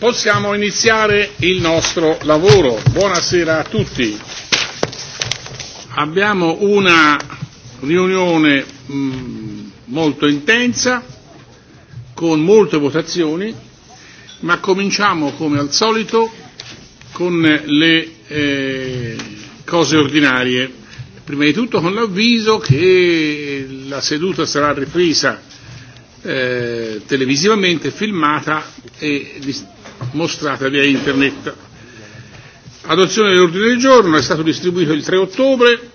possiamo iniziare il nostro lavoro. Buonasera a tutti. Abbiamo una riunione mm, molto intensa con molte votazioni, ma cominciamo come al solito con le eh, cose ordinarie. Prima di tutto con l'avviso che la seduta sarà ripresa eh, televisivamente filmata e mostrata via internet. Adozione dell'ordine del giorno è stato distribuito il 3 ottobre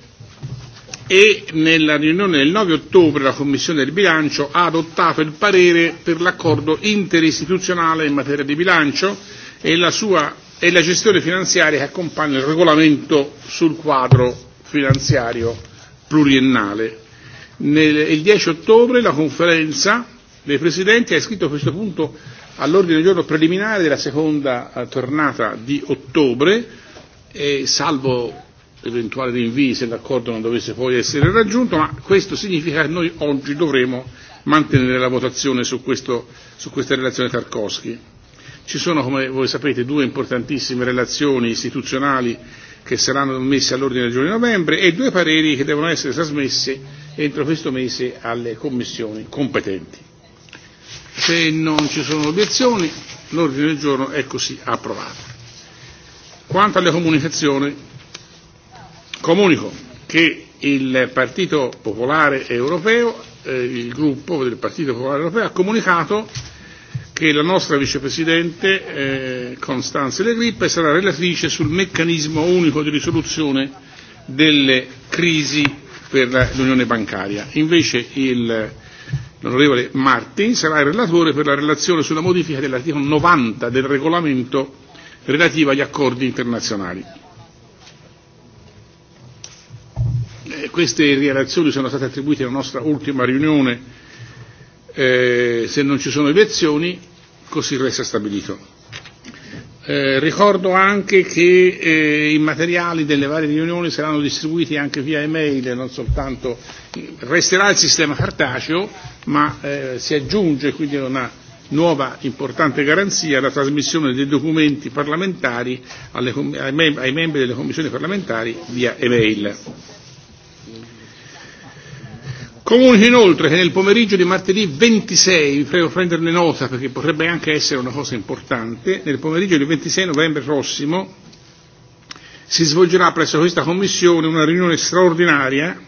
e nella riunione del 9 ottobre la Commissione del bilancio ha adottato il parere per l'accordo interistituzionale in materia di bilancio e la, sua, e la gestione finanziaria che accompagna il regolamento sul quadro finanziario pluriennale. Nel, il 10 ottobre la conferenza dei presidenti ha iscritto a questo punto all'ordine del giorno preliminare della seconda eh, tornata di ottobre, e salvo eventuali rinvii se l'accordo non dovesse poi essere raggiunto, ma questo significa che noi oggi dovremo mantenere la votazione su, questo, su questa relazione Tarkovsky. Ci sono, come voi sapete, due importantissime relazioni istituzionali che saranno messe all'ordine del giorno di novembre e due pareri che devono essere trasmessi entro questo mese alle commissioni competenti. Se non ci sono obiezioni, l'ordine del giorno è così approvato. Quanto alle comunicazioni, comunico che il Partito Popolare Europeo, eh, il gruppo del Partito Popolare Europeo, ha comunicato che la nostra vicepresidente eh, Constanze Le Grippe sarà relatrice sul meccanismo unico di risoluzione delle crisi per l'unione bancaria. Invece il l'onorevole Martin sarà il relatore per la relazione sulla modifica dell'articolo 90 del regolamento relativo agli accordi internazionali. Eh, queste relazioni sono state attribuite alla nostra ultima riunione, eh, se non ci sono obiezioni così resta stabilito. Eh, ricordo anche che eh, i materiali delle varie riunioni saranno distribuiti anche via email, non soltanto resterà il sistema cartaceo, ma eh, si aggiunge quindi una nuova importante garanzia la trasmissione dei documenti parlamentari alle, ai, ai membri delle commissioni parlamentari via email. Comunico inoltre che nel pomeriggio di martedì 26, vi prego prenderne nota perché potrebbe anche essere una cosa importante, nel pomeriggio del 26 novembre prossimo si svolgerà presso questa Commissione una riunione straordinaria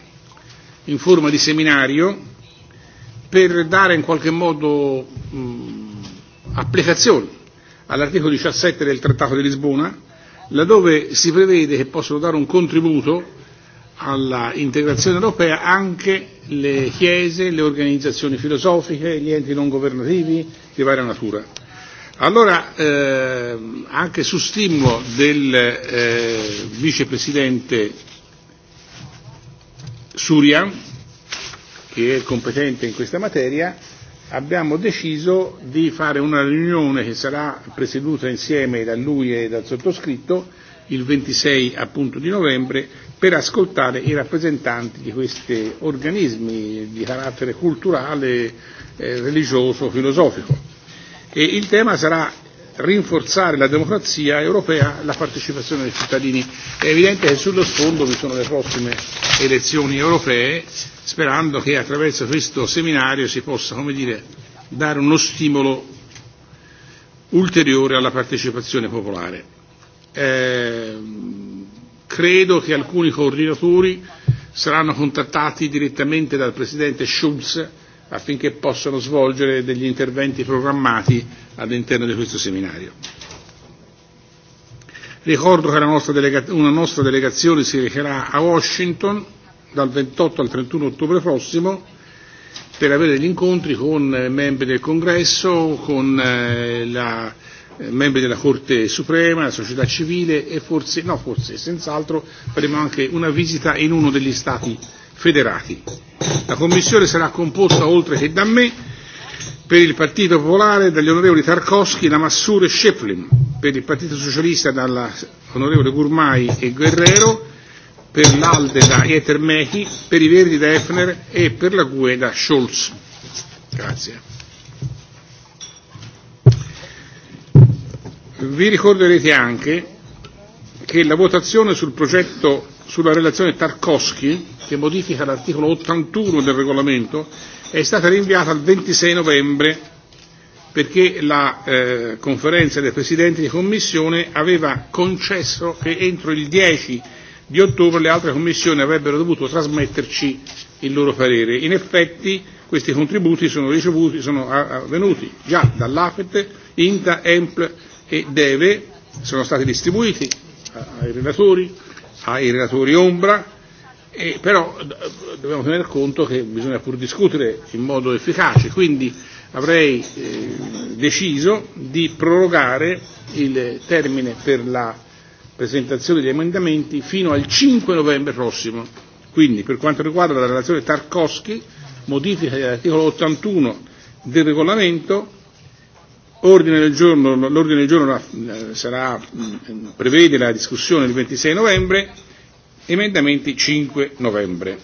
in forma di seminario per dare in qualche modo mh, applicazione all'articolo 17 del Trattato di Lisbona, laddove si prevede che possono dare un contributo alla integrazione europea anche le chiese, le organizzazioni filosofiche, gli enti non governativi di varia natura. Allora, eh, anche su stimolo del eh, vicepresidente Surian, che è competente in questa materia, abbiamo deciso di fare una riunione che sarà presieduta insieme da lui e dal sottoscritto il 26 appunto di novembre per ascoltare i rappresentanti di questi organismi di carattere culturale, eh, religioso, filosofico. E il tema sarà rinforzare la democrazia europea, la partecipazione dei cittadini. È evidente che sullo sfondo vi sono le prossime elezioni europee, sperando che attraverso questo seminario si possa, come dire, dare uno stimolo ulteriore alla partecipazione popolare. Eh, Credo che alcuni coordinatori saranno contattati direttamente dal Presidente Schulz affinché possano svolgere degli interventi programmati all'interno di questo seminario. Ricordo che nostra una nostra delegazione si recherà a Washington dal 28 al 31 ottobre prossimo per avere degli incontri con eh, membri del Congresso, con eh, la Eh, membri della Corte Suprema, la società civile e forse, no forse, senz'altro faremo anche una visita in uno degli Stati federati. La Commissione sarà composta, oltre che da me, per il Partito Popolare dagli onorevoli Tarkovsky, Lamassur e Sheplin, per il Partito Socialista dall'onorevole Gurmai e Guerrero, per l'Alde da Etermechi, per i Verdi da Efner e per la GUE da Scholz. Grazie. Vi ricorderete anche che la votazione sul progetto sulla relazione Tarkovsky, che modifica l'articolo 81 del regolamento, è stata rinviata al 26 novembre perché la eh, conferenza dei presidenti di commissione aveva concesso che entro il 10 di ottobre le altre commissioni avrebbero dovuto trasmetterci il loro parere. In effetti questi contributi sono ricevuti, sono avvenuti già dall'AFET, INTA, EMPL e deve, sono stati distribuiti ai relatori, ai relatori ombra, e però eh, dobbiamo tener conto che bisogna pur discutere in modo efficace, quindi avrei eh, deciso di prorogare il termine per la presentazione degli emendamenti fino al 5 novembre prossimo. Quindi per quanto riguarda la relazione Tarkovsky, modifica dell'articolo 81 del regolamento, Ordine del giorno, l'ordine del giorno eh, sarà, mm, prevede la discussione il 26 novembre, emendamenti 5 novembre.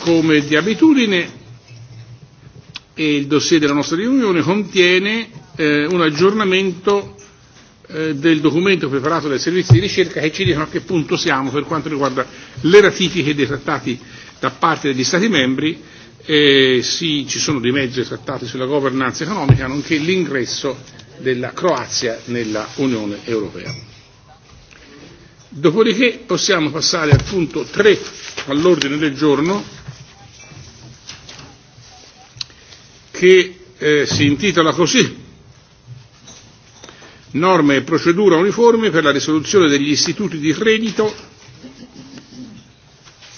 Come di abitudine eh, il dossier della nostra riunione contiene eh, un aggiornamento del documento preparato dai servizi di ricerca che ci dicono a che punto siamo per quanto riguarda le ratifiche dei trattati da parte degli Stati membri e sì, ci sono dei mezzi trattati sulla governance economica, nonché l'ingresso della Croazia nella Unione Europea. Dopodiché possiamo passare al punto 3 all'ordine del giorno che eh, si intitola così Norme e procedura uniformi per la risoluzione degli istituti di credito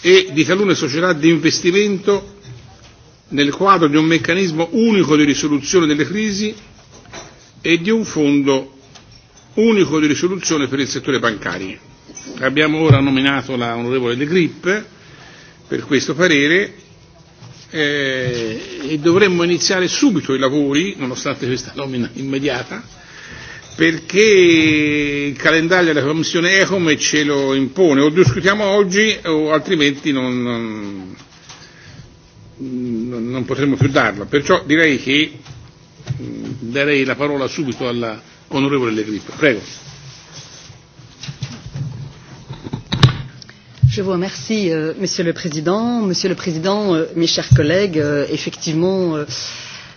e di talune società di investimento nel quadro di un meccanismo unico di risoluzione delle crisi e di un fondo unico di risoluzione per il settore bancario. Abbiamo ora nominato la onorevole De Grip per questo parere eh, e dovremmo iniziare subito i lavori, nonostante questa nomina immediata, perché il calendario della Commissione ECOME ce lo impone, o discutiamo oggi o altrimenti non, non non potremo più darla. Perciò direi che mm, darei la parola subito all'onorevole Le Grip. Prego. Je vous remercie, euh, Monsieur le Président. Monsieur le Président, euh, mes chers collègues, euh, effectivement, euh,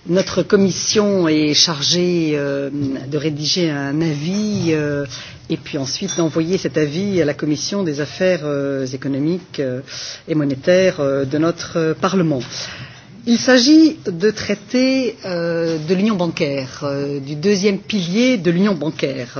Notre commission est chargée euh, de rédiger un avis euh, et puis ensuite d'envoyer cet avis à la commission des affaires euh, économiques euh, et monétaires euh, de notre Parlement. Il s'agit de traiter euh, de l'union bancaire, du deuxième pilier de l'union bancaire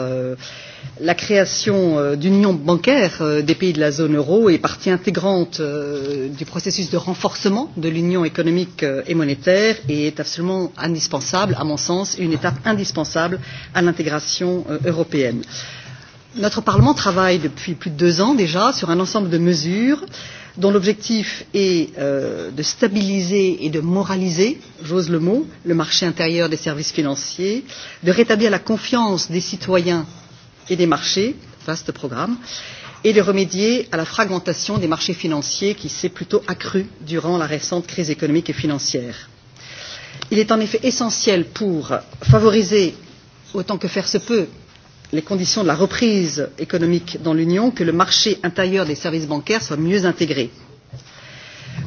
la création euh, d'union bancaire euh, des pays de la zone euro est partie intégrante euh, du processus de renforcement de l'union économique et monétaire et est absolument indispensable à mon sens une étape indispensable à l'intégration européenne. Notre Parlement travaille depuis plus de deux ans déjà sur un ensemble de mesures dont l'objectif est de stabiliser et de moraliser, j'ose le mot, le marché intérieur des services financiers, de rétablir la confiance des citoyens et des marchés, vaste programme, et de remédier à la fragmentation des marchés financiers qui s'est plutôt accrue durant la récente crise économique et financière. Il est en effet essentiel pour favoriser, autant que faire se peut, les conditions de la reprise économique dans l'Union, que le marché intérieur des services bancaires soit mieux intégré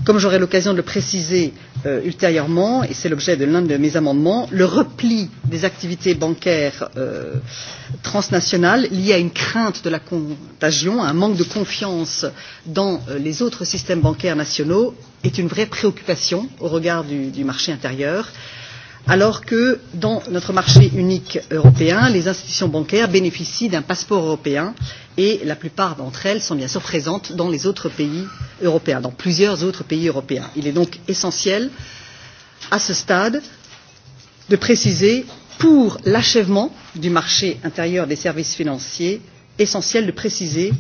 comme j'aurai l'occasion de le préciser euh, ultérieurement et c'est l'objet de l'un de mes amendements le repli des activités bancaires euh, transnationales lié à une crainte de la contagion à un manque de confiance dans euh, les autres systèmes bancaires nationaux est une vraie préoccupation au regard du, du marché intérieur alors que dans notre marché unique européen les institutions bancaires bénéficient d'un passeport européen et la plupart d'entre elles sont bien sûr présentes dans les autres pays européens dans plusieurs autres pays européens il est donc essentiel à ce stade de préciser pour l'achèvement du marché intérieur des services financiers essentiel de préciser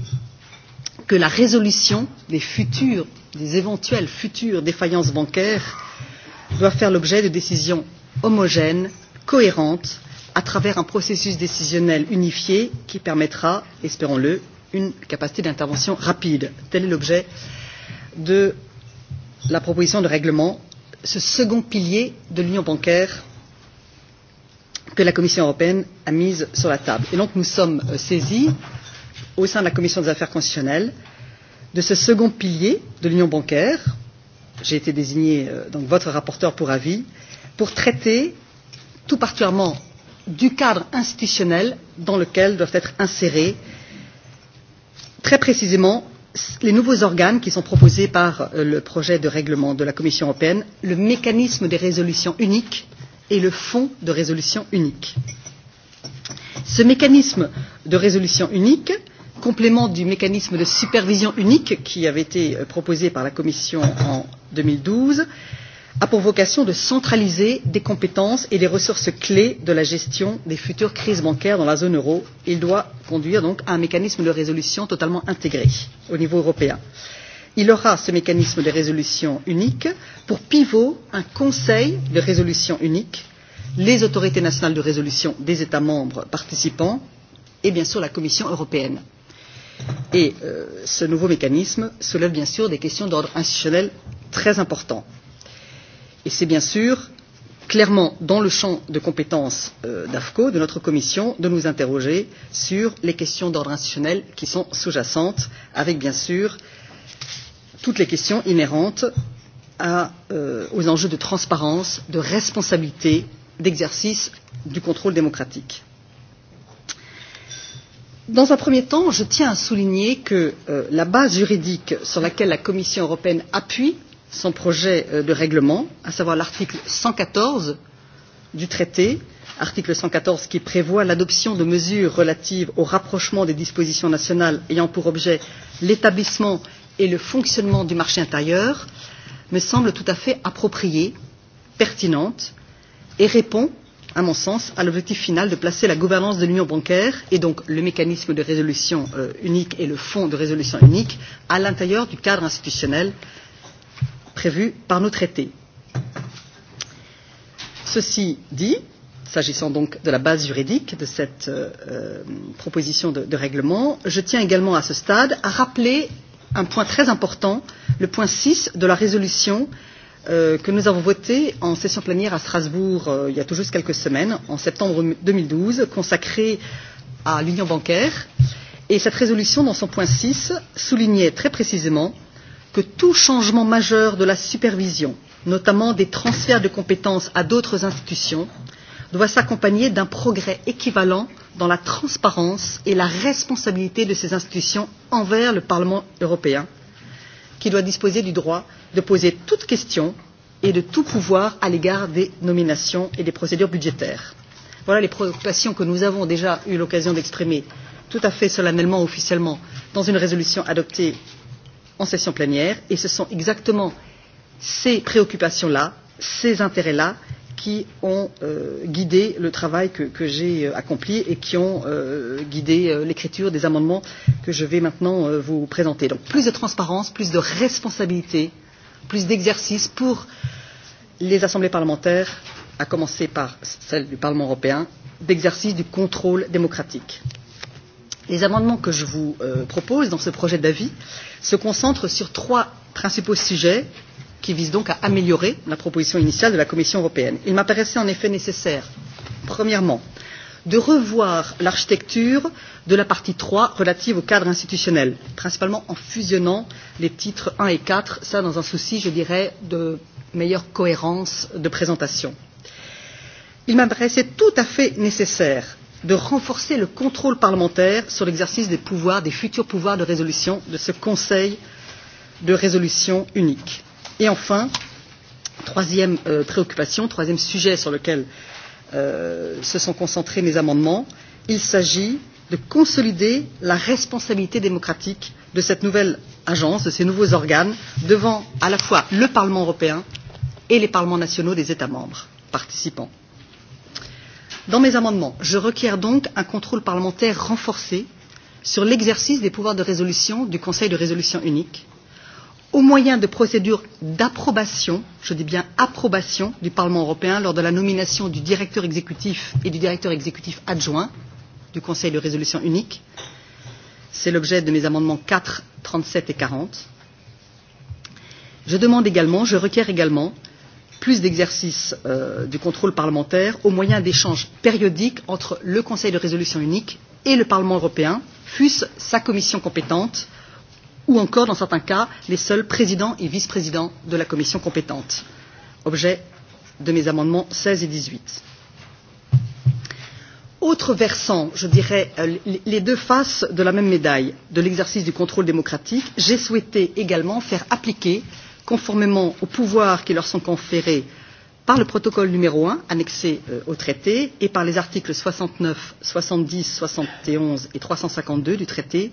que la résolution des futures des éventuelles futures défaillances bancaires doit faire l'objet de décisions homogène, cohérente, à travers un processus décisionnel unifié qui permettra, espérons le, une capacité d'intervention rapide. Tel est l'objet de la proposition de règlement, ce second pilier de l'union bancaire que la Commission européenne a mise sur la table. Et donc nous sommes euh, saisis, au sein de la Commission des affaires constitutionnelles, de ce second pilier de l'union bancaire. J'ai été désigné euh, donc votre rapporteur pour avis pour traiter tout particulièrement du cadre institutionnel dans lequel doivent être insérés très précisément les nouveaux organes qui sont proposés par euh, le projet de règlement de la Commission européenne, le mécanisme des résolutions uniques et le fonds de résolution unique. Ce mécanisme de résolution unique, complément du mécanisme de supervision unique qui avait été euh, proposé par la Commission en 2012, a pour vocation de centraliser des compétences et des ressources clés de la gestion des futures crises bancaires dans la zone euro. Il doit conduire donc à un mécanisme de résolution totalement intégré au niveau européen. Il aura ce mécanisme de résolution unique pour pivot un conseil de résolution unique, les autorités nationales de résolution des États membres participants et bien sûr la Commission européenne. Et euh, ce nouveau mécanisme soulève bien sûr des questions d'ordre institutionnel très importantes et c'est bien sûr clairement dans le champ de compétences euh, d'AFCO, de notre commission, de nous interroger sur les questions d'ordre institutionnel qui sont sous-jacentes, avec bien sûr toutes les questions inhérentes à, euh, aux enjeux de transparence, de responsabilité, d'exercice du contrôle démocratique. Dans un premier temps, je tiens à souligner que euh, la base juridique sur laquelle la Commission européenne appuie son projet euh, de règlement, à savoir l'article 114 du traité, article 114 qui prévoit l'adoption de mesures relatives au rapprochement des dispositions nationales ayant pour objet l'établissement et le fonctionnement du marché intérieur, me semble tout à fait appropriée, pertinente et répond, à mon sens, à l'objectif final de placer la gouvernance de l'union bancaire et donc le mécanisme de résolution euh, unique et le fonds de résolution unique à l'intérieur du cadre institutionnel prévues par nos traités. Ceci dit, s'agissant donc de la base juridique de cette euh, proposition de, de règlement, je tiens également à ce stade à rappeler un point très important, le point 6 de la résolution euh, que nous avons votée en session plénière à Strasbourg euh, il y a tout juste quelques semaines, en septembre 2012, consacrée à l'union bancaire. Et cette résolution, dans son point 6, soulignait très précisément que tout changement majeur de la supervision, notamment des transferts de compétences à d'autres institutions, doit s'accompagner d'un progrès équivalent dans la transparence et la responsabilité de ces institutions envers le Parlement européen, qui doit disposer du droit de poser toute question et de tout pouvoir à l'égard des nominations et des procédures budgétaires. Voilà les préoccupations que nous avons déjà eu l'occasion d'exprimer tout à fait solennellement, officiellement, dans une résolution adoptée en session plénière et ce sont exactement ces préoccupations là ces intérêts là qui ont euh, guidé le travail que, que j'ai euh, accompli et qui ont euh, guidé euh, l'écriture des amendements que je vais maintenant euh, vous présenter. Donc plus de transparence, plus de responsabilité, plus d'exercice pour les assemblées parlementaires, à commencer par celle du Parlement européen, d'exercice du contrôle démocratique. Les amendements que je vous euh, propose dans ce projet d'avis se concentrent sur trois principaux sujets qui visent donc à améliorer la proposition initiale de la Commission européenne. Il m'apparaissait en effet nécessaire, premièrement, de revoir l'architecture de la partie 3 relative au cadre institutionnel, principalement en fusionnant les titres 1 et 4, ça dans un souci, je dirais, de meilleure cohérence de présentation. Il m'apparaissait tout à fait nécessaire de renforcer le contrôle parlementaire sur l'exercice des pouvoirs, des futurs pouvoirs de résolution de ce Conseil de résolution unique. Et enfin, troisième euh, préoccupation, troisième sujet sur lequel euh, se sont concentrés mes amendements, il s'agit de consolider la responsabilité démocratique de cette nouvelle agence, de ces nouveaux organes, devant à la fois le Parlement européen et les parlements nationaux des États membres participants. Dans mes amendements, je requiers donc un contrôle parlementaire renforcé sur l'exercice des pouvoirs de résolution du Conseil de résolution unique, au moyen de procédures d'approbation, je dis bien approbation, du Parlement européen lors de la nomination du directeur exécutif et du directeur exécutif adjoint du Conseil de résolution unique. C'est l'objet de mes amendements 4, 37 et 40. Je demande également, je requiers également plus d'exercice euh, du contrôle parlementaire au moyen d'échanges périodiques entre le Conseil de résolution unique et le Parlement européen, fût-ce sa commission compétente ou encore, dans certains cas, les seuls présidents et vice-présidents de la commission compétente. Objet de mes amendements 16 et 18. Autre versant, je dirais, euh, les deux faces de la même médaille de l'exercice du contrôle démocratique, j'ai souhaité également faire appliquer conformément aux pouvoirs qui leur sont conférés par le protocole numéro 1 annexé euh, au traité et par les articles 69, 70, 71 et 352 du traité,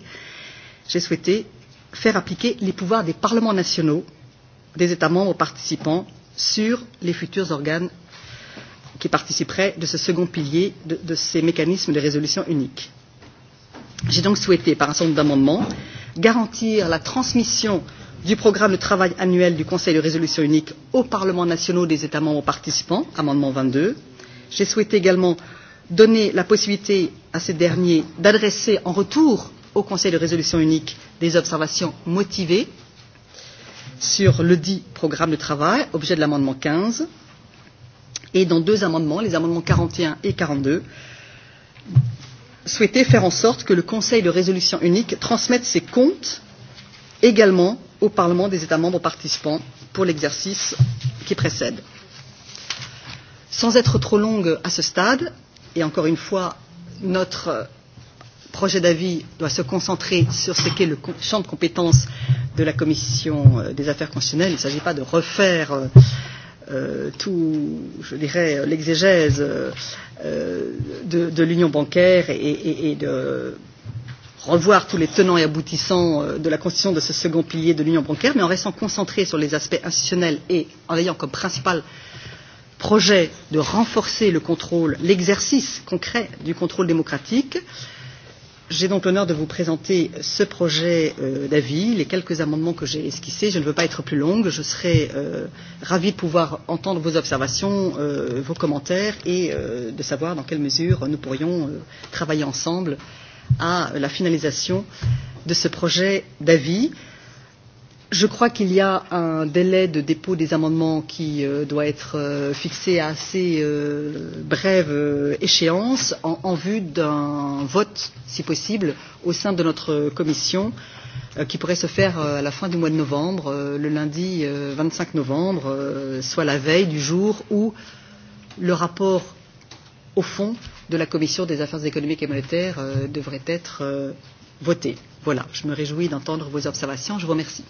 j'ai souhaité faire appliquer les pouvoirs des parlements nationaux des États membres participants sur les futurs organes qui participeraient de ce second pilier de, de ces mécanismes de résolution unique. J'ai donc souhaité, par un certain nombre d'amendements, garantir la transmission du programme de travail annuel du Conseil de résolution unique aux parlements nationaux des États membres participants, amendement 22. J'ai souhaité également donner la possibilité à ces derniers d'adresser en retour au Conseil de résolution unique des observations motivées sur le dit programme de travail, objet de l'amendement 15. Et dans deux amendements, les amendements 41 et 42, souhaiter faire en sorte que le Conseil de résolution unique transmette ses comptes également au Parlement des États membres participants pour l'exercice qui précède. Sans être trop longue à ce stade, et encore une fois, notre projet d'avis doit se concentrer sur ce qu'est le champ de compétences de la Commission euh, des affaires constitutionnelles. Il ne s'agit pas de refaire euh, euh tout, je dirais, l'exégèse euh, euh, de, de l'union bancaire et, et, et de revoir tous les tenants et aboutissants euh, de la constitution de ce second pilier de l'union bancaire, mais en restant concentré sur les aspects institutionnels et en ayant comme principal projet de renforcer le contrôle, l'exercice concret du contrôle démocratique. J'ai donc l'honneur de vous présenter ce projet euh, d'avis, les quelques amendements que j'ai esquissés. Je ne veux pas être plus longue. Je serai euh, ravie de pouvoir entendre vos observations, euh, vos commentaires et euh, de savoir dans quelle mesure nous pourrions euh, travailler ensemble à la finalisation de ce projet d'avis. Je crois qu'il y a un délai de dépôt des amendements qui euh, doit être euh, fixé à assez euh, brève euh, échéance en, en vue d'un vote, si possible, au sein de notre commission euh, qui pourrait se faire euh, à la fin du mois de novembre, le lundi 25 novembre, soit la veille du jour où le rapport au fond de la Commission des affaires économiques et monétaires euh, devrait être euh, voté. Voilà, je me réjouis d'entendre vos observations. Je vous remercie.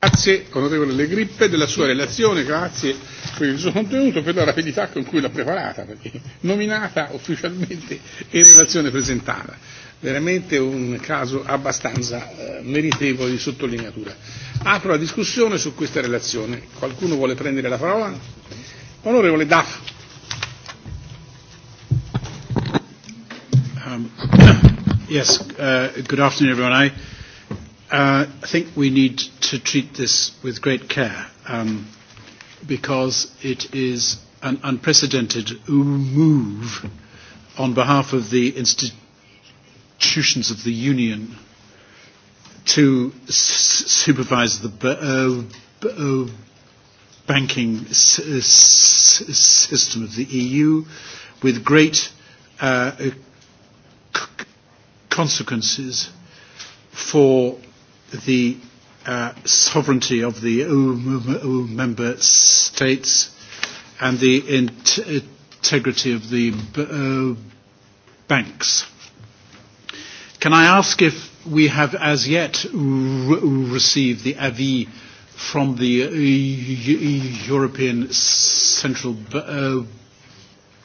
Grazie onorevole Le Grippe della sua relazione, grazie per il suo contenuto per la rapidità con cui l'ha preparata, perché nominata ufficialmente e relazione presentata. Veramente un caso abbastanza eh, meritevole di sottolineatura. Apro la discussione su questa relazione. Qualcuno vuole prendere la parola? Onorevole Daff. Um, yes, uh, good afternoon everyone. I, uh, I think we need to treat this with great care um, because it is an unprecedented move on behalf of the institutions of the Union to s supervise the uh, uh banking s s system of the EU with great uh, consequences for the uh, sovereignty of the EU member states and the integrity of the uh, banks. Can I ask if we have as yet received the avis from the uh, e e European Central uh,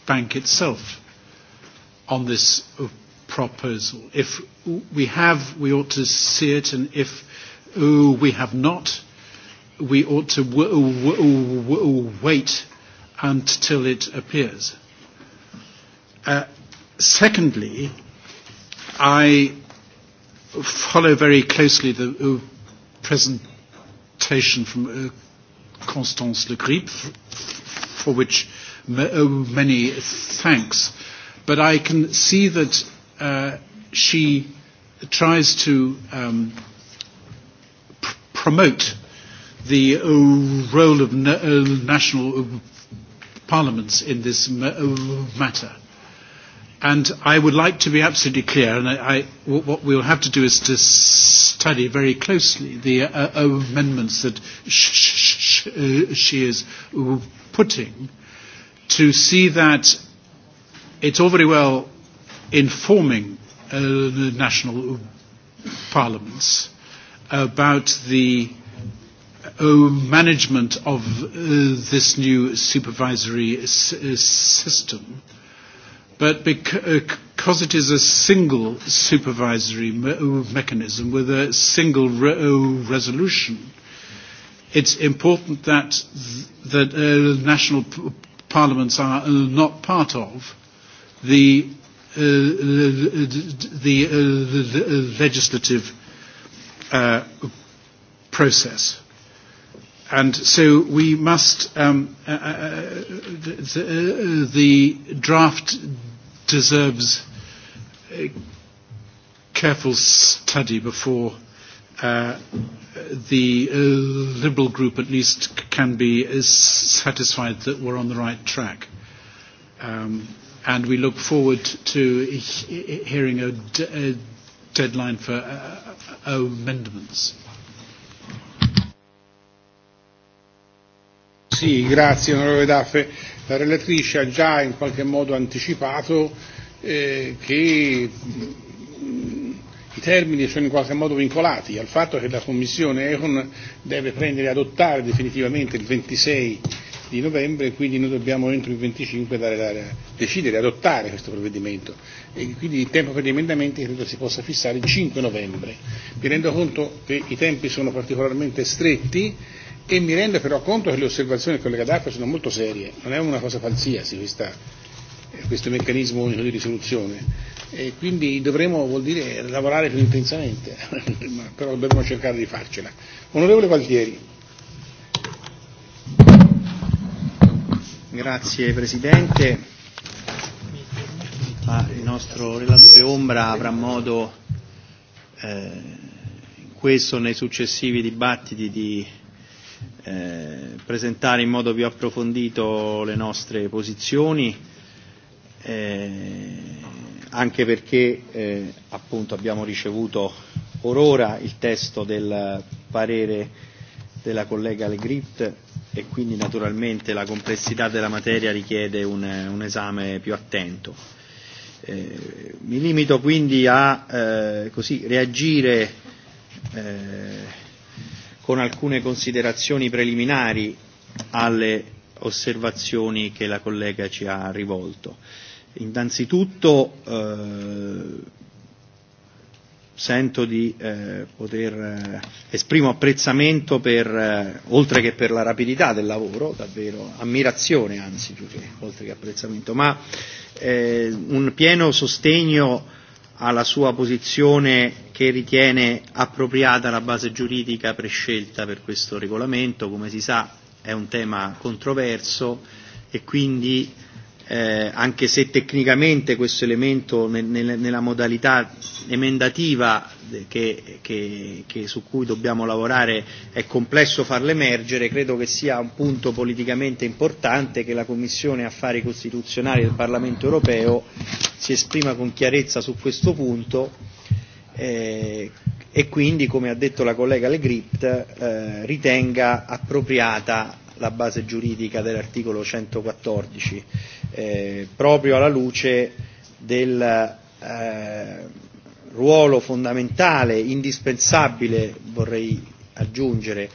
Bank itself on this uh, proposal. If we have, we ought to see it, and if we have not, we ought to wait until it appears. Uh, secondly, I follow very closely the present quotation from uh, Constance Le Grip, for which uh, many thanks. But I can see that uh, she tries to um, pr promote the uh, role of na uh, national uh, parliaments in this matter. And I would like to be absolutely clear, and I, I, what we will have to do is to study very closely the uh, uh amendments that uh, she is putting to see that it's all very well informing uh, the national parliaments about the management of this new supervisory system But because uh, it is a single supervisory uh, mechanism with a single uh, resolution, it's important that, the national parliaments are not part of the, the legislative process. And so we must, um, the, the draft deserves careful study before uh, the uh, Liberal group at least can be satisfied that we're on the right track. Um, and we look forward to hearing a, deadline for uh, amendments. Sì, grazie onorevole La relatrice ha già in qualche modo anticipato eh, che mm, i termini sono in qualche modo vincolati al fatto che la Commissione Econ deve prendere e adottare definitivamente il 26 di novembre, e quindi noi dobbiamo entro il 25 dare la, decidere, adottare questo provvedimento. E quindi il tempo per gli emendamenti credo si possa fissare il 5 novembre. Mi rendo conto che i tempi sono particolarmente stretti e mi rendo però conto che le osservazioni del collega D'Arco sono molto serie, non è una cosa qualsiasi questa, questo meccanismo unico di risoluzione e quindi dovremo, vuol dire, lavorare più intensamente, però dovremo cercare di farcela. Onorevole Valtieri. Grazie Presidente. Ah, il nostro relatore Ombra avrà modo eh, in questo nei successivi dibattiti di Eh, presentare in modo più approfondito le nostre posizioni, eh, anche perché eh, appunto abbiamo ricevuto orora ora il testo del parere della collega Legrit e quindi naturalmente la complessità della materia richiede un, un esame più attento. mi limito quindi a così reagire con alcune considerazioni preliminari alle osservazioni che la collega ci ha rivolto. Innanzitutto eh, sento di eh, poter eh, esprimo apprezzamento per eh, oltre che per la rapidità del lavoro, davvero ammirazione anzi più che oltre che apprezzamento, ma eh, un pieno sostegno alla sua posizione che ritiene appropriata la base giuridica prescelta per questo regolamento. Come si sa è un tema controverso e quindi eh, anche se tecnicamente questo elemento nel, nel, nella modalità emendativa che, che, che su cui dobbiamo lavorare è complesso farlo emergere, credo che sia un punto politicamente importante che la Commissione Affari Costituzionali del Parlamento Europeo si esprima con chiarezza su questo punto eh, e quindi, come ha detto la collega Legript, eh, ritenga appropriata la base giuridica dell'articolo 114, eh, proprio alla luce del eh, ruolo fondamentale, indispensabile, vorrei aggiungere,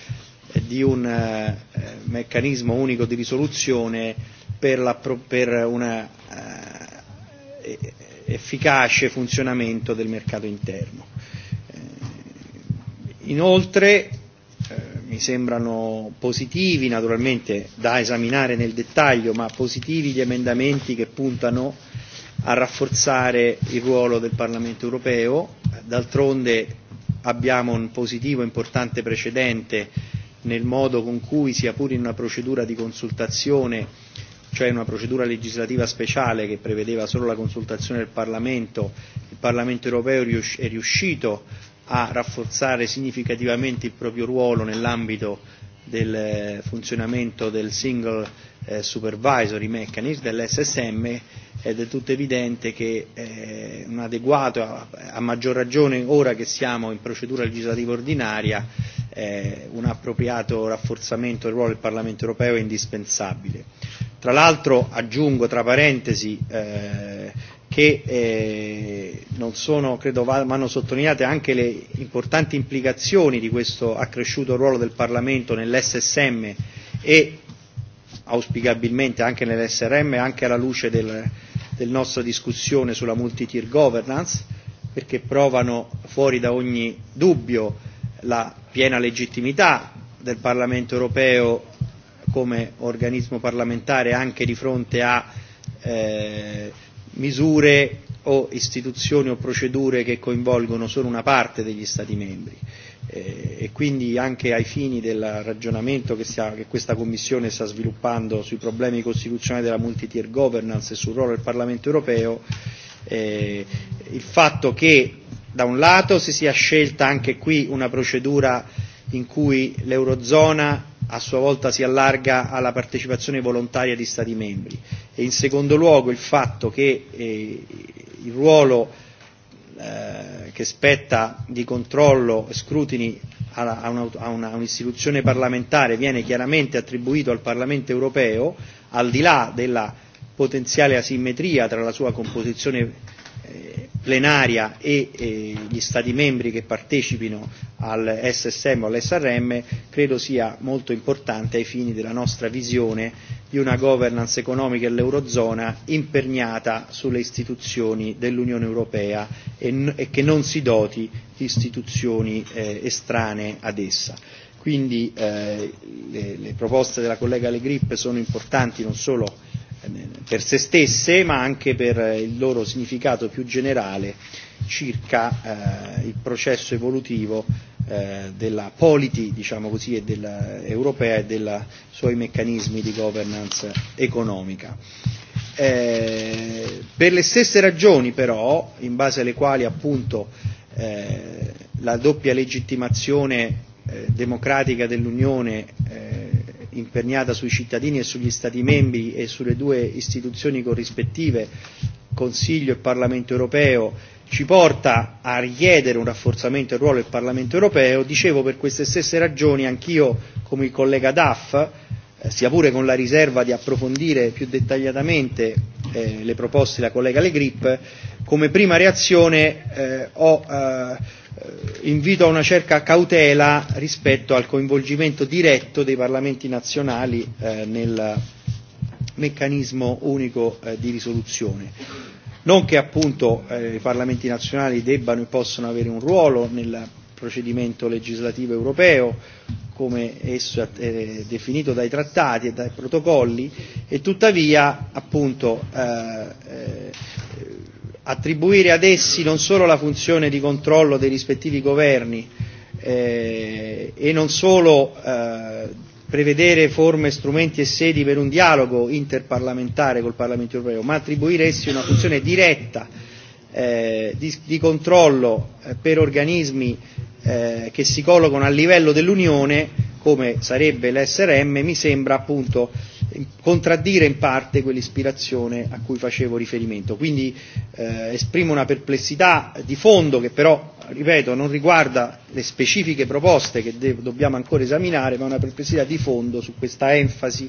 di un meccanismo unico di risoluzione per, per una efficace funzionamento del mercato interno. Eh, inoltre eh, mi sembrano positivi, naturalmente da esaminare nel dettaglio, ma positivi gli emendamenti che puntano a rafforzare il ruolo del Parlamento europeo. D'altronde abbiamo un positivo importante precedente nel modo con cui, sia pure in una procedura di consultazione, cioè una procedura legislativa speciale che prevedeva solo la consultazione del Parlamento, il Parlamento europeo è riuscito a rafforzare significativamente il proprio ruolo nell'ambito del eh, funzionamento del single eh, supervisory mechanism dell'SSM ed è tutto evidente che eh, un adeguato, a, maggior ragione ora che siamo in procedura legislativa ordinaria, un appropriato rafforzamento del ruolo del Parlamento europeo è indispensabile. Tra l'altro aggiungo tra parentesi eh, che eh, non sono, credo vanno sottolineate anche le importanti implicazioni di questo accresciuto ruolo del Parlamento nell'SSM e auspicabilmente anche nell'SRM anche alla luce del, del nostra discussione sulla multi-tier governance perché provano fuori da ogni dubbio la piena legittimità del Parlamento europeo come organismo parlamentare anche di fronte a eh, misure o istituzioni o procedure che coinvolgono solo una parte degli Stati membri eh, e quindi anche ai fini del ragionamento che, questa Commissione sta sviluppando sui problemi costituzionali della multitier governance e sul ruolo del Parlamento europeo, eh, il fatto che da un lato si sia scelta anche qui una procedura in cui l'Eurozona a sua volta si allarga alla partecipazione volontaria di Stati membri e in secondo luogo il fatto che eh, il ruolo eh, che spetta di controllo e scrutini a, a un'istituzione parlamentare viene chiaramente attribuito al Parlamento europeo, al di là della potenziale asimmetria tra la sua composizione plenaria e, e gli Stati membri che partecipino al SSM o all'SRM credo sia molto importante ai fini della nostra visione di una governance economica dell'Eurozona imperniata sulle istituzioni dell'Unione Europea e, e, che non si doti di istituzioni eh, estranee ad essa. Quindi eh, le, le proposte della collega Le Grip sono importanti non solo per se stesse ma anche per il loro significato più generale circa eh, il processo evolutivo eh, della polity diciamo così e della, europea e dei suoi meccanismi di governance economica. Eh, per le stesse ragioni però in base alle quali appunto eh, la doppia legittimazione eh, democratica dell'Unione imperniata sui cittadini e sugli Stati membri e sulle due istituzioni corrispettive, Consiglio e Parlamento europeo, ci porta a richiedere un rafforzamento del ruolo del Parlamento europeo, dicevo per queste stesse ragioni anch'io, come il collega Duff, eh, sia pure con la riserva di approfondire più dettagliatamente eh, le proposte della collega Le Grip, come prima reazione eh, ho Eh, invito a una certa cautela rispetto al coinvolgimento diretto dei parlamenti nazionali eh, nel meccanismo unico eh, di risoluzione. Non che appunto i parlamenti nazionali debbano e possono avere un ruolo nel procedimento legislativo europeo, come esso è definito dai trattati e dai protocolli, e tuttavia appunto attribuire ad essi non solo la funzione di controllo dei rispettivi governi eh, e non solo eh, prevedere forme, strumenti e sedi per un dialogo interparlamentare col Parlamento europeo, ma attribuire essi una funzione diretta eh, di, di controllo per organismi Eh, che si collocano a livello dell'Unione, come sarebbe l'SRM, mi sembra appunto contraddire in parte quell'ispirazione a cui facevo riferimento. Quindi eh, esprimo una perplessità di fondo che però, ripeto, non riguarda le specifiche proposte che dobbiamo ancora esaminare, ma una perplessità di fondo su questa enfasi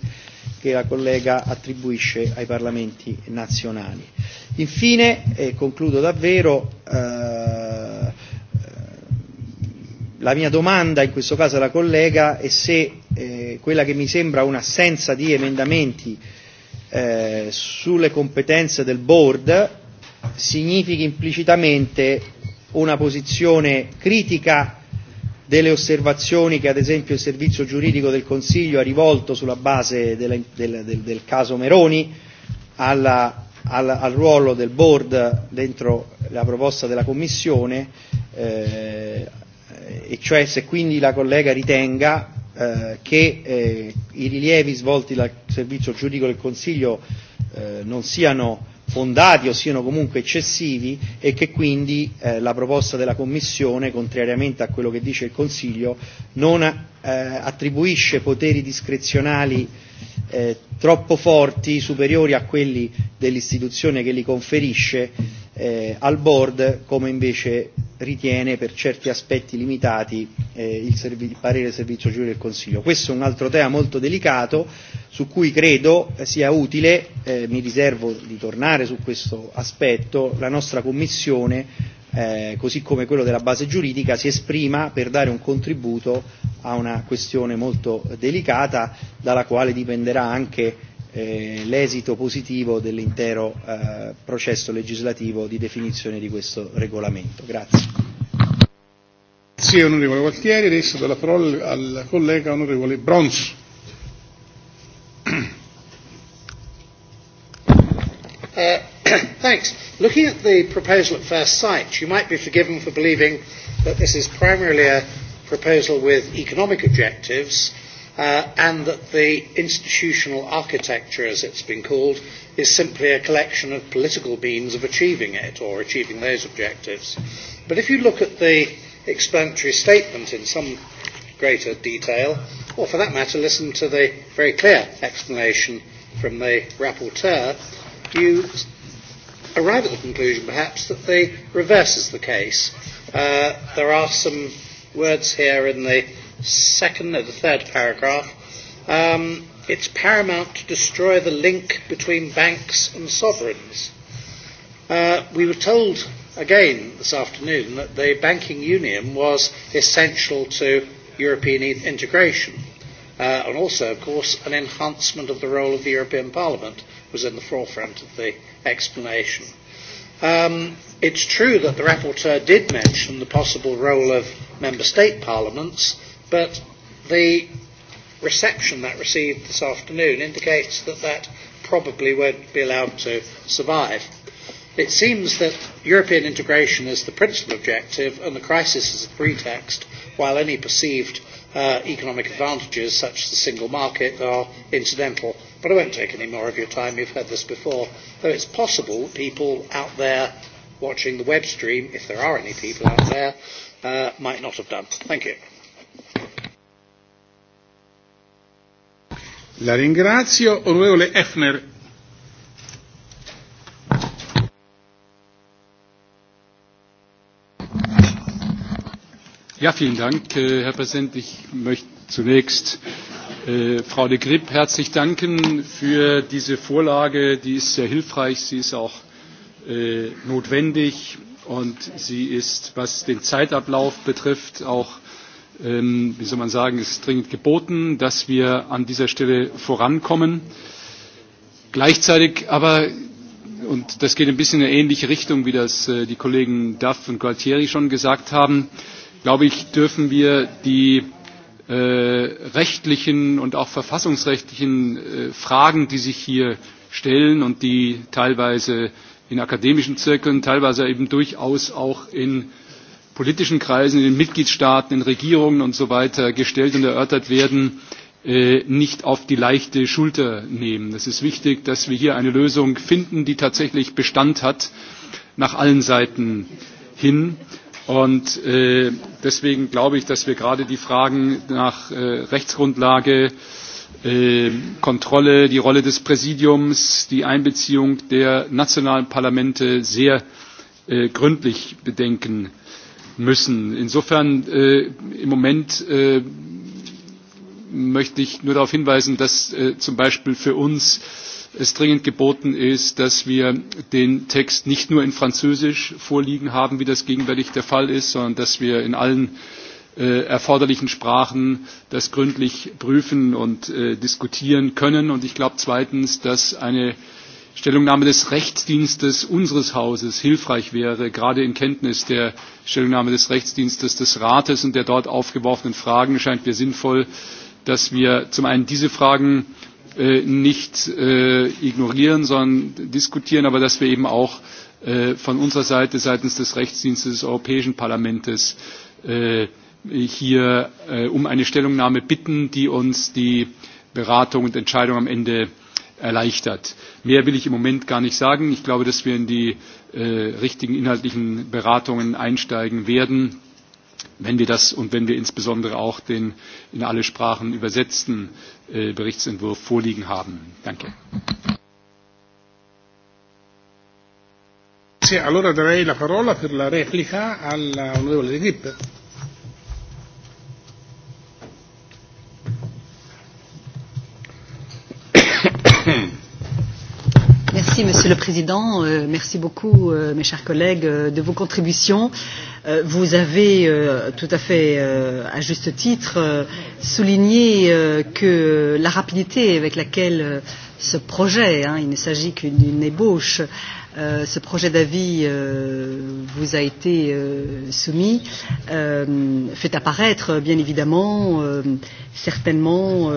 che la collega attribuisce ai parlamenti nazionali. Infine, e concludo davvero, eh, La mia domanda, in questo caso alla collega, è se eh, quella che mi sembra un'assenza di emendamenti eh, sulle competenze del board significhi implicitamente una posizione critica delle osservazioni che ad esempio il servizio giuridico del Consiglio ha rivolto sulla base del, del, del caso Meroni al, al ruolo del board dentro la proposta della Commissione eh, Eh, e cioè se quindi la collega ritenga eh, che eh, i rilievi svolti dal servizio giuridico del Consiglio eh, non siano fondati o siano comunque eccessivi e che quindi eh, la proposta della Commissione, contrariamente a quello che dice il Consiglio, non eh, attribuisce poteri discrezionali Eh, troppo forti, superiori a quelli dell'istituzione che li conferisce eh, al board, come invece ritiene per certi aspetti limitati eh, il, parere del servizio giuridico del Consiglio. Questo è un altro tema molto delicato su cui credo sia utile, mi riservo di tornare su questo aspetto, la nostra Commissione eh, così come quello della base giuridica, si esprima per dare un contributo a una questione molto delicata dalla quale dipenderà anche eh, l'esito positivo dell'intero eh, processo legislativo di definizione di questo regolamento. Grazie. Grazie onorevole Gualtieri, adesso do la parola al collega onorevole Brons. Eh Thanks. Looking at the proposal at first sight, you might be forgiven for believing that this is primarily a proposal with economic objectives uh, and that the institutional architecture, as it's been called, is simply a collection of political means of achieving it or achieving those objectives. But if you look at the explanatory statement in some greater detail, or for that matter, listen to the very clear explanation from the rapporteur, you arrive at the conclusion, perhaps, that the reverse is the case. Uh, there are some words here in the second or the third paragraph. Um, it's paramount to destroy the link between banks and sovereigns. Uh, we were told again this afternoon that the banking union was essential to European integration uh, and also, of course, an enhancement of the role of the European Parliament was in the forefront of the explanation. Um, it's true that the rapporteur did mention the possible role of member state parliaments, but the reception that received this afternoon indicates that that probably won't be allowed to survive. It seems that European integration is the principal objective and the crisis is a pretext, while any perceived uh, economic advantages such as the single market are incidental But I won't take any more of your time. You've heard this before. Though it's possible people out there watching the web stream, if there are any people out there, uh, might not have done. Thank you. La ringrazio, onorevole Efner. Ja, vielen Dank, äh, Herr Präsident. Ich möchte zunächst Äh, Frau de Grip herzlich danken für diese Vorlage. Die ist sehr hilfreich, sie ist auch äh, notwendig und sie ist, was den Zeitablauf betrifft, auch, ähm, wie soll man sagen, ist dringend geboten, dass wir an dieser Stelle vorankommen. Gleichzeitig aber, und das geht ein bisschen in eine ähnliche Richtung, wie das äh, die Kollegen Duff und Gualtieri schon gesagt haben, glaube ich, dürfen wir die Äh, rechtlichen und auch verfassungsrechtlichen äh, Fragen, die sich hier stellen und die teilweise in akademischen Zirkeln, teilweise eben durchaus auch in politischen Kreisen, in den Mitgliedstaaten, in Regierungen und so weiter gestellt und erörtert werden, äh, nicht auf die leichte Schulter nehmen. Es ist wichtig, dass wir hier eine Lösung finden, die tatsächlich Bestand hat nach allen Seiten hin Und äh, deswegen glaube ich, dass wir gerade die Fragen nach äh, Rechtsgrundlage, äh, Kontrolle, die Rolle des Präsidiums, die Einbeziehung der nationalen Parlamente sehr gründlich bedenken müssen. Insofern im Moment möchte ich nur darauf hinweisen, dass zum Beispiel für uns es dringend geboten ist dass wir den text nicht nur in französisch vorliegen haben wie das gegenwärtig der fall ist sondern dass wir in allen äh, erforderlichen sprachen das gründlich prüfen und äh, diskutieren können und ich glaube zweitens dass eine stellungnahme des rechtsdienstes unseres hauses hilfreich wäre gerade in kenntnis der stellungnahme des rechtsdienstes des rates und der dort aufgeworfenen fragen scheint mir sinnvoll dass wir zum einen diese fragen Äh, nicht äh, ignorieren, sondern diskutieren, aber dass wir eben auch äh, von unserer Seite seitens des Rechtsdienstes des Europäischen Parlaments hier um eine Stellungnahme bitten, die uns die Beratung und Entscheidung am Ende erleichtert. Mehr will ich im Moment gar nicht sagen. Ich glaube, dass wir in die richtigen inhaltlichen Beratungen einsteigen werden, wenn wir das und wenn wir insbesondere auch den in alle Sprachen übersetzten Äh, Berichtsentwurf vorliegen haben. Danke. Sì, allora darei la parola per la replica all'onorevole De Grip. Merci Monsieur le Président, euh, merci beaucoup euh, mes chers collègues euh, de vos contributions. Vous avez tout à fait, à juste titre, souligné que la rapidité avec laquelle ce projet, hein, il ne s'agit qu'une ébauche, Euh, ce projet d'avis euh, vous a été euh, soumis euh, fait apparaître bien évidemment euh, certainement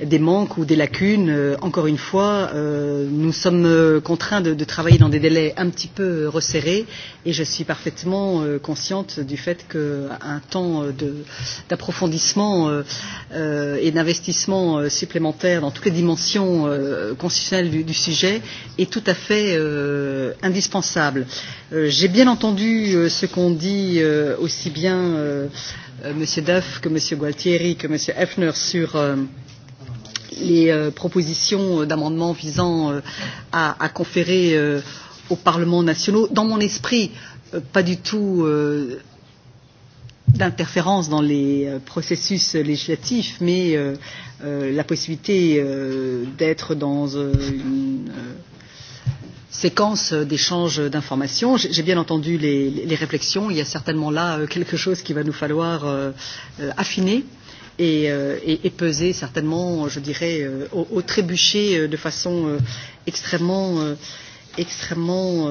des manques ou des lacunes. Encore une fois, nous sommes contraints de, de travailler dans des délais un petit peu resserrés et je suis parfaitement consciente du fait qu'un temps d'approfondissement et d'investissement supplémentaire dans toutes les dimensions constitutionnelles du, du sujet est tout à fait euh, euh, indispensable. Euh, J'ai bien entendu euh, ce qu'ont dit euh, aussi bien euh, euh, M. Duff que M. Gualtieri que M. Hefner sur euh, les euh, propositions d'amendements visant euh, à, à conférer euh, aux parlements nationaux. Dans mon esprit, euh, pas du tout euh, d'interférence dans les euh, processus législatifs, mais euh, euh, la possibilité euh, d'être dans euh, une. Euh, séquence d'échange d'informations. J'ai bien entendu les, les réflexions. Il y a certainement là euh, quelque chose qu'il va nous falloir euh, euh, affiner et, et, et peser certainement, je dirais, au, au de façon extrêmement, extrêmement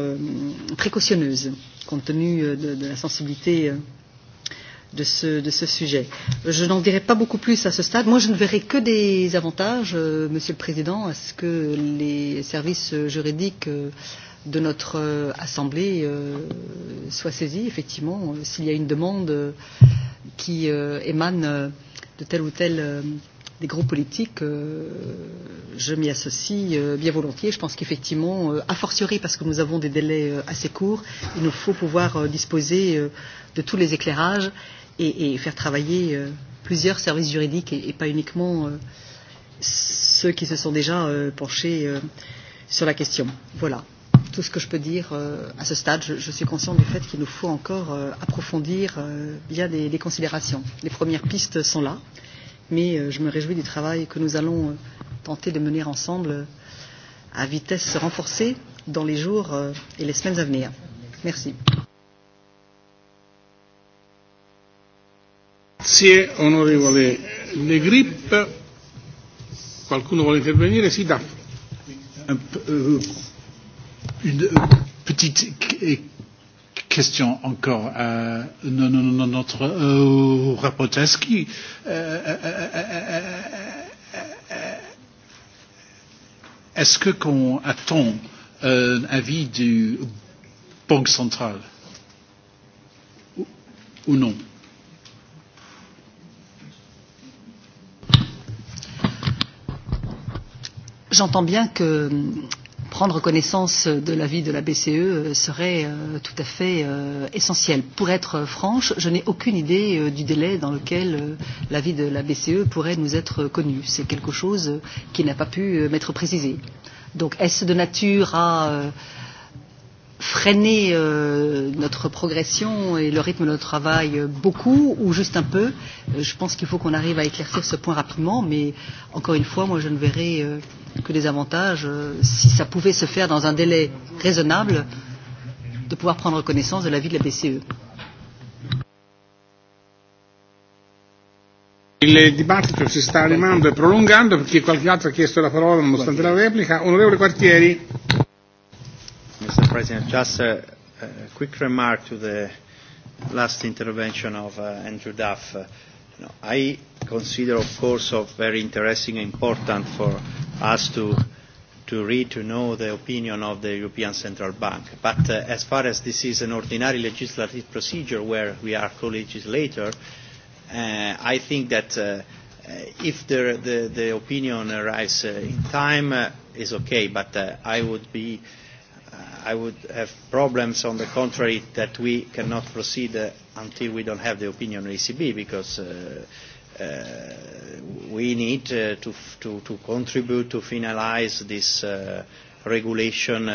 précautionneuse compte tenu de, de la sensibilité de ce, de ce sujet. Je n'en dirai pas beaucoup plus à ce stade. Moi, je ne verrai que des avantages, euh, Monsieur le Président, à ce que les services juridiques euh, de notre euh, Assemblée euh, soient saisis, effectivement, euh, s'il y a une demande euh, qui émane de tel ou tel des groupes politiques, euh, je m'y associe euh, bien volontiers. Je pense qu'effectivement, euh, a fortiori parce que nous avons des délais assez courts, il nous faut pouvoir disposer de tous les éclairages et, et faire travailler euh, plusieurs services juridiques et, et pas uniquement euh, ceux qui se sont déjà euh, penchés euh, sur la question. Voilà tout ce que je peux dire euh, à ce stade. Je, je suis conscient du fait qu'il nous faut encore euh, approfondir euh, bien des, des considérations. Les premières pistes sont là, mais euh, je me réjouis du travail que nous allons euh, tenter de mener ensemble euh, à vitesse renforcée dans les jours euh, et les semaines à venir. Merci. Grazie, onorevole Le Grip. Qualcuno vuole intervenire? Sì, da. Euh, une petite question encore à notre rapporteur. Est-ce Est-ce que qu'on attend euh, un avis du Banque centrale ou non J'entends bien que mm, prendre connaissance de l'avis de la BCE euh, serait euh, tout à fait euh, essentiel. Pour être franche, je n'ai aucune idée du délai dans lequel l'avis de la BCE pourrait nous être connu. C'est quelque chose qui n'a pas pu m'être précisé. Donc est-ce de nature à freiner euh, notre progression et le rythme de notre travail euh, beaucoup ou juste un peu. Euh, je pense qu'il faut qu'on arrive à éclaircir ce point rapidement, mais encore une fois, moi je ne verrai euh, que des avantages euh, si ça pouvait se faire dans un délai raisonnable de pouvoir prendre connaissance de l'avis de la BCE. Il dibattito si sta rimando e prolungando perché qualche altro ha chiesto la parola nonostante la replica. Onorevole Quartieri. Mr. President. Just a, quick remark to the last intervention of uh, Andrew Duff. Uh, you know, I consider, of course, of very interesting and important for us to to read, to know the opinion of the European Central Bank. But uh, as far as this is an ordinary legislative procedure where we are co-legislator, I think that if the, the, the opinion arrives in time, uh, is okay, but I would be i would have problems on the contrary that we cannot proceed uh, until we don't have the opinion of ECB because uh, uh, we need to, to, to contribute to finalize this regulation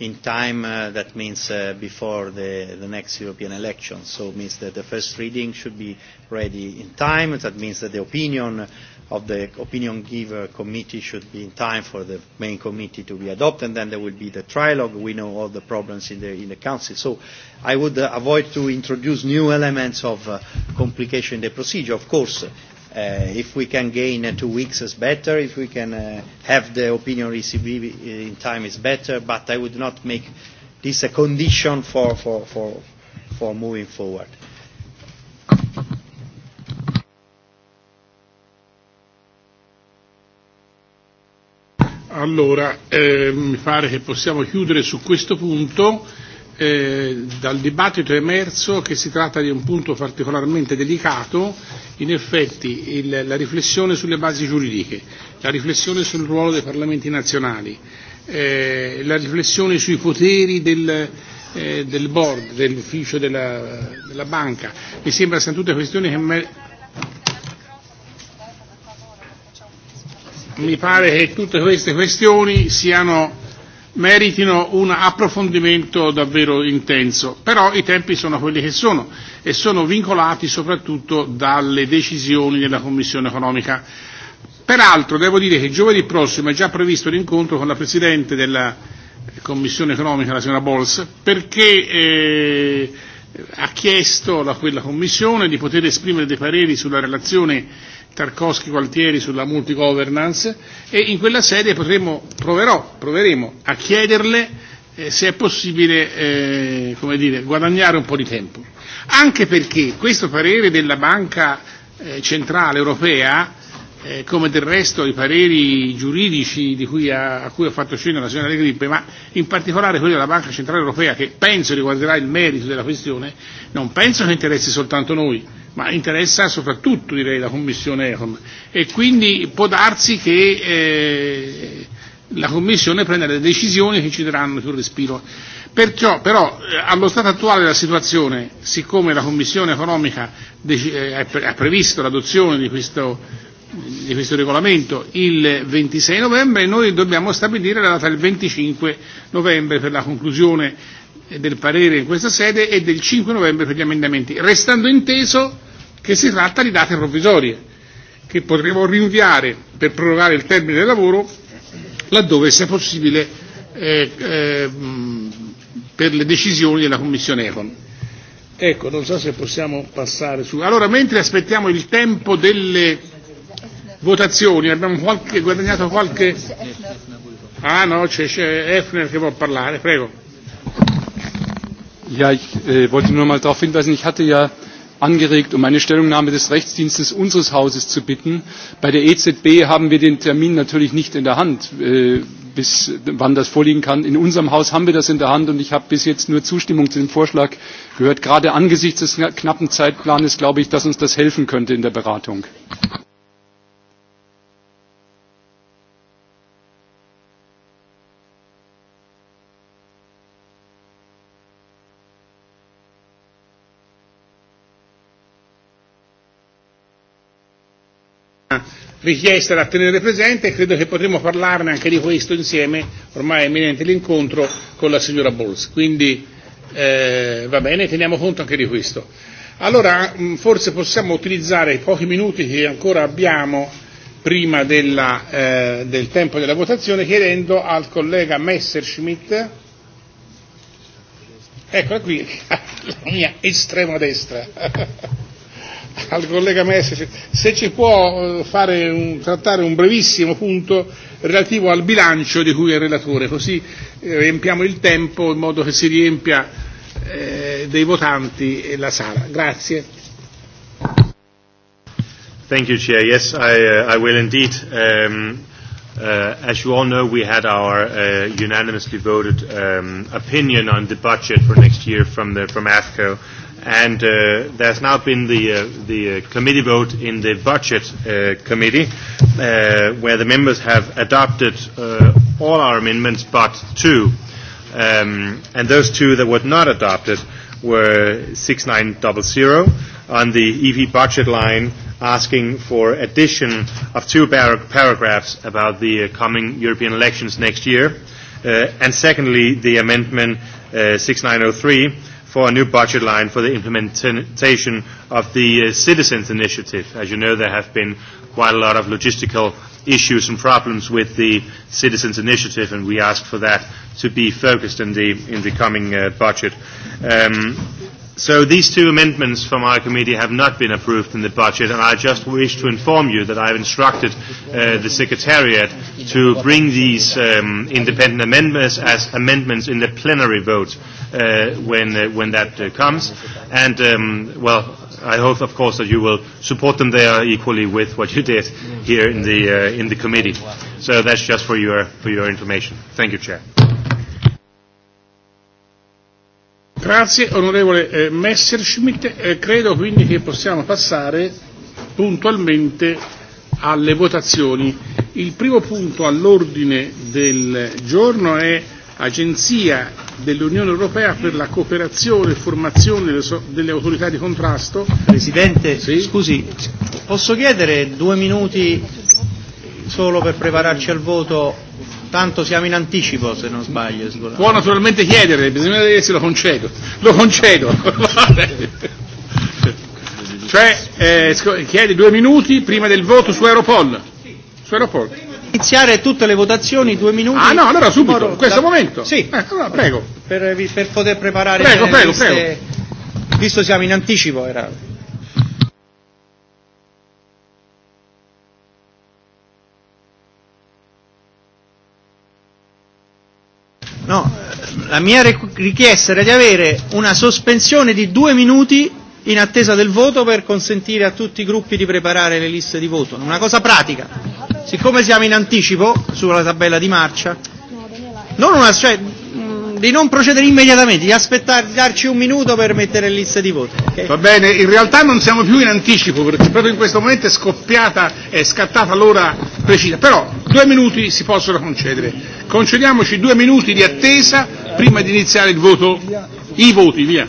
in time. That means before the, the next European elections. So it means that the first reading should be ready in time. That means that the opinion of the opinion giver committee should be in time for the main committee to be adopted and then there will be the trilogue we know all the problems in the in the council so i would uh, avoid to introduce new elements of uh, complication in the procedure of course uh, if we can gain two weeks is better if we can have the opinion received in time is better but i would not make this a condition for for for for moving forward Allora, eh, mi pare che possiamo chiudere su questo punto. Eh, dal dibattito è emerso che si tratta di un punto particolarmente delicato, in effetti il, la riflessione sulle basi giuridiche, la riflessione sul ruolo dei parlamenti nazionali, eh, la riflessione sui poteri del, eh, del board, dell'ufficio della, della banca, mi sembra siano tutte questioni che mi pare che tutte queste questioni siano meritino un approfondimento davvero intenso, però i tempi sono quelli che sono e sono vincolati soprattutto dalle decisioni della Commissione economica. Peraltro devo dire che giovedì prossimo è già previsto l'incontro con la Presidente della Commissione economica, la signora Bols, perché eh, ha chiesto a quella Commissione di poter esprimere dei pareri sulla relazione Tarkovsky Gualtieri sulla multi-governance e in quella sede potremo, proverò, proveremo a chiederle eh, se è possibile eh, come dire, guadagnare un po' di tempo. Anche perché questo parere della Banca eh, Centrale Europea come del resto i pareri giuridici di cui a cui ho fatto scena la signora De Grippe, ma in particolare quello della Banca Centrale Europea, che penso riguarderà il merito della questione, non penso che interessi soltanto noi, ma interessa soprattutto direi la Commissione Econ e quindi può darsi che eh, la Commissione prenda le decisioni che ci daranno più respiro. Perciò però eh, allo stato attuale della situazione, siccome la Commissione economica eh, ha previsto l'adozione di questo di questo regolamento il 26 novembre noi dobbiamo stabilire la data del 25 novembre per la conclusione del parere in questa sede e del 5 novembre per gli emendamenti, restando inteso che si tratta di date provvisorie che potremo rinviare per prorogare il termine del lavoro laddove sia possibile eh, eh, per le decisioni della Commissione Econ. Ecco, non so se possiamo passare su. Allora, mentre aspettiamo il tempo delle votazioni, abbiamo qualche, guadagnato qualche... Ah no, c'è Efner che può parlare, prego. Ja, ich äh, wollte nur mal darauf hinweisen, ich hatte ja angeregt um eine stellungnahme des rechtsdienstes unseres hauses zu bitten. bei der ezb haben wir den termin natürlich nicht in der hand äh, bis wann das vorliegen kann. in unserem haus haben wir das in der hand und ich habe bis jetzt nur zustimmung zu dem vorschlag gehört. gerade angesichts des knappen Zeitplans glaube ich dass uns das helfen könnte in der beratung. richiesta da tenere presente e credo che potremo parlarne anche di questo insieme, ormai è imminente l'incontro con la signora Bols. Quindi eh, va bene, teniamo conto anche di questo. Allora mm, forse possiamo utilizzare i pochi minuti che ancora abbiamo prima della, eh, del tempo della votazione chiedendo al collega Messerschmidt Eccola qui, la mia estrema destra. al collega Messi se ci può eh, fare un, trattare un brevissimo punto relativo al bilancio di cui è relatore, così eh, riempiamo il tempo in modo che si riempia eh, dei votanti e la sala. Grazie. Thank you, Chair. Yes, I, uh, I will indeed. Um, uh, as you all know, we had our uh, unanimously voted um, opinion on the budget for next year from, the, from AFCO and uh, there's now been the, uh, the uh, committee vote in the budget uh, committee uh, where the members have adopted uh, all our amendments but two. Um, and those two that were not adopted were 6900 on the EV budget line asking for addition of two paragraphs about the uh, coming European elections next year. Uh, and secondly, the amendment uh, 6903 for a new budget line for the implementation of the uh, Citizens Initiative. As you know, there have been quite a lot of logistical issues and problems with the Citizens Initiative, and we ask for that to be focused in the, in the coming uh, budget. Um, so these two amendments from our committee have not been approved in the budget, and I just wish to inform you that I have instructed uh, the Secretariat to bring these um, independent amendments as amendments in the plenary vote uh, when, uh, when that uh, comes. And, um, well, I hope, of course, that you will support them there equally with what you did here in the, uh, in the committee. So that's just for your, for your information. Thank you, Chair. Grazie onorevole eh, Messerschmidt, eh, credo quindi che possiamo passare puntualmente alle votazioni. Il primo punto all'ordine del giorno è Agenzia dell'Unione Europea per la cooperazione e formazione delle autorità di contrasto. Presidente, sì? scusi, posso chiedere due minuti solo per prepararci al voto? Tanto siamo in anticipo, se non sbaglio. Può naturalmente chiedere, bisogna vedere se lo concedo. Lo concedo. cioè, eh, chiede due minuti prima del voto su Europol. Su Europol. Iniziare tutte le votazioni, due minuti. Ah no, allora subito, in questo momento. Sì, eh, allora, prego. Per, per poter preparare. Prego, le prego, prego. Visto siamo in anticipo, era No, la mia richiesta era di avere una sospensione di due minuti in attesa del voto per consentire a tutti i gruppi di preparare le liste di voto. Una cosa pratica, siccome siamo in anticipo sulla tabella di marcia, non una, cioè, mm, di non procedere immediatamente, di aspettare, di darci un minuto per mettere le liste di voto. Va bene, in realtà non siamo più in anticipo perché proprio in questo momento è scoppiata, è scattata l'ora precisa, però due minuti si possono concedere. Concediamoci due minuti di attesa prima di iniziare il voto, i voti, via.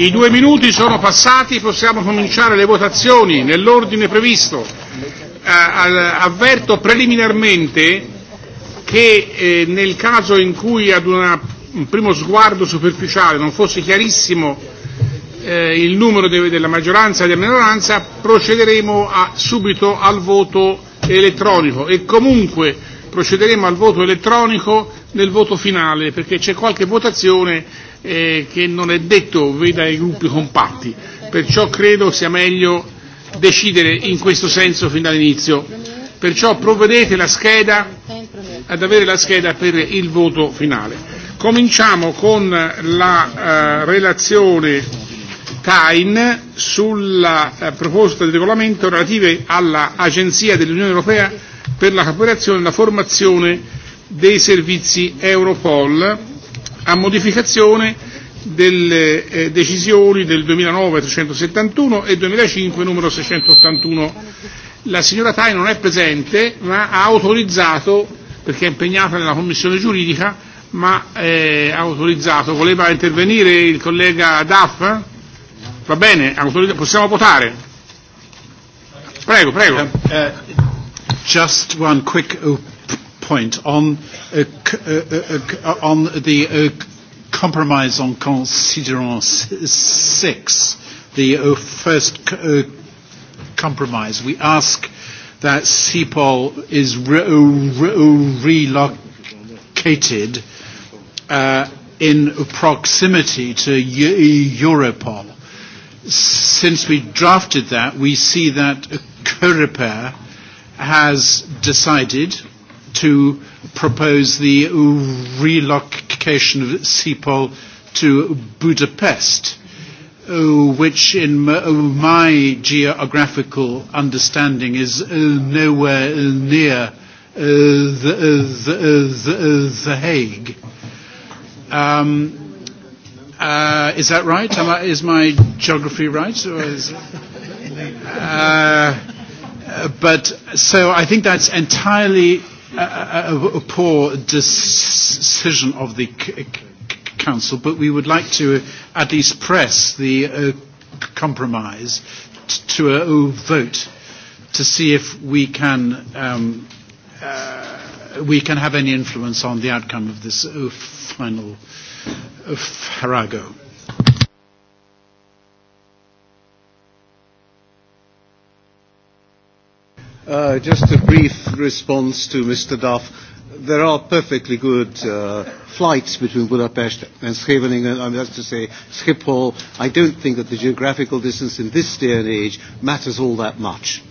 I due minuti sono passati, possiamo cominciare le votazioni nell'ordine previsto. Eh, avverto preliminarmente che eh, nel caso in cui ad un primo sguardo superficiale non fosse chiarissimo eh, il numero della maggioranza e della minoranza, procederemo a, subito al voto elettronico e comunque procederemo al voto elettronico nel voto finale perché c'è qualche votazione eh, che non è detto veda i gruppi compatti, perciò credo sia meglio decidere in questo senso fin dall'inizio. Perciò provvedete la scheda, ad avere la scheda per il voto finale. Cominciamo con la eh, relazione Tain sulla eh, proposta di regolamento relative all'Agenzia dell'Unione Europea per la cooperazione e la formazione dei servizi Europol a modificazione delle eh, decisioni del 2009 371 e 2005 numero 681. La signora Tai non è presente ma ha autorizzato, perché è impegnata nella commissione giuridica, ma eh, ha autorizzato, voleva intervenire il collega Daff? Va bene, possiamo votare. Prego, prego. Uh, uh, just one quick point on, uh, uh, on the compromise on considerant six, the first compromise. We ask that CEPOL is re re relocated in proximity to Europol. Since we drafted that, we see that COREPER has decided to propose the relocation of CEPOL to Budapest, uh, which in uh, my geographical understanding is uh, nowhere near the, the, Hague. Um, uh, is that right? Am I, is my geography right? Or is, uh, but so I think that's entirely a, a poor decision of the Council, but we would like to uh, at least press the uh, compromise to a uh, oh, vote to see if we can um, uh, we can have any influence on the outcome of this uh, final uh, oh, farrago. Uh, just a brief response to Mr. Duff. There are perfectly good uh, flights between Budapest and Scheveningen, I mean, to say Schiphol. I don't think that the geographical distance in this day and age matters all that much.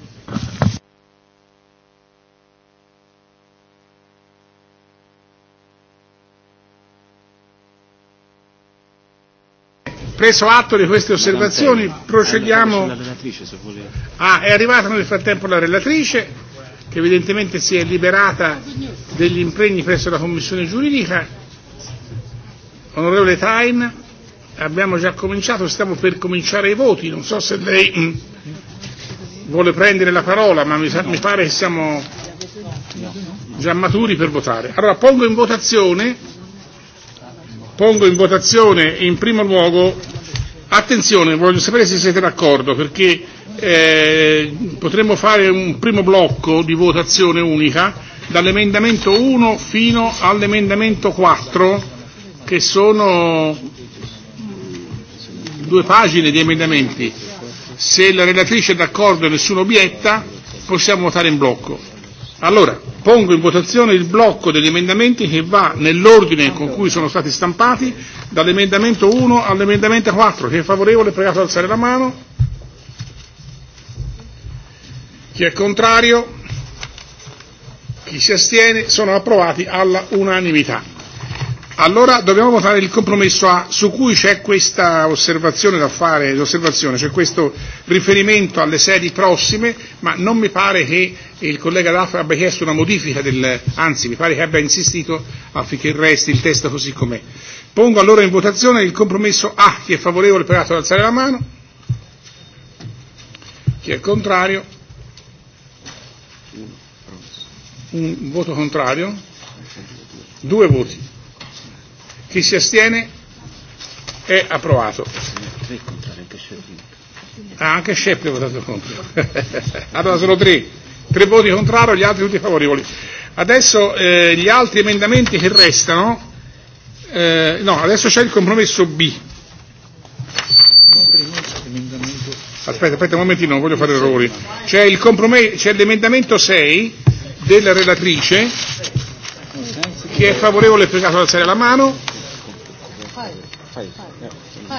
Preso atto di queste osservazioni, procediamo. Ah, è arrivata nel frattempo la relatrice che evidentemente si è liberata degli impegni presso la Commissione giuridica. Onorevole Tain, abbiamo già cominciato, stiamo per cominciare i voti, non so se lei vuole prendere la parola, ma mi, mi pare che siamo già maturi per votare. Allora pongo in votazione pongo in votazione in primo luogo, attenzione, voglio sapere se siete d'accordo perché eh, potremmo fare un primo blocco di votazione unica dall'emendamento 1 fino all'emendamento 4 che sono due pagine di emendamenti. Se la relatrice è d'accordo e nessuno obietta possiamo votare in blocco. Allora, pongo in votazione il blocco degli emendamenti che va nell'ordine con cui sono stati stampati, dall'emendamento 1 all'emendamento 4. Chi è favorevole, pregato ad alzare la mano. Chi è contrario? Chi si astiene? Sono approvati alla unanimità. Allora dobbiamo votare il compromesso A su cui c'è questa osservazione da fare, l'osservazione, c'è questo riferimento alle sedi prossime, ma non mi pare che il collega Daff abbia chiesto una modifica del, anzi mi pare che abbia insistito affinché resti il testo così com'è. Pongo allora in votazione il compromesso A, chi è favorevole per ad alzare la mano, chi è contrario, un voto contrario, due voti. Chi si astiene è approvato. Ah, anche Sheppi ha votato contro. allora sono tre. Tre voti contrari, gli altri tutti favorevoli. Adesso eh, gli altri emendamenti che restano. Eh, no, adesso c'è il compromesso B. Aspetta, aspetta un momentino, non voglio fare errori. C'è, il compromesso, c'è l'emendamento 6 della relatrice. ...che è favorevole e pregato ad alzare la mano.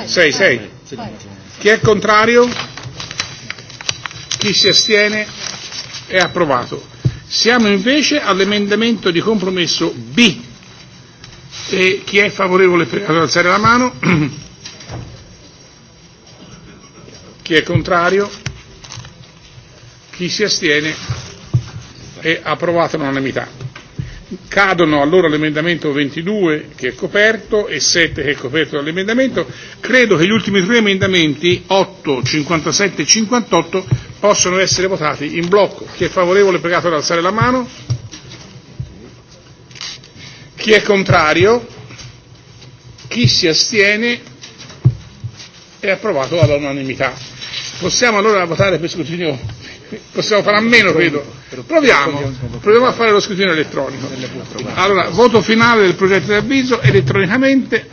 6, 6. Chi è contrario? Chi si astiene? È approvato. Siamo invece all'emendamento di compromesso B. E chi è favorevole ad alzare la mano? Chi è contrario? Chi si astiene? È approvato all'unanimità cadono allora l'emendamento 22 che è coperto e 7 che è coperto dall'emendamento, credo che gli ultimi tre emendamenti 8, 57 e 58 possano essere votati in blocco. Chi è favorevole è pregato ad alzare la mano. Chi è contrario? Chi si astiene? È approvato all'unanimità. Possiamo allora votare per scrutinio possiamo fare a meno credo proviamo proviamo a fare lo scrutinio elettronico allora voto finale del progetto di avviso elettronicamente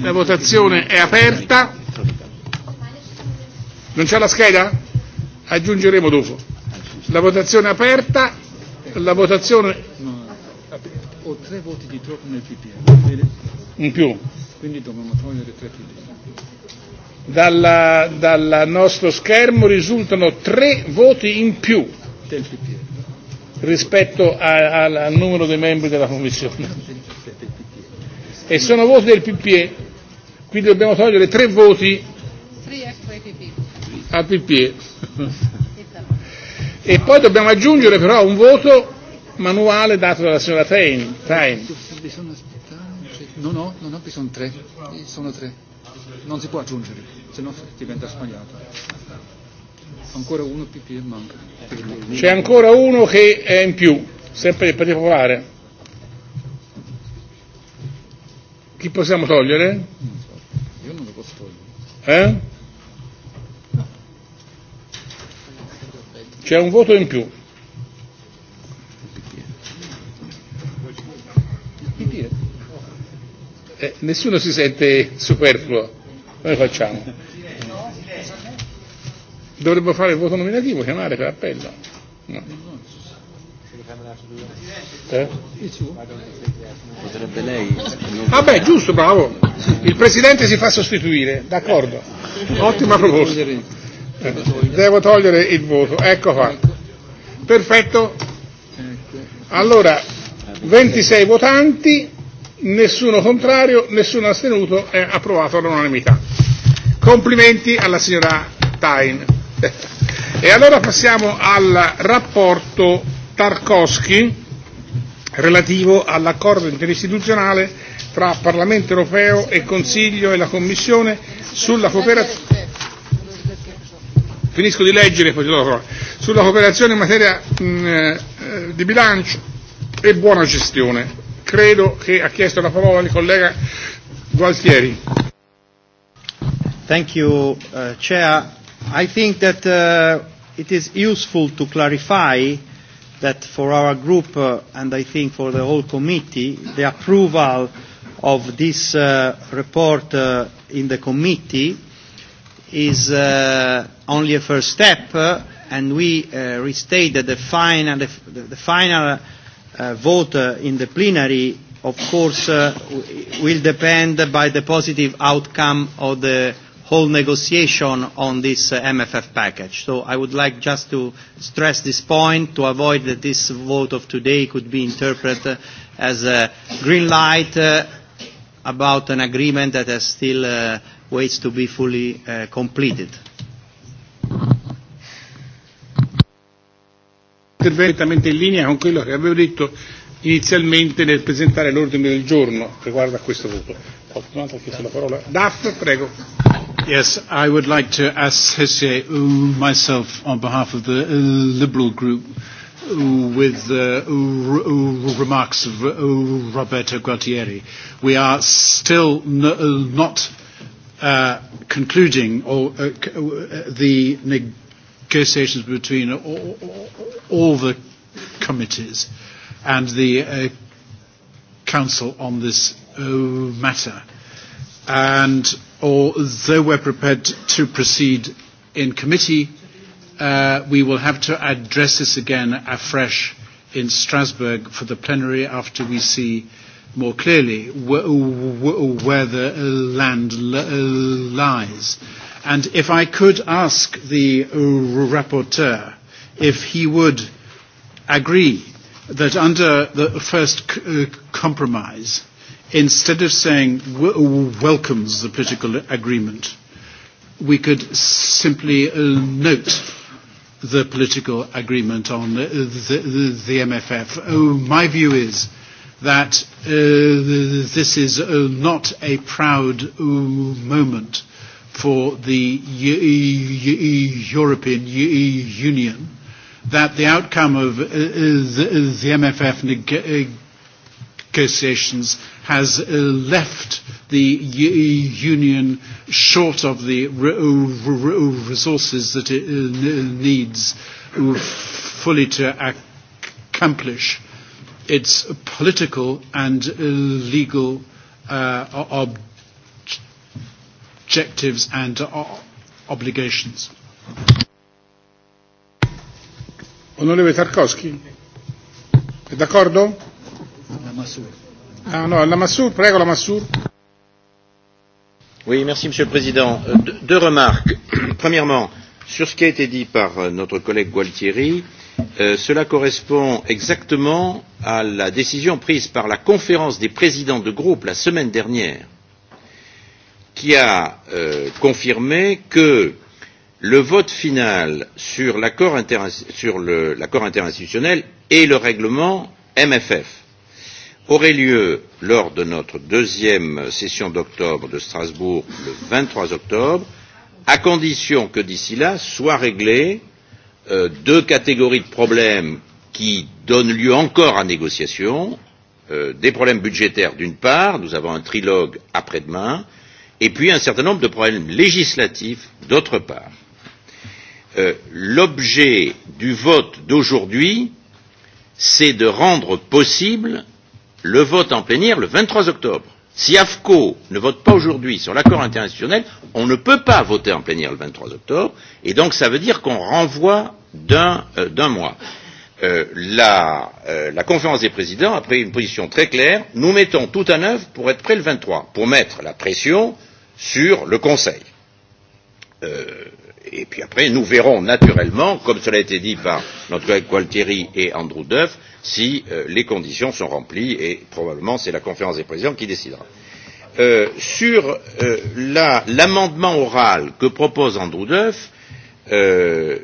la votazione è aperta non c'è la scheda? aggiungeremo dopo la votazione è aperta la votazione ho tre voti di troppo nel PPA in più quindi dobbiamo togliere tre PPA dalla, dal nostro schermo risultano tre voti in più rispetto a, al numero dei membri della Commissione. E sono voti del PPE, quindi dobbiamo togliere tre voti e. al PPE. E poi dobbiamo aggiungere però un voto manuale dato dalla signora Tain. Tain. No, no, no, no, sono tre. Sono tre. Non si può aggiungere se no diventa sbagliato. Ancora uno PP manca. C'è ancora uno che è in più, sempre per popolare. Chi possiamo togliere? Io non lo posso togliere. Eh? C'è un voto in più. E. Eh, nessuno si sente superfluo. Noi facciamo? Dovremmo fare il voto nominativo, chiamare per appello. No. Eh? Ah beh, giusto, bravo. Il presidente si fa sostituire, d'accordo. Ottima proposta. Devo togliere il voto, ecco qua. Perfetto. Allora, 26 votanti, nessuno contrario, nessuno astenuto, è approvato all'unanimità. Complimenti alla signora Tain. E allora passiamo al rapporto Tarkovsky relativo all'accordo interistituzionale tra Parlamento europeo e Consiglio e la Commissione sulla cooperazione finisco di leggere poi sulla cooperazione in materia mm, eh, di bilancio e buona gestione credo che ha chiesto la parola il collega Gualtieri. Thank you, uh, Chair. I think that uh, it is useful to clarify that for our group uh, and I think for the whole committee, the approval of this uh, report in the committee is only a first step and we restate that the final, the, the final uh, vote uh, in the plenary, of course, uh, will depend by the positive outcome of the whole negotiation on this uh, MFF package. So I would like just to stress this point to avoid that this vote of today could be interpreted uh, as a green light uh, about an agreement that has still uh, waits to be fully uh, completed. perfettamente in linea con quello che avevo detto inizialmente nel presentare l'ordine del giorno riguardo a questo voto. Daff, prego. Yes, I would like to ask Hesse myself on behalf of the uh, Liberal Group with the uh, remarks of uh, Roberto Gualtieri. We are still not uh, concluding all, uh, the negotiations between all, all the committees and the uh, council on this uh, matter. And although we're prepared to proceed in committee, uh, we will have to address this again afresh in Strasbourg for the plenary after we see more clearly where, where the land lies. And if I could ask the rapporteur if he would agree that under the first uh, compromise, instead of saying uh, welcomes the political agreement, we could simply uh, note the political agreement on the, MFF. my view is that uh, this is uh, not a proud uh, moment for the e, e European e Union that the outcome of the MFF negotiations has uh, left the Union short of the resources that it uh, needs fully to accomplish its political and uh, legal objectives objectives and uh, obligations. Onorevole Tarkovsky, è d'accordo? Ah no, la Massour, prego la Massour. Oui, merci Monsieur le Président. Euh, de, deux remarques. Premièrement, sur ce qui a été dit par euh, notre collègue Gualtieri, euh, cela correspond exactement à la décision prise par la conférence des présidents de groupe la semaine dernière qui a euh, confirmé que le vote final sur l'accord interinstitutionnel et le règlement MFF aurait lieu lors de notre deuxième session d'octobre de Strasbourg le 23 octobre, à condition que d'ici là soient réglées euh, deux catégories de problèmes qui donnent lieu encore à négociation, euh, des problèmes budgétaires d'une part, nous avons un trilogue après-demain, et puis un certain nombre de problèmes législatifs d'autre part. Euh, L'objet du vote d'aujourd'hui, c'est de rendre possible le vote en plénière le 23 octobre. Si AFCO ne vote pas aujourd'hui sur l'accord international, on ne peut pas voter en plénière le 23 octobre, et donc ça veut dire qu'on renvoie d'un euh, mois. Euh, la, euh, la conférence des présidents a pris une position très claire nous mettons tout en œuvre pour être prêts le 23 pour mettre la pression sur le Conseil. Euh, et puis après, nous verrons naturellement, comme cela a été dit par notre collègue Gualtieri et Andrew Duff, si euh, les conditions sont remplies et probablement c'est la conférence des présidents qui décidera. Euh, sur euh, l'amendement la, oral que propose Andrew Duff, euh,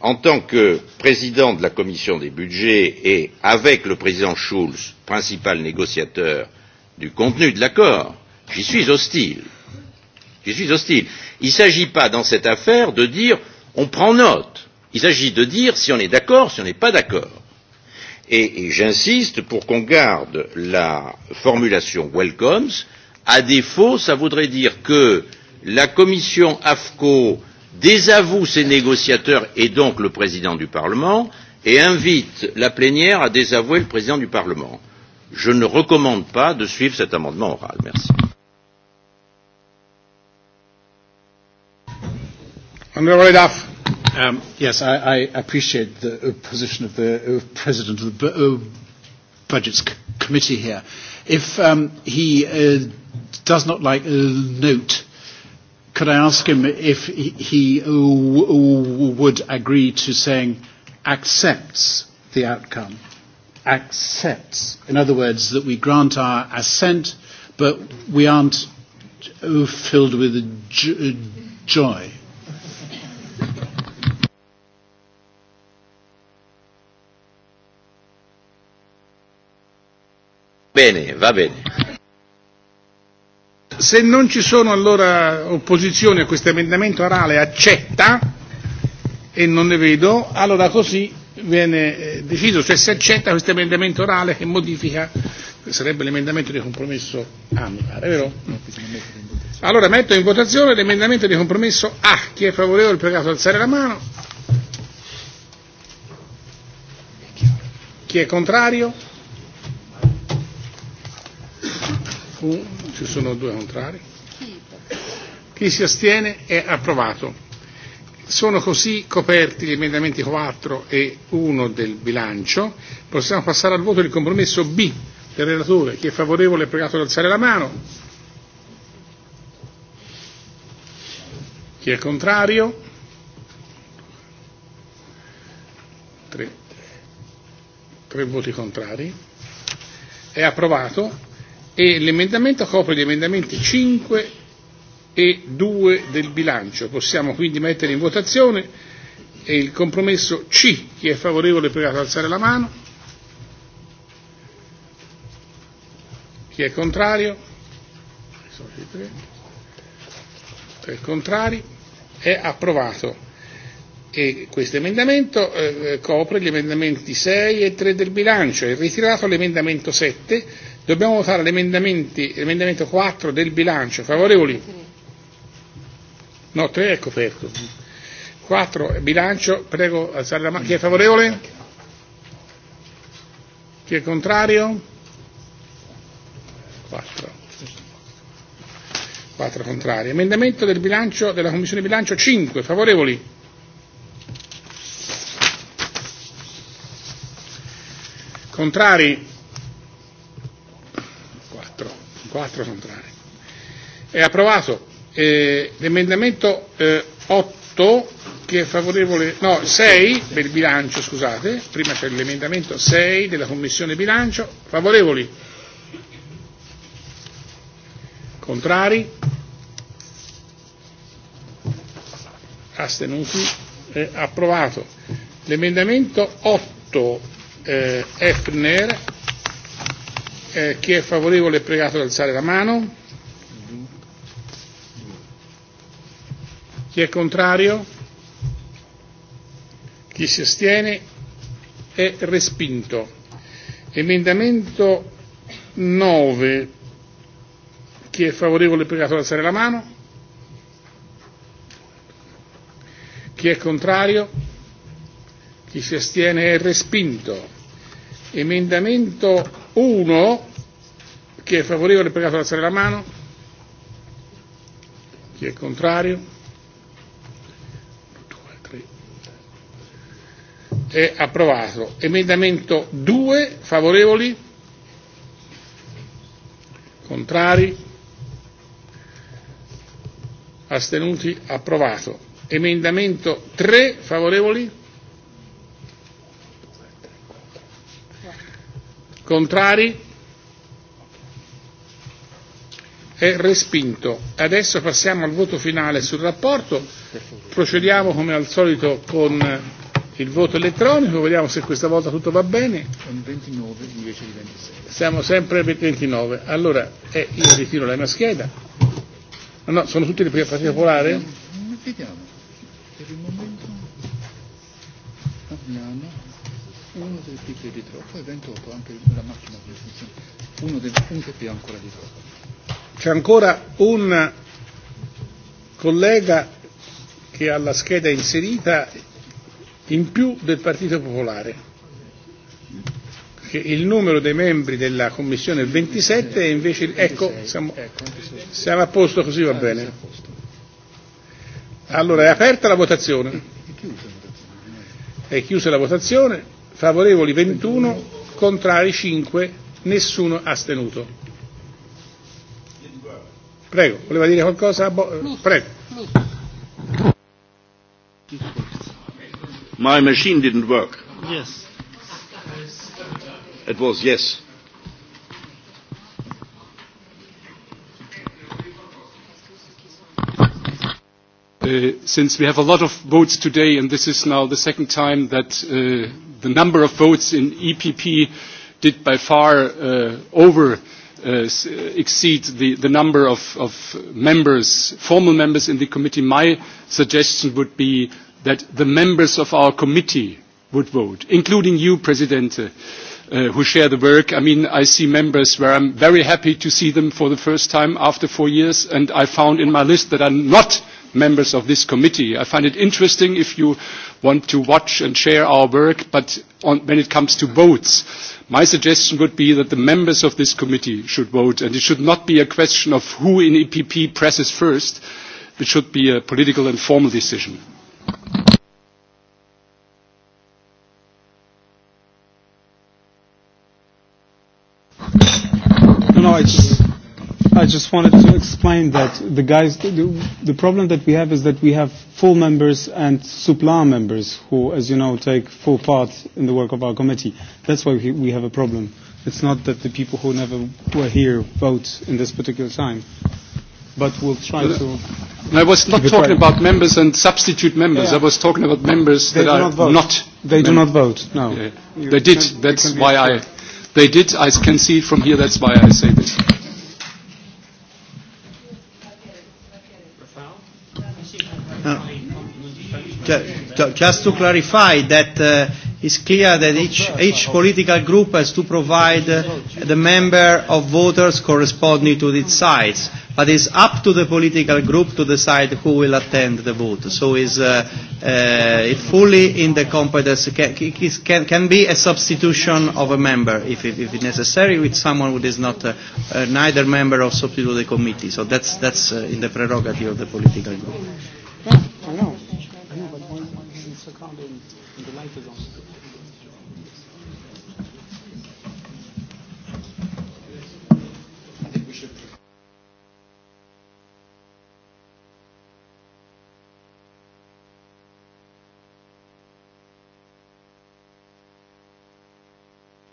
en tant que président de la commission des budgets et avec le président Schulz, principal négociateur du contenu de l'accord, j'y suis hostile je suis hostile. Il ne s'agit pas dans cette affaire de dire on prend note. Il s'agit de dire si on est d'accord, si on n'est pas d'accord. Et, et j'insiste pour qu'on garde la formulation welcomes. À défaut, ça voudrait dire que la commission AFCO désavoue ses négociateurs et donc le président du Parlement et invite la plénière à désavouer le président du Parlement. Je ne recommande pas de suivre cet amendement oral. Merci. Um, yes, I, I appreciate the uh, position of the uh, President of the B uh, Budgets C Committee here. If um, he uh, does not like a note, could I ask him if he, he w would agree to saying accepts the outcome? Accepts. In other words, that we grant our assent, but we aren't filled with joy Bene, va bene. Se non ci sono allora opposizioni a questo emendamento orale accetta e non ne vedo, allora così viene eh, deciso, cioè si accetta questo emendamento orale che modifica, sarebbe l'emendamento di compromesso A mi pare, vero? Allora metto in votazione l'emendamento di compromesso A, chi è favorevole pregato alzare la mano, chi è contrario? ci sono due contrari. Chi si astiene è approvato. Sono così coperti gli emendamenti 4 e 1 del bilancio. Possiamo passare al voto il compromesso B del relatore. Chi è favorevole è pregato ad alzare la mano. Chi è contrario? tre voti contrari. È approvato e l'emendamento copre gli emendamenti 5 e 2 del bilancio. Possiamo quindi mettere in votazione e il compromesso C. Chi è favorevole prega ad alzare la mano. Chi è contrario? Per contrari è approvato. E questo emendamento eh, copre gli emendamenti 6 e 3 del bilancio. È ritirato l'emendamento 7 Dobbiamo votare l'emendamento 4 del bilancio. Favorevoli? No, 3 è coperto. 4 bilancio, prego alzare la mano. Chi è favorevole? Chi è contrario? 4. 4 contrari. Emendamento del bilancio, della Commissione bilancio 5. Favorevoli? Contrari? 4 sono È approvato e l'emendamento 8 eh, che è favorevole, no 6 per il bilancio scusate, prima c'è l'emendamento 6 della Commissione bilancio, favorevoli, contrari, astenuti, eh, approvato. L'emendamento 8 eh, Efner Eh, chi è favorevole è pregato ad alzare la mano. Chi è contrario? Chi si astiene? È respinto. Emendamento 9. Chi è favorevole è pregato ad alzare la mano. Chi è contrario? Chi si astiene è respinto. Emendamento 1 chi è favorevole pregato alzare la mano chi è contrario è approvato emendamento 2 favorevoli contrari astenuti approvato emendamento 3 favorevoli Contrari? È respinto. Adesso passiamo al voto finale sul rapporto. Procediamo come al solito con eh, il voto elettronico, vediamo se questa volta tutto va bene. 29 invece di 26. Siamo sempre 29. Allora, eh, io ritiro la mia scheda. No, no, sono tutti di Partito Popolare? Vediamo. partite di troppo e 28 anche la macchina di funzione. Uno, dei, punti che pia ancora di troppo. C'è ancora un collega che ha la scheda inserita in più del Partito Popolare. Che il numero dei membri della Commissione è 27 e invece... Ecco, siamo, siamo a posto così va ah, bene. Allora è aperta la votazione. È chiusa la votazione favorevoli 21, contrari 5, nessuno astenuto. Prego, voleva dire qualcosa? Eh, prego. My machine didn't work. Yes. It was yes. Uh, since we have a lot of votes today, and this is now the second time that uh, the number of votes in EPP did by far uh, over uh, exceed the, number of, members, formal members in the committee. My suggestion would be that the members of our committee would vote, including you, President, uh, who share the work. I mean, I see members where am very happy to see them for the first time after four years, and I found in my list that am not members of this committee. I find it interesting if you want to watch and share our work, but on, when it comes to votes, my suggestion would be that the members of this committee should vote, and it should not be a question of who in EPP presses first. It should be a political and formal decision. just wanted to explain that the guys, the, the problem that we have is that we have full members and supplier members who, as you know, take full part in the work of our committee. That's why we, have a problem. It's not that the people who never were here vote in this particular time, but we'll try to. I was not talking about members and substitute members. I was talking about members that are not. not they do not vote. No, they did. that's why I. They did. I can see from here. That's why I say this. just to clarify that uh, it's clear that each, each political group has to provide uh, the member of voters corresponding to its size. But it's up to the political group to decide who will attend the vote. So it's, uh, uh, it fully in the competence, can, can, can be a substitution of a member if, if, if necessary with someone who is not uh, uh neither member or substitute of the committee. So that's, that's uh, in the prerogative of the political group.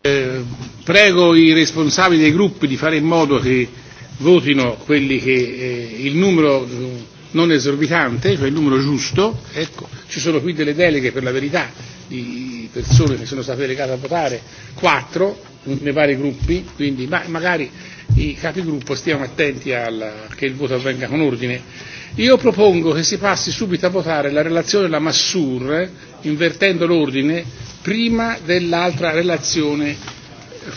Eh, prego i responsabili dei gruppi di fare in modo che votino quelli che eh, il numero eh, non esorbitante, cioè il numero giusto, ecco, ci sono qui delle deleghe per la verità di persone che sono state legate a votare, quattro nei vari gruppi, quindi magari i capigruppo stiamo attenti a che il voto avvenga con ordine. Io propongo che si passi subito a votare la relazione della Massur, invertendo l'ordine, prima dell'altra relazione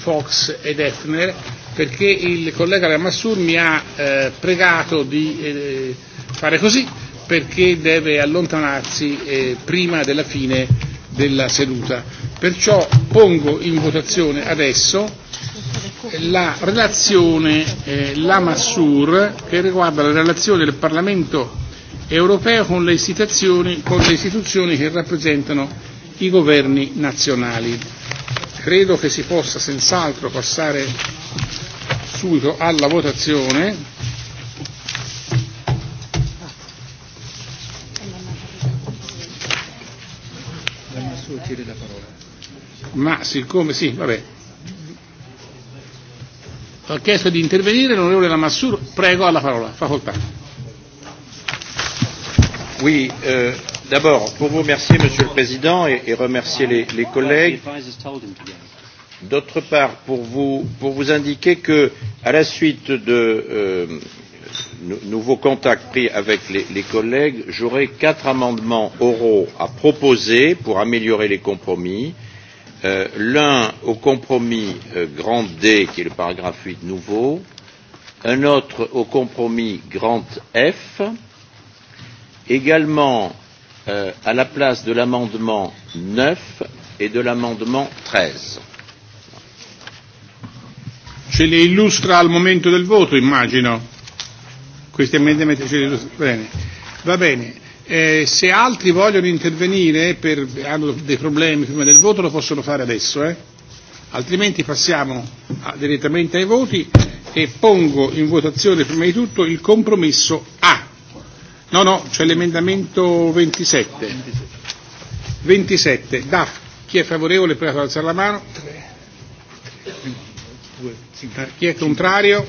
Fox ed Efner, perché il collega Massur mi ha eh, pregato di eh, fare così perché deve allontanarsi eh, prima della fine della seduta. Perciò pongo in votazione adesso la relazione eh, Lamassur che riguarda la relazione del Parlamento europeo con le, con le istituzioni che rappresentano i governi nazionali. Credo che si possa senz'altro passare subito alla votazione utile la parola. Ma siccome sì, vabbè. Ha chiesto di intervenire l'onorevole Lamassur, prego alla parola, facoltà. Oui, euh, d'abord, pour vous remercier, Monsieur le Président, et, et remercier les, les collègues. D'autre part, pour vous, pour vous indiquer que, à la suite de, euh, nouveaux contacts pris avec les, collègues, j'aurai quatre amendements oraux à proposer pour améliorer les compromis. Euh, l'un au compromis euh, grand D, qui est le paragraphe 8 nouveau, un autre au compromis grand F, également euh, à la place de l'amendement 9 et de l'amendement 13. Ce illustra al momento del voto, immagino questi emendamenti ci bene. va bene eh, se altri vogliono intervenire per, hanno dei problemi prima del voto lo possono fare adesso eh? altrimenti passiamo direttamente ai voti e pongo in votazione prima di tutto il compromesso A no no c'è l'emendamento 27 27 DAF chi è favorevole per alzare la mano chi è contrario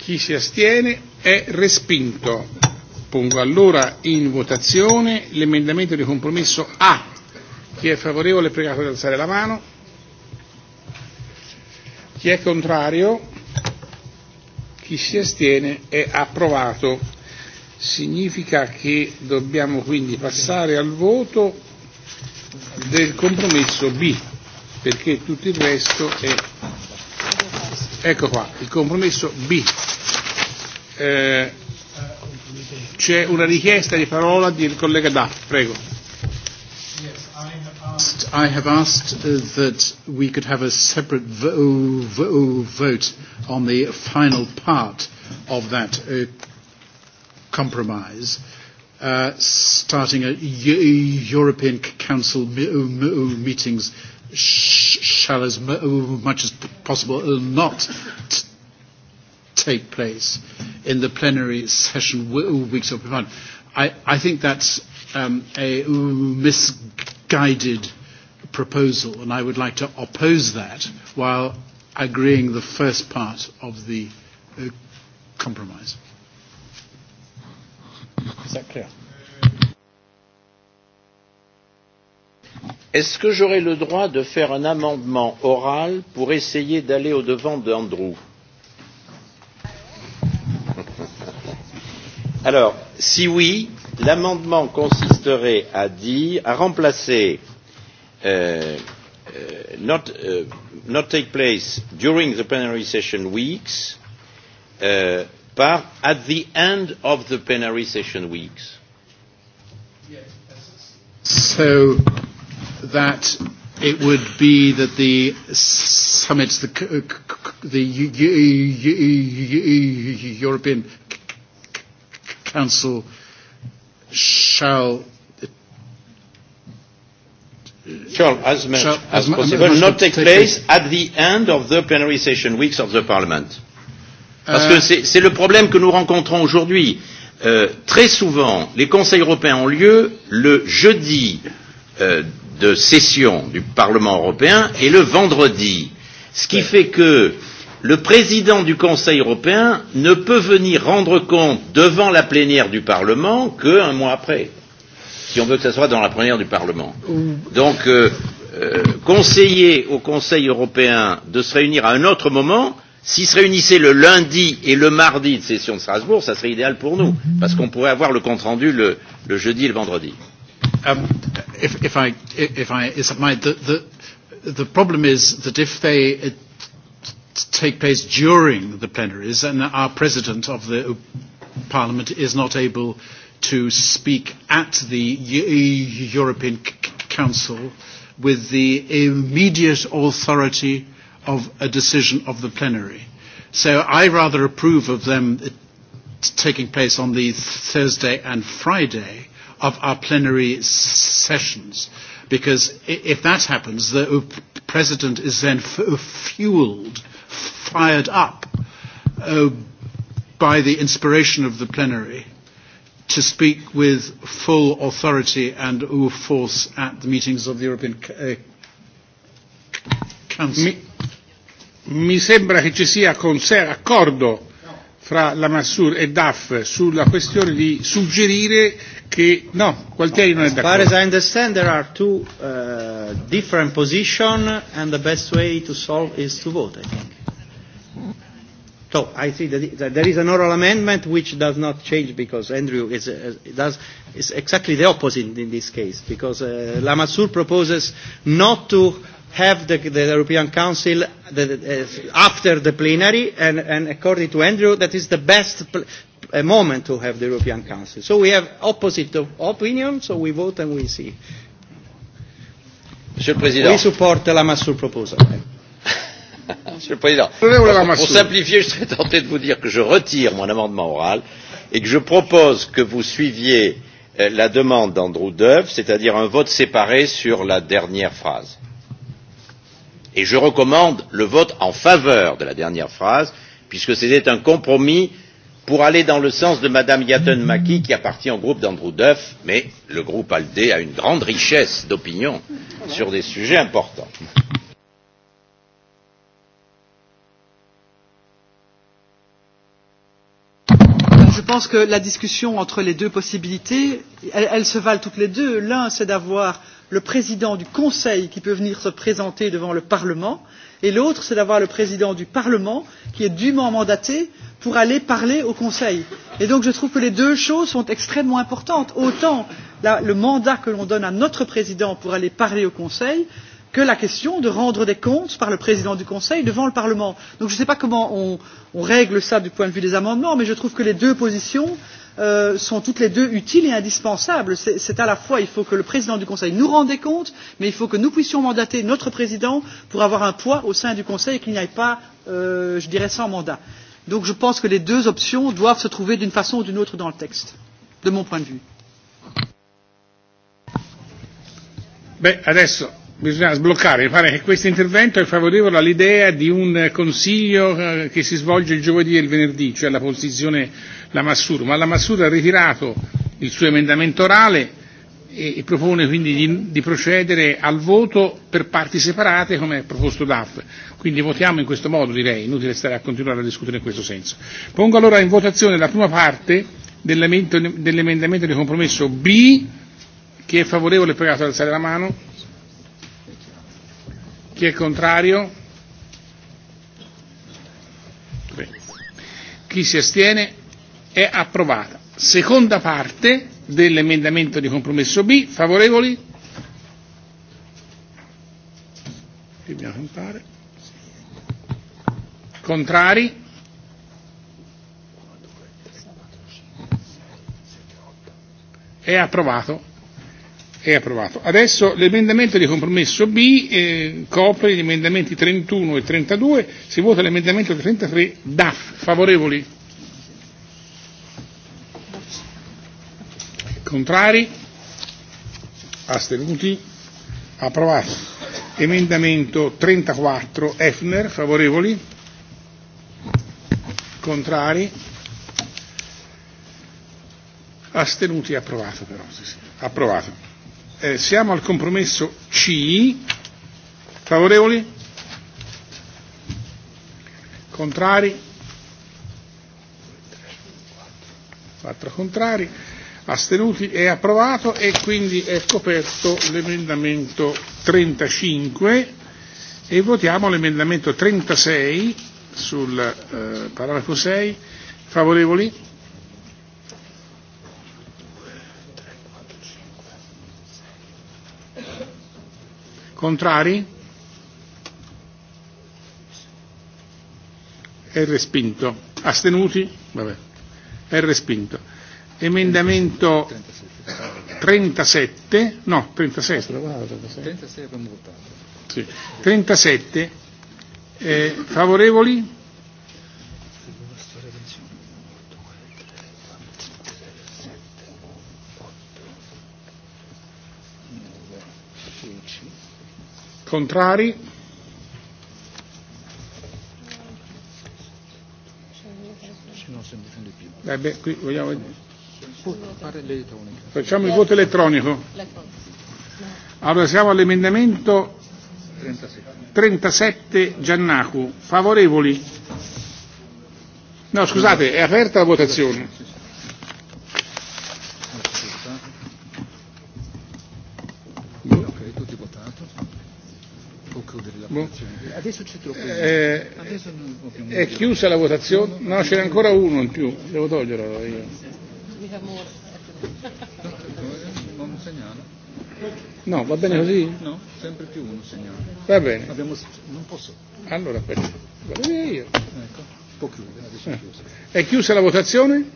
Chi si astiene è respinto. Pongo allora in votazione l'emendamento di compromesso A. Chi è favorevole è pregato di alzare la mano. Chi è contrario? Chi si astiene è approvato. Significa che dobbiamo quindi passare al voto del compromesso B, perché tutto il resto è Ecco qua, il compromesso B. Eh, c'è una richiesta di parola del collega Duff, prego. I have asked uh, that we could have a separate vote on the final part of that uh, compromise, uh, starting at European Council uh, meetings sh shall as uh, much as possible not take place in the plenary session uh, weeks of month. I, I think that's um, a misguided proposal, and I would like to oppose that while agreeing the first part of the uh, compromise. Is that clear? est ce que j'aurai le droit de faire un amendement oral pour essayer d'aller au devant d'andrew? alors si oui l'amendement consisterait à dire à remplacer euh, euh, not, euh, not take place during the plenary session weeks euh, par at the end of the plenary session weeks. Yes. So that it would be that the summits, the, the European Council shall shall, as much as, as possible, not take place at the end of the plenary session weeks of the Parliament. Parce que euh, c'est le problème que nous rencontrons aujourd'hui. Euh, très souvent, les conseils européens ont lieu le jeudi euh, de session du Parlement européen est le vendredi, ce qui fait que le président du Conseil européen ne peut venir rendre compte devant la plénière du Parlement qu'un mois après, si on veut que ce soit dans la plénière du Parlement. Donc, euh, euh, conseiller au Conseil européen de se réunir à un autre moment, s'il se réunissait le lundi et le mardi de session de Strasbourg, ça serait idéal pour nous, mmh. parce qu'on pourrait avoir le compte rendu le, le jeudi et le vendredi. Um, if, if I, if I, is the, the, the problem is that if they it, uh, take place during the plenaries, and our president of the parliament is not able to speak at the e e European Council with the immediate authority of a decision of the plenary. So I rather approve of them uh, taking place on the Thursday and Friday of our plenary sessions. Because if that happens, the President is then fueled, fired up uh, by the inspiration of the plenary to speak with full authority and force at the meetings of the European uh, Council. Mi, mi sembra che ci sia accordo fra Massur e DAF sulla questione di suggerire che no, Gualtieri non è d'accordo. As far as I understand there are two uh, different positions and the best way to solve is to vote, I think. So I see that there is an oral amendment which does not change because Andrew is, uh, does, is exactly the opposite in this case because uh, Lamassur proposes not to have the, the European Council the, the, uh, after the plenary and, and according to Andrew that is the best a moment to have the European Council. So we have opposite of opinion, so we vote and we see. Monsieur le Président. We support the Lamassoure proposal. Monsieur le Président, pour, pour simplifier, je serais tenté de vous dire que je retire mon amendement oral et que je propose que vous suiviez euh, la demande d'Andrew Duff, c'est-à-dire un vote séparé sur la dernière phrase. Et je recommande le vote en faveur de la dernière phrase, puisque c'était un compromis pour aller dans le sens de Mme Yatten Maki, qui appartient au groupe d'Andrew Duff, mais le groupe ALDE a une grande richesse d'opinions sur des sujets importants. Euh, je pense que la discussion entre les deux possibilités elles, se valent toutes les deux l'un c'est d'avoir le président du conseil qui peut venir se présenter devant le parlement et l'autre c'est d'avoir le président du parlement qui est dûment mandaté pour aller parler au Conseil. Et donc je trouve que les deux choses sont extrêmement importantes. Autant la, le mandat que l'on donne à notre président pour aller parler au Conseil que la question de rendre des comptes par le président du Conseil devant le Parlement. Donc je ne sais pas comment on, on règle ça du point de vue des amendements, mais je trouve que les deux positions euh, sont toutes les deux utiles et indispensables. C'est à la fois, il faut que le président du Conseil nous rende des comptes, mais il faut que nous puissions mandater notre président pour avoir un poids au sein du Conseil et qu'il n'y aille pas, euh, je dirais, sans mandat donc je pense que les deux options doivent se trouver d'une façon ou d'une autre dans le texte de mon point de vue. Beh, adesso bisogna sbloccare, mi pare che questo intervento è favorevole all'idea di un consiglio eh, che si svolge il giovedì e il venerdì, cioè la posizione Lamassur, ma Lamassur ha ritirato il suo emendamento orale E, e propone quindi di, procedere al voto per parti separate come proposto DAF. Quindi votiamo in questo modo direi, inutile stare a continuare a discutere in questo senso. Pongo allora in votazione la prima parte dell'emendamento di compromesso B, chi è favorevole è pregato ad alzare la mano, chi è contrario, chi si astiene è approvata. Seconda parte dell'emendamento di compromesso B, favorevoli? Contrari? È approvato. È approvato. Adesso l'emendamento di compromesso B eh, copre gli emendamenti 31 e 32. Si vota l'emendamento 33 DAF. Favorevoli? Contrari? Astenuti? Approvato. Emendamento 34 Efner, favorevoli? Contrari? Astenuti? Approvato però. Sì, Approvato. Eh, siamo al compromesso C. Favorevoli? Contrari? 4 contrari astenuti è approvato e quindi è coperto l'emendamento 35 e votiamo l'emendamento 36 sul eh, paragrafo 6 favorevoli contrari è respinto astenuti vabbè è respinto Emendamento 37, no, 37. 36 Sì. 37 eh, favorevoli? Contrari? Eh beh, qui vogliamo vedere. Facciamo il voto elettronico. Allora siamo all'emendamento 37 Giannacu. Favorevoli? No, scusate, è aperta la votazione. Adesso c'è troppo. Eh, è chiusa la votazione? No, ce ancora uno in più, devo toglierlo io segnala. No, va bene così? No, sempre più uno segnale. Va bene. Abbiamo, non posso. Allora, aspetta. Vado via io. Ecco, può chiudere. Adesso è, ah. chiusa. è chiusa la votazione?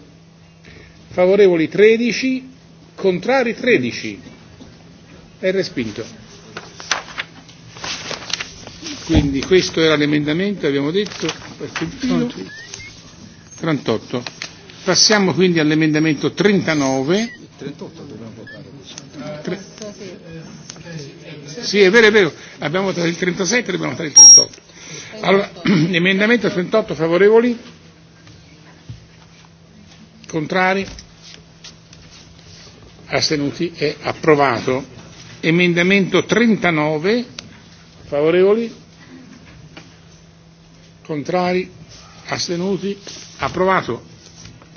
Favorevoli 13, contrari 13. È respinto. Quindi questo era l'emendamento, abbiamo detto, 38. Passiamo quindi all'emendamento 39. 38 dobbiamo votare. Sì, è vero, è vero. Abbiamo votato il 37 e dobbiamo votare il 38. Allora, emendamento 38 favorevoli? Contrari? Astenuti? È approvato. Emendamento 39 favorevoli? Contrari? Astenuti? Approvato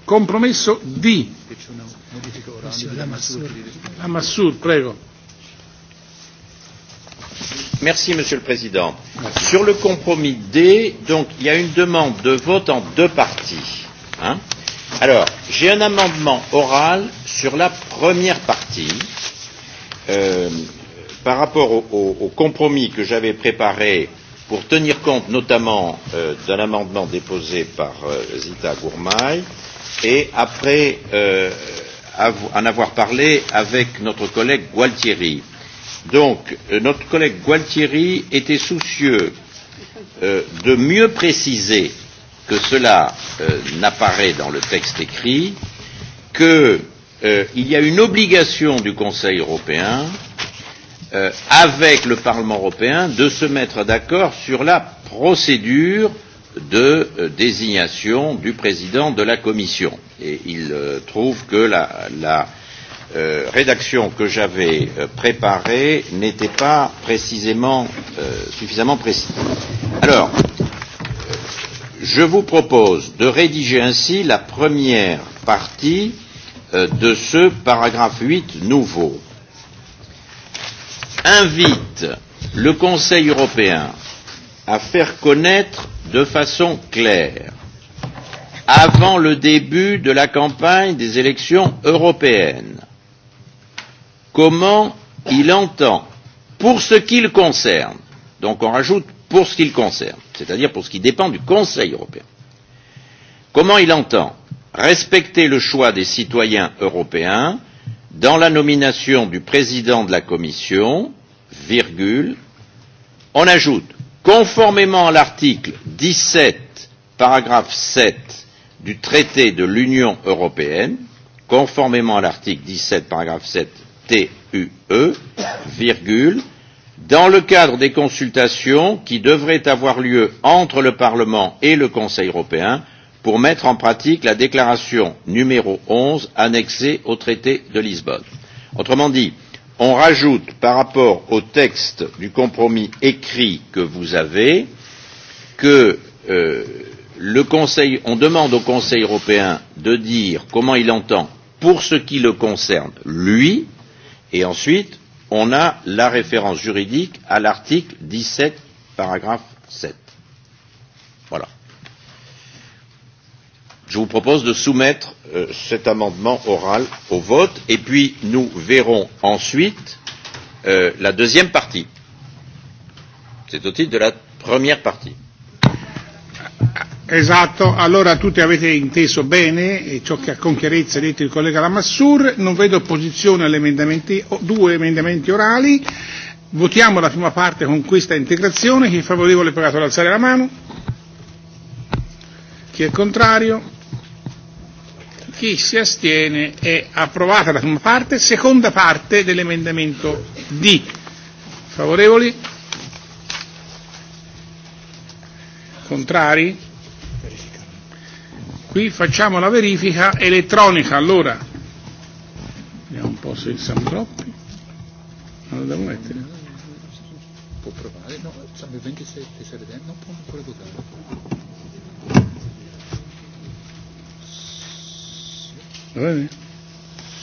Compromesso D. Lamassur, prego. Merci, Monsieur le Président. Sur le compromis D, donc, il y a une demande de vote en deux parties. Hein Alors, j'ai un amendement oral sur la première partie. Euh, par rapport au, au, au compromis que j'avais préparé pour tenir compte notamment euh, d'un amendement déposé par euh, Zita Gourmay, et après euh, en avoir parlé avec notre collègue Gualtieri. Donc, euh, notre collègue Gualtieri était soucieux euh, de mieux préciser que cela euh, n'apparaît dans le texte écrit, qu'il euh, y a une obligation du Conseil européen avec le Parlement européen de se mettre d'accord sur la procédure de euh, désignation du président de la commission et il euh, trouve que la, la euh, rédaction que j'avais préparée n'était pas précisément suffisamment précise. alors je vous propose de rédiger ainsi la première partie de ce paragraphe 8 nouveau invite le conseil européen à faire connaître de façon claire avant le début de la campagne des élections européennes comment il entend pour ce qu'il concerne donc on rajoute pour ce qu'il concerne c'est-à-dire pour ce qui dépend du Conseil européen comment il entend respecter le choix des citoyens européens dans la nomination du président de la commission virgule on ajoute conformément à l'article dix sept paragraphe sept du traité de l'union européenne conformément à l'article dix sept paragraphe sept tue dans le cadre des consultations qui devraient avoir lieu entre le parlement et le conseil européen pour mettre en pratique la déclaration numéro onze annexée au traité de lisbonne. autrement dit on rajoute par rapport au texte du compromis écrit que vous avez que euh, le conseil on demande au conseil européen de dire comment il entend pour ce qui le concerne lui et ensuite on a la référence juridique à l'article 17 paragraphe 7 voilà je vous propose de soumettre euh, cet amendement oral au vote et puis nous verrons ensuite euh, la deuxième partie. C'est au titre de la première partie. Esatto, allora tutti avete inteso bene e ciò che con chiarezza ha detto il collega Lamassur, non vedo opposizione agli emendamenti, due emendamenti orali, votiamo la prima parte con questa integrazione, chi è favorevole è pagato ad alzare la mano, chi è contrario, chi si astiene è approvata la prima parte, seconda parte dell'emendamento D. Favorevoli? Contrari? Qui facciamo la verifica elettronica, allora. Vediamo un po' se siamo troppi. Non lo devo mettere. Può provare? No, 27 non può ancora votare.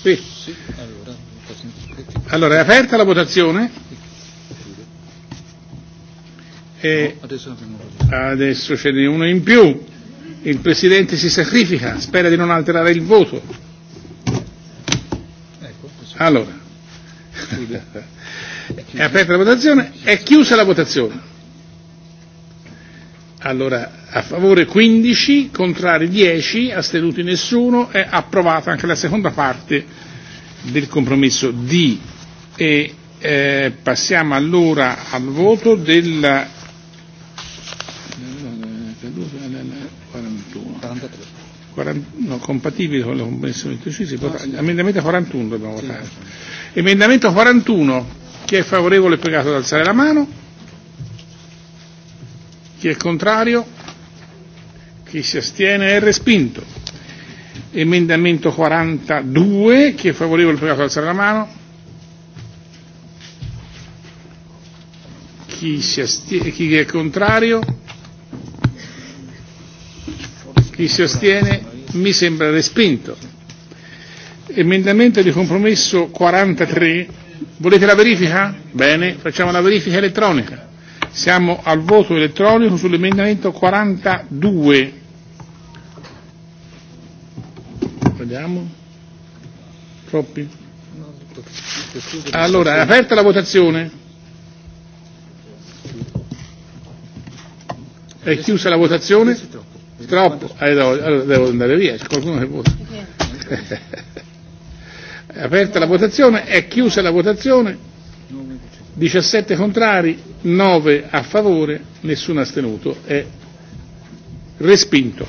Sì. allora, allora, è aperta la votazione? E adesso ce n'è uno in più. Il Presidente si sacrifica, spera di non alterare il voto. Allora, è aperta la votazione, è chiusa la votazione. Allora, a favore 15, contrari 10, astenuti nessuno, è approvata anche la seconda parte del compromesso D. E eh, passiamo allora al voto del 41, no, compatibile con la compromesso 25, si vota, emendamento 41 dobbiamo votare. Emendamento 41, chi è favorevole è pregato ad alzare la mano. Chi è contrario? Chi si astiene è respinto. Emendamento 42, chi è favorevole prego alzare la mano. Chi, si astiene, chi è contrario? Chi si astiene? Mi sembra respinto. Emendamento di compromesso 43. Volete la verifica? Bene, facciamo la verifica elettronica. Siamo al voto elettronico sull'emendamento 42. Vediamo. Troppi? Allora, è aperta la votazione. È chiusa la votazione? Troppo. Eh, allora devo andare via, c'è qualcuno che vota. È aperta la votazione, è chiusa la votazione. 17 contrari, 9 a favore, nessuno astenuto. È respinto.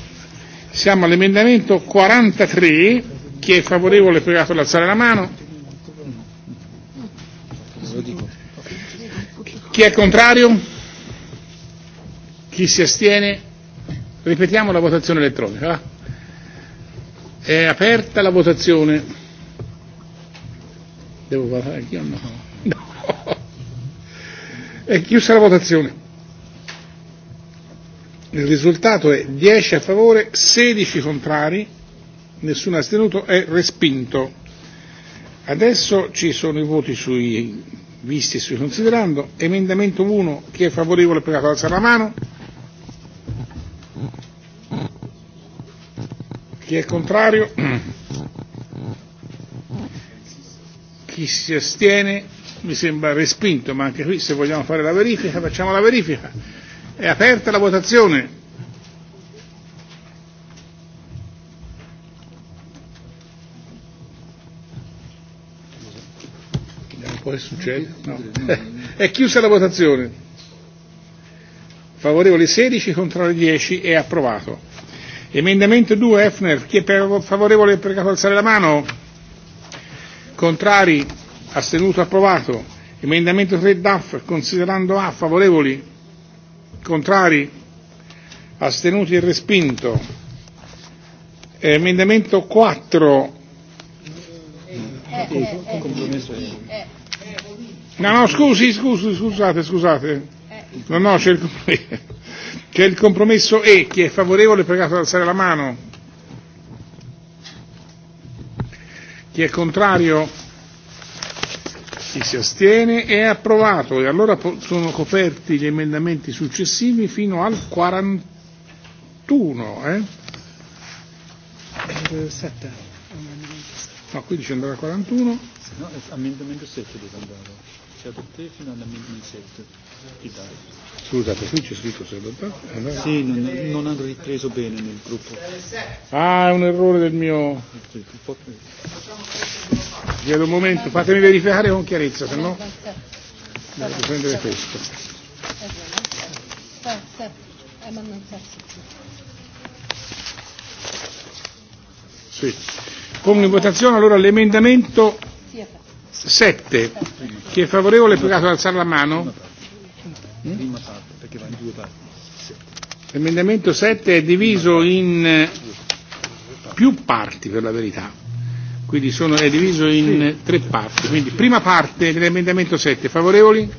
Siamo all'emendamento 43. Chi è favorevole è pregato ad alzare la mano. Chi è contrario? Chi si astiene? Ripetiamo la votazione elettronica. È aperta la votazione. Devo parlare anch'io o no? E' chiusa la votazione. Il risultato è 10 a favore, 16 contrari, nessuno astenuto, è respinto. Adesso ci sono i voti sui visti e sui considerando. Emendamento 1, chi è favorevole per alzare la mano? Chi è contrario? Chi si astiene? mi sembra respinto, ma anche qui se vogliamo fare la verifica facciamo la verifica. È aperta la votazione. poi succede? No. È chiusa la votazione. Favorevoli 16, contrario 10, è approvato. Emendamento 2, Efner, chi è favorevole per alzare la mano. Contrari astenuto approvato emendamento 3 DAF considerando A favorevoli contrari astenuti e respinto eh, emendamento 4 eh, eh, no no scusi scusi scusate scusate no no c'è il c'è il compromesso E chi è favorevole è pregato ad alzare la mano chi è contrario Chi si astiene? È approvato e allora sono coperti gli emendamenti successivi fino al 41, eh? 7. Eh, no, qui dice andare al 41. No, emendamento eh, 7 deve andare. tutti te fino all'emendamento 7. Scusate, qui c'è scritto 78. Allora... Eh, sì, non, non hanno ripreso bene nel gruppo. Ah, è un errore del mio... Chiedo un momento, fatemi verificare con chiarezza, se no Devo prendere questo. Sì. Pongo in votazione allora l'emendamento 7. Chi è favorevole è pregato ad alzare la mano? prima parte, perché va in due parti. L'emendamento 7 è diviso in eh, più parti per la verità, quindi sono, è diviso in tre parti. Quindi prima parte dell'emendamento 7, favorevoli?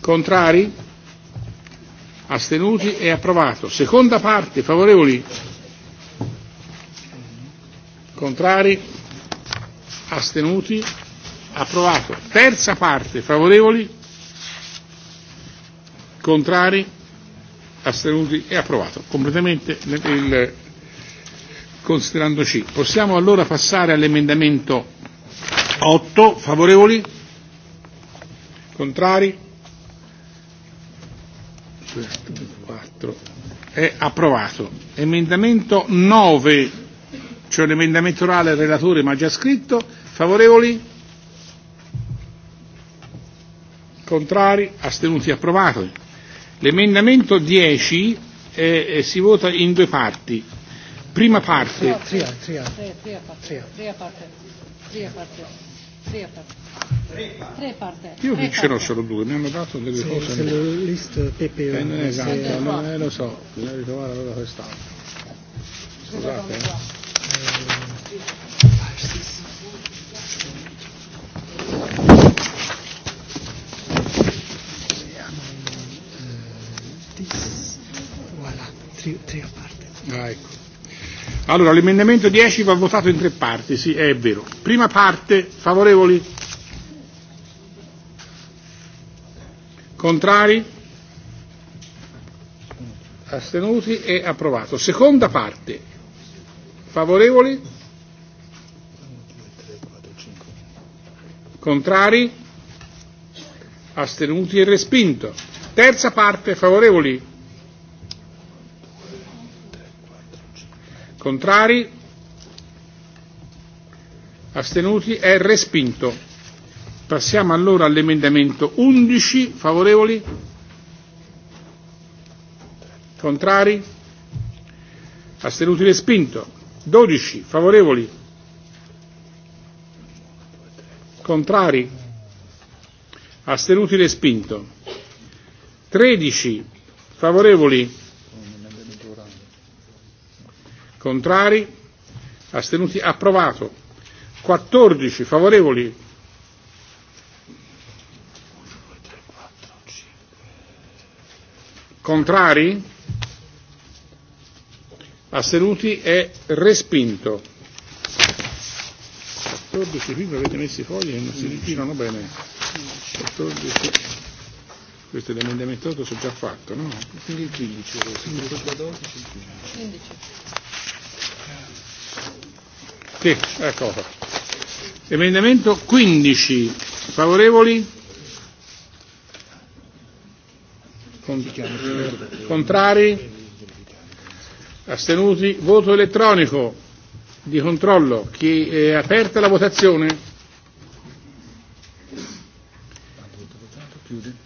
Contrari? Astenuti? e approvato. Seconda parte, favorevoli? Contrari? Astenuti? Approvato. Terza parte, favorevoli? Contrari? Astenuti? E' approvato completamente il considerando C. Possiamo allora passare all'emendamento 8. Favorevoli? Contrari? 4. È approvato. Emendamento 9, cioè l'emendamento orale del relatore ma già scritto. Favorevoli? Contrari? Astenuti? Approvato L'emendamento 10 eh, si vota in due parti. Prima parte. Tre tria, parte. parte. Tre parte. Io tre ce n'ho solo due, mi hanno dato delle sì, cose. Se list pepe, Eh, esatto, se... no, eh, lo so, bisogna ritrovare allora quest'altro. Scusate. Eh. sì, tre a ah, ecco. Allora, l'emendamento 10 va votato in tre parti, sì, è vero. Prima parte, favorevoli? Contrari? Astenuti? e approvato. Seconda parte, favorevoli? Contrari? Astenuti e respinto. Terza parte, favorevoli? contrari astenuti è respinto passiamo allora all'emendamento 11 favorevoli contrari astenuti respinto 12 favorevoli contrari astenuti respinto 13 favorevoli Contrari? Astenuti? Approvato. 14 favorevoli? Contrari? Astenuti? È e respinto. 14 qui avete messo i fogli e non si ritirano bene. 14 Questo è l'emendamento 8, sono già fatto, no? Quindi il 15, il 15. Sì, ecco qua. Emendamento 15, favorevoli? Eh, contrari? Astenuti? Voto elettronico di controllo. Chi è aperta la votazione?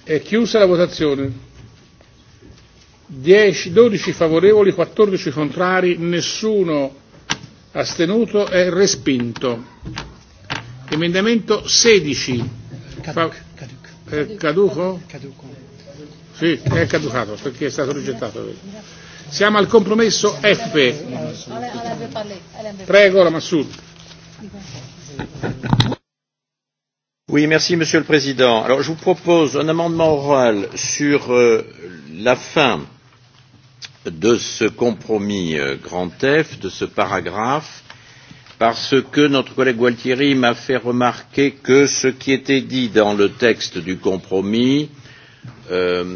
È chiusa la votazione. 10, 12 favorevoli, 14 contrari, nessuno astenuto, è respinto. Emendamento 16. Fa... È caduco? Sì, è caducato perché è stato rigettato. Siamo al compromesso F. Prego, la Massoud merci Monsieur le Président. je vous propose un amendement oral sur euh, la fin de ce compromis euh, grand F, de ce paragraphe, parce que notre collègue Gualtieri m'a fait remarquer que ce qui était dit dans le texte du compromis euh,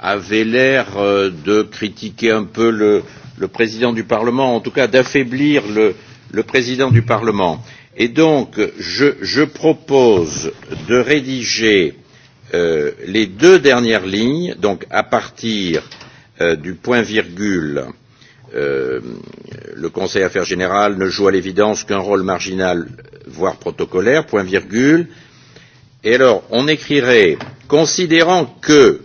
avait l'air de critiquer un peu le, président du Parlement, en tout cas d'affaiblir le président du Parlement et donc je, propose de rédiger euh, les deux dernières lignes donc à partir euh, du point virgule euh, le conseil affaires générales ne joue à l'évidence qu'un rôle marginal voire protocolaire point virgule et alors on écrirait considérant que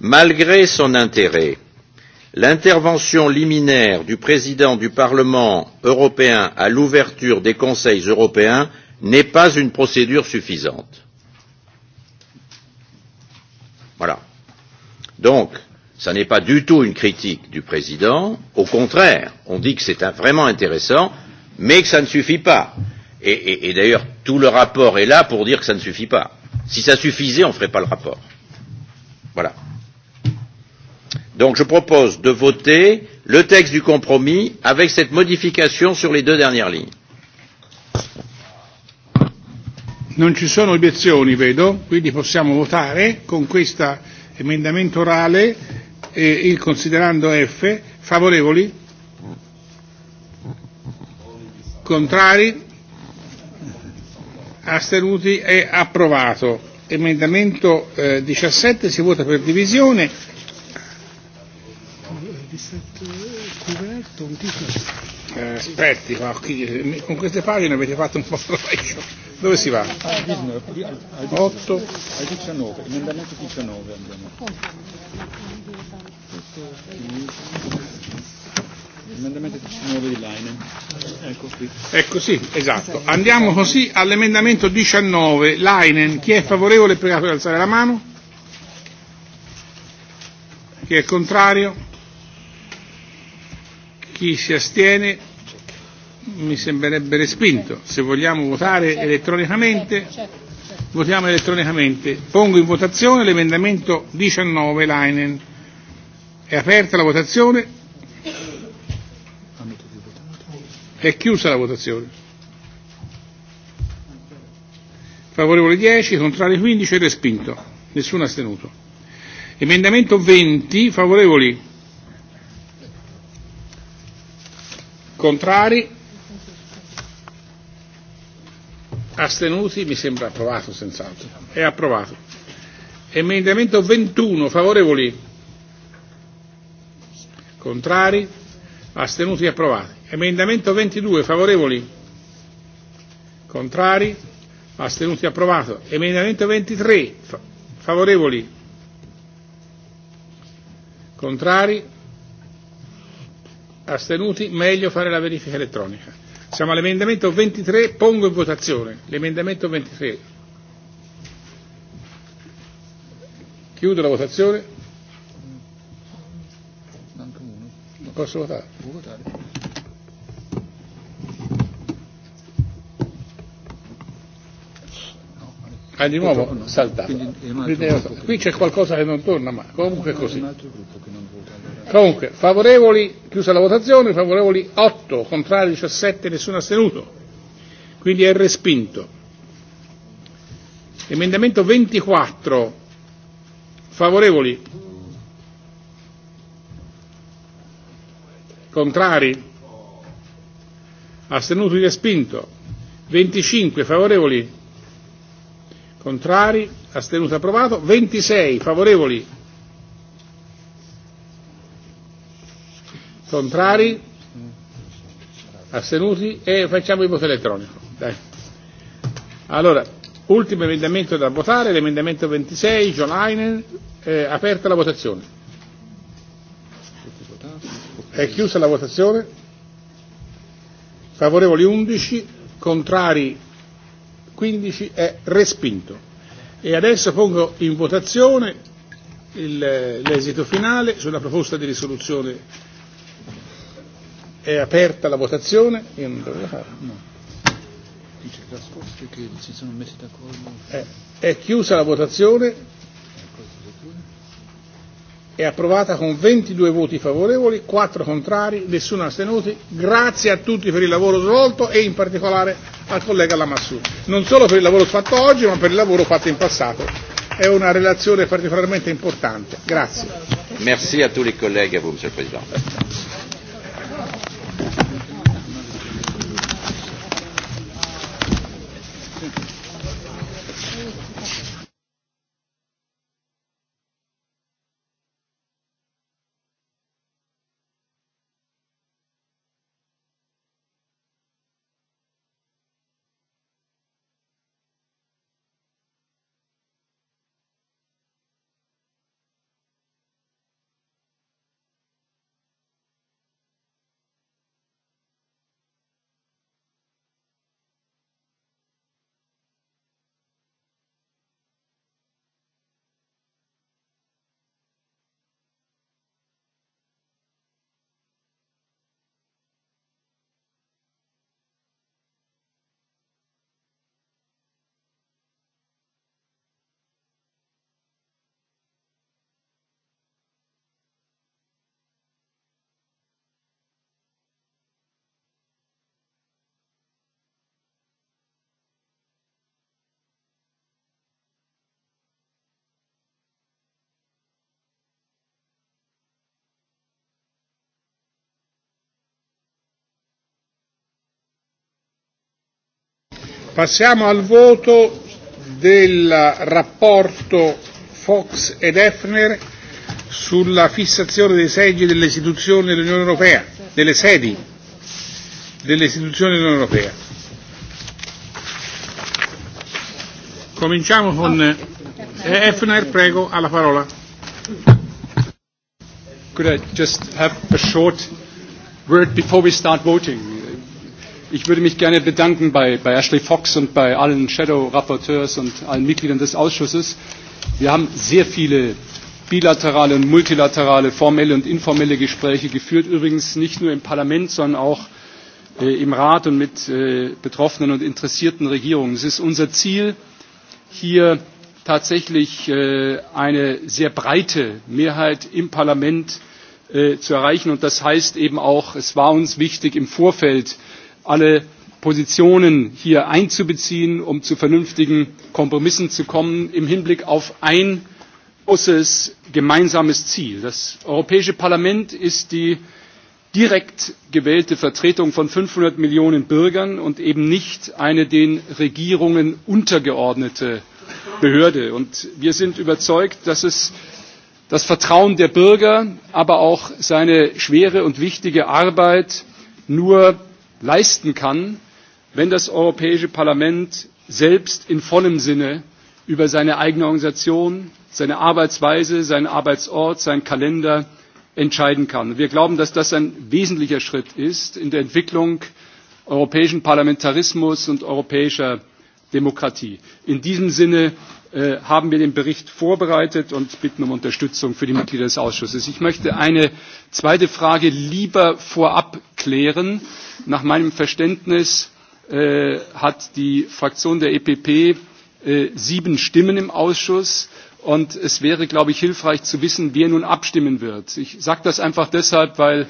malgré son intérêt l'intervention liminaire du président du parlement européen à l'ouverture des conseils européens n'est pas une procédure suffisante. voilà. donc ce n'est pas du tout une critique du président au contraire on dit que c'est vraiment intéressant mais que ça ne suffit pas. Et, et, et d'ailleurs, tout le rapport est là pour dire que ça ne suffit pas. Si ça suffisait, on ne ferait pas le rapport. Voilà donc je propose de voter le texte du compromis avec cette modification sur les deux dernières lignes non ci sono obiezioni vedo quindi possiamo votare con questo emendamento orale e il considerando F favorevoli contrari astenuti E approvato emendamento eh, 17 si vota per divisione coperto, eh, un titolo. aspetti, ma chi, con queste pagine avete fatto un po' straico. Dove si va? 8. Al 19, emendamento 19 andiamo. Emendamento 19 di Line. Ecco qui. Ecco sì, esatto. Andiamo così all'emendamento 19. line chi è favorevole prego pregato di alzare la mano? Chi è contrario? Chi si astiene mi sembrerebbe respinto. Se vogliamo votare elettronicamente, votiamo elettronicamente. Pongo in votazione l'emendamento 19 Leinen. È aperta la votazione. È chiusa la votazione. favorevole 10, contrari 15 respinto. Nessuno astenuto. Emendamento 20, favorevoli Contrari? Astenuti? Mi sembra approvato senz'altro. È approvato. Emendamento 21, favorevoli? Contrari? Astenuti? Approvati. Emendamento 22, favorevoli? Contrari? Astenuti? Approvato. Emendamento 23, favorevoli? Contrari? astenuti meglio fare la verifica elettronica siamo all'emendamento 23 pongo in votazione l'emendamento 23 chiudo la votazione non posso votare di nuovo saltato. Qui c'è qualcosa che non torna, ma comunque è così. Comunque, favorevoli, chiusa la votazione, favorevoli 8, contrari 17, nessuno astenuto. Quindi è respinto. Emendamento 24, favorevoli, contrari, astenuti respinto. 25, favorevoli, contrari, astenuto e approvato, 26 favorevoli, contrari, astenuti e facciamo il voto elettronico. Dai. Allora, ultimo emendamento da votare, l'emendamento 26, John Heinen, aperta la votazione. È chiusa la votazione. Favorevoli 11, contrari 15 è respinto. E adesso pongo in votazione l'esito finale sulla proposta di risoluzione. È aperta la votazione? Io non dovevo farlo. No. Dice che si sono messi d'accordo. È chiusa la votazione è approvata con 22 voti favorevoli, 4 contrari, nessuno astenuti. Grazie a tutti per il lavoro svolto e in particolare al collega Lamassù. Non solo per il lavoro fatto oggi, ma per il lavoro fatto in passato. È una relazione particolarmente importante. Grazie. Merci a tutti i colleghi et vous, Monsieur Passiamo al voto del rapporto Fox ed Efner sulla fissazione dei seggi delle istituzioni dell'Unione Europea, delle sedi delle istituzioni dell'Unione Europea. Cominciamo con oh. eh, Efner, prego, alla parola. Could I just have a short word before we start voting? Ich würde mich gerne bedanken bei, Ashley Fox und bei allen Shadow-Rapporteurs und allen Mitgliedern des Ausschusses. Wir haben sehr viele bilaterale und multilaterale, formelle und informelle Gespräche geführt, übrigens nicht nur im Parlament, sondern auch äh, im Rat und mit äh, betroffenen und interessierten Regierungen. Es ist unser Ziel, hier tatsächlich äh, eine sehr breite Mehrheit im Parlament zu erreichen. Und das heißt eben auch, es war uns wichtig, im Vorfeld alle Positionen hier einzubeziehen, um zu vernünftigen Kompromissen zu kommen im Hinblick auf ein großes gemeinsames Ziel. Das Europäische Parlament ist die direkt gewählte Vertretung von 500 Millionen Bürgern und eben nicht eine den Regierungen untergeordnete Behörde. Und wir sind überzeugt, dass es das Vertrauen der Bürger, aber auch seine schwere und wichtige Arbeit nur leisten kann, wenn das Europäische Parlament selbst in vollem Sinne über seine eigene Organisation, seine Arbeitsweise, seinen Arbeitsort, seinen Kalender entscheiden kann. Wir glauben, dass das ein wesentlicher Schritt ist in der Entwicklung europäischen Parlamentarismus und europäischer Demokratie. In diesem Sinne Äh, haben wir den Bericht vorbereitet und bitten um Unterstützung für die Mitglieder des Ausschusses. Ich möchte eine zweite Frage lieber vorab klären. Nach meinem Verständnis äh, hat die Fraktion der EPP äh, sieben Stimmen im Ausschuss und es wäre, glaube ich, hilfreich zu wissen, wer nun abstimmen wird. Ich sage das einfach deshalb, weil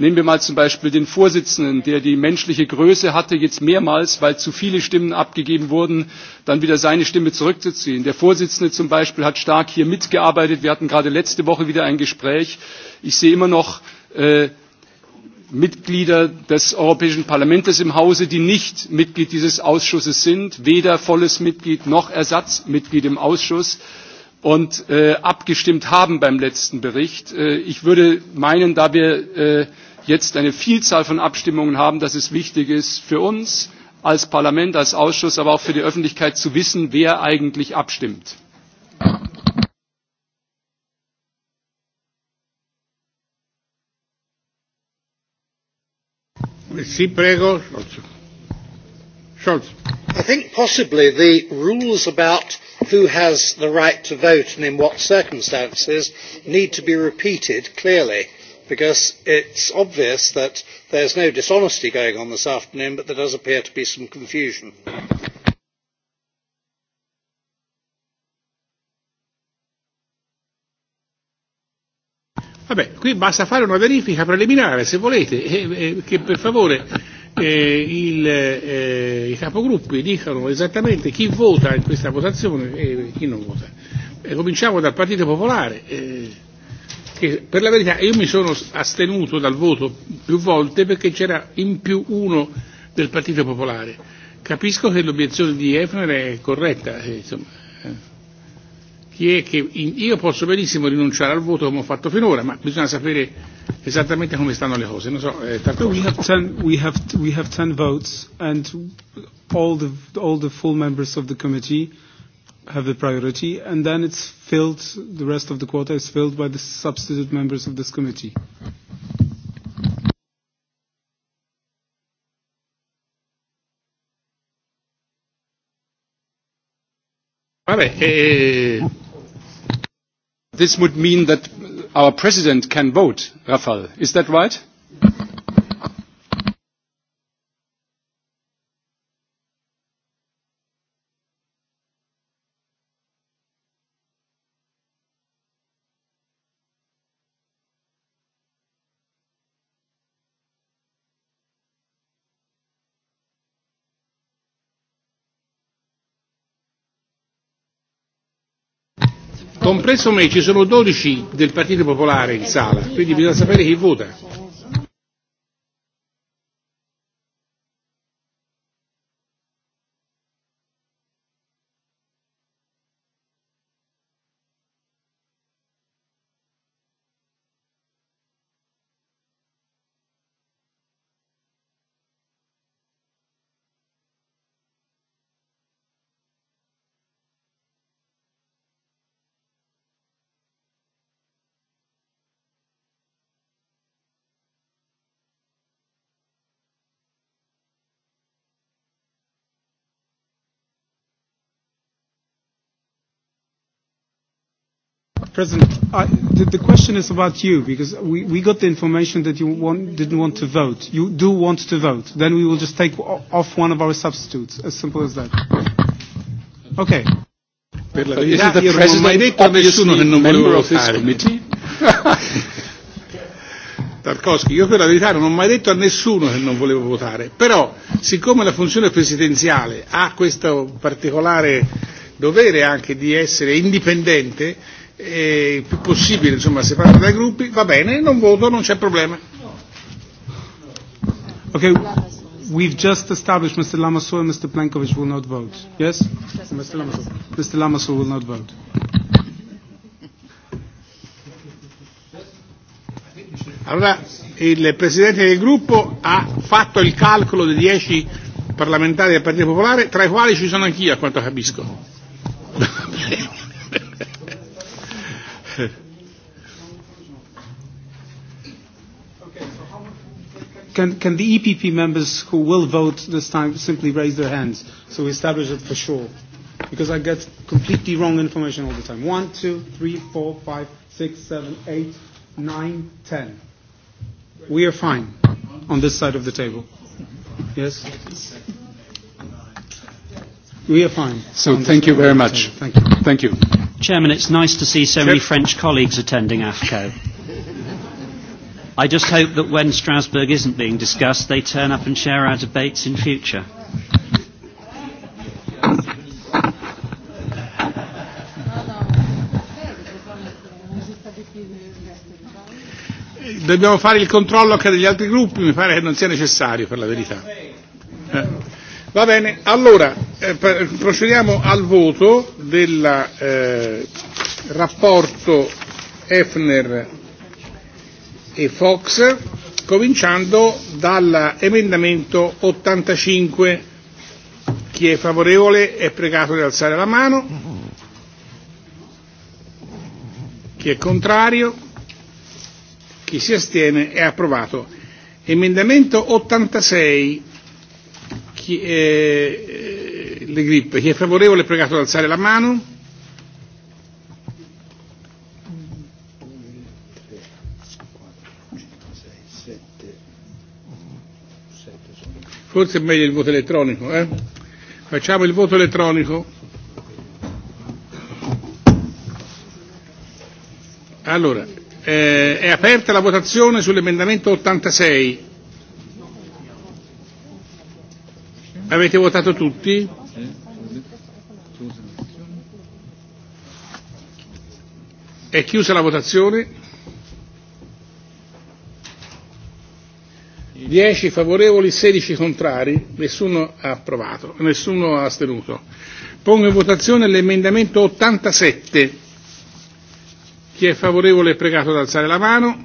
nehmen wir mal zum beispiel den vorsitzenden der die menschliche größe hatte jetzt mehrmals weil zu viele stimmen abgegeben wurden dann wieder seine stimme zurückzuziehen. der vorsitzende zum beispiel hat stark hier mitgearbeitet wir hatten gerade letzte woche wieder ein gespräch. ich sehe immer noch äh, mitglieder des europäischen parlaments im hause die nicht mitglied dieses ausschusses sind weder volles mitglied noch ersatzmitglied im ausschuss und äh, abgestimmt haben beim letzten bericht. Äh, ich würde meinen da wir äh, jetzt eine Vielzahl von Abstimmungen haben, dass es wichtig ist für uns als Parlament, als Ausschuss, aber auch für die Öffentlichkeit zu wissen, wer eigentlich abstimmt. I think possibly the rules about who has the right to vote and in what circumstances need to be repeated clearly because it is obvious that there is no dishonesty going on this afternoon but there does appear to be some confusion. Vabbè, qui basta fare una verifica preliminare, se volete, e, e, che per favore eh, il, eh, i capogruppi dicano esattamente chi vota in questa votazione e chi non vota. E cominciamo dal Partito Popolare. Eh che per la verità io mi sono astenuto dal voto più volte perché c'era in più uno del Partito Popolare. Capisco che l'obiezione di Efner è corretta, eh, insomma. Eh. Chi è che io posso benissimo rinunciare al voto come ho fatto finora, ma bisogna sapere esattamente come stanno le cose. Non so, è eh, tanto... we, have ten, we, have, we have ten votes and all the, all the full members of the committee have the priority, and then it's filled, the rest of the quota is filled by the substitute members of this committee. Eh, eh. this would mean that our president can vote, Rafael, Is that right? compreso me ci sono 12 del Partito Popolare in sala, quindi bisogna sapere chi vota. President, I, the, the question is about you, because we, we got the information that you want, didn't want to vote. You do want to vote. Then we will just take off one of our substitutes. As simple as that. Okay. Is that the President obviously member of this committee? Tarkovsky, io per la verità non ho mai detto a nessuno che non volevo votare, però siccome la funzione presidenziale ha questo particolare dovere anche di essere indipendente, e il più possibile insomma separato dai gruppi, va bene, non voto, non c'è problema. Ok, we've just established Mr. Lamassou and Mr. Plankovic will not vote. Yes? Mr. Lamassou. Mr. Lamassou will not vote. Allora, il Presidente del gruppo ha fatto il calcolo dei 10 parlamentari del Partito Popolare, tra i quali ci sono anch'io, a quanto capisco. can, can the EPP members who will vote this time simply raise their hands so we establish it for sure? Because I get completely wrong information all the time. One, two, three, four, five, six, seven, eight, nine, ten. We are fine on this side of the table. Yes? We are fine. So thank you very much. Thank you. Thank you. Chairman, it's nice to see so many French colleagues attending AFCO. I just hope that when Strasbourg isn't being discussed, they turn up and share our debates in future. Dobbiamo fare il controllo anche degli altri gruppi, mi pare che non sia necessario per la verità. Eh. Va bene, allora eh, procediamo al voto del eh, rapporto Efner e Fox, cominciando dall'emendamento 85. Chi è favorevole è pregato di alzare la mano. Chi è contrario? Chi si astiene è approvato. Emendamento 86. Chi è, eh, le grippe. Chi è favorevole è pregato di alzare la mano. Forse è meglio il voto elettronico, eh? Facciamo il voto elettronico. Allora, eh, è aperta la votazione sull'emendamento 86. Avete votato tutti? È chiusa la votazione. 10 favorevoli, 16 contrari, nessuno ha approvato, nessuno ha astenuto. Pongo in votazione l'emendamento 87. Chi è favorevole è pregato ad alzare la mano.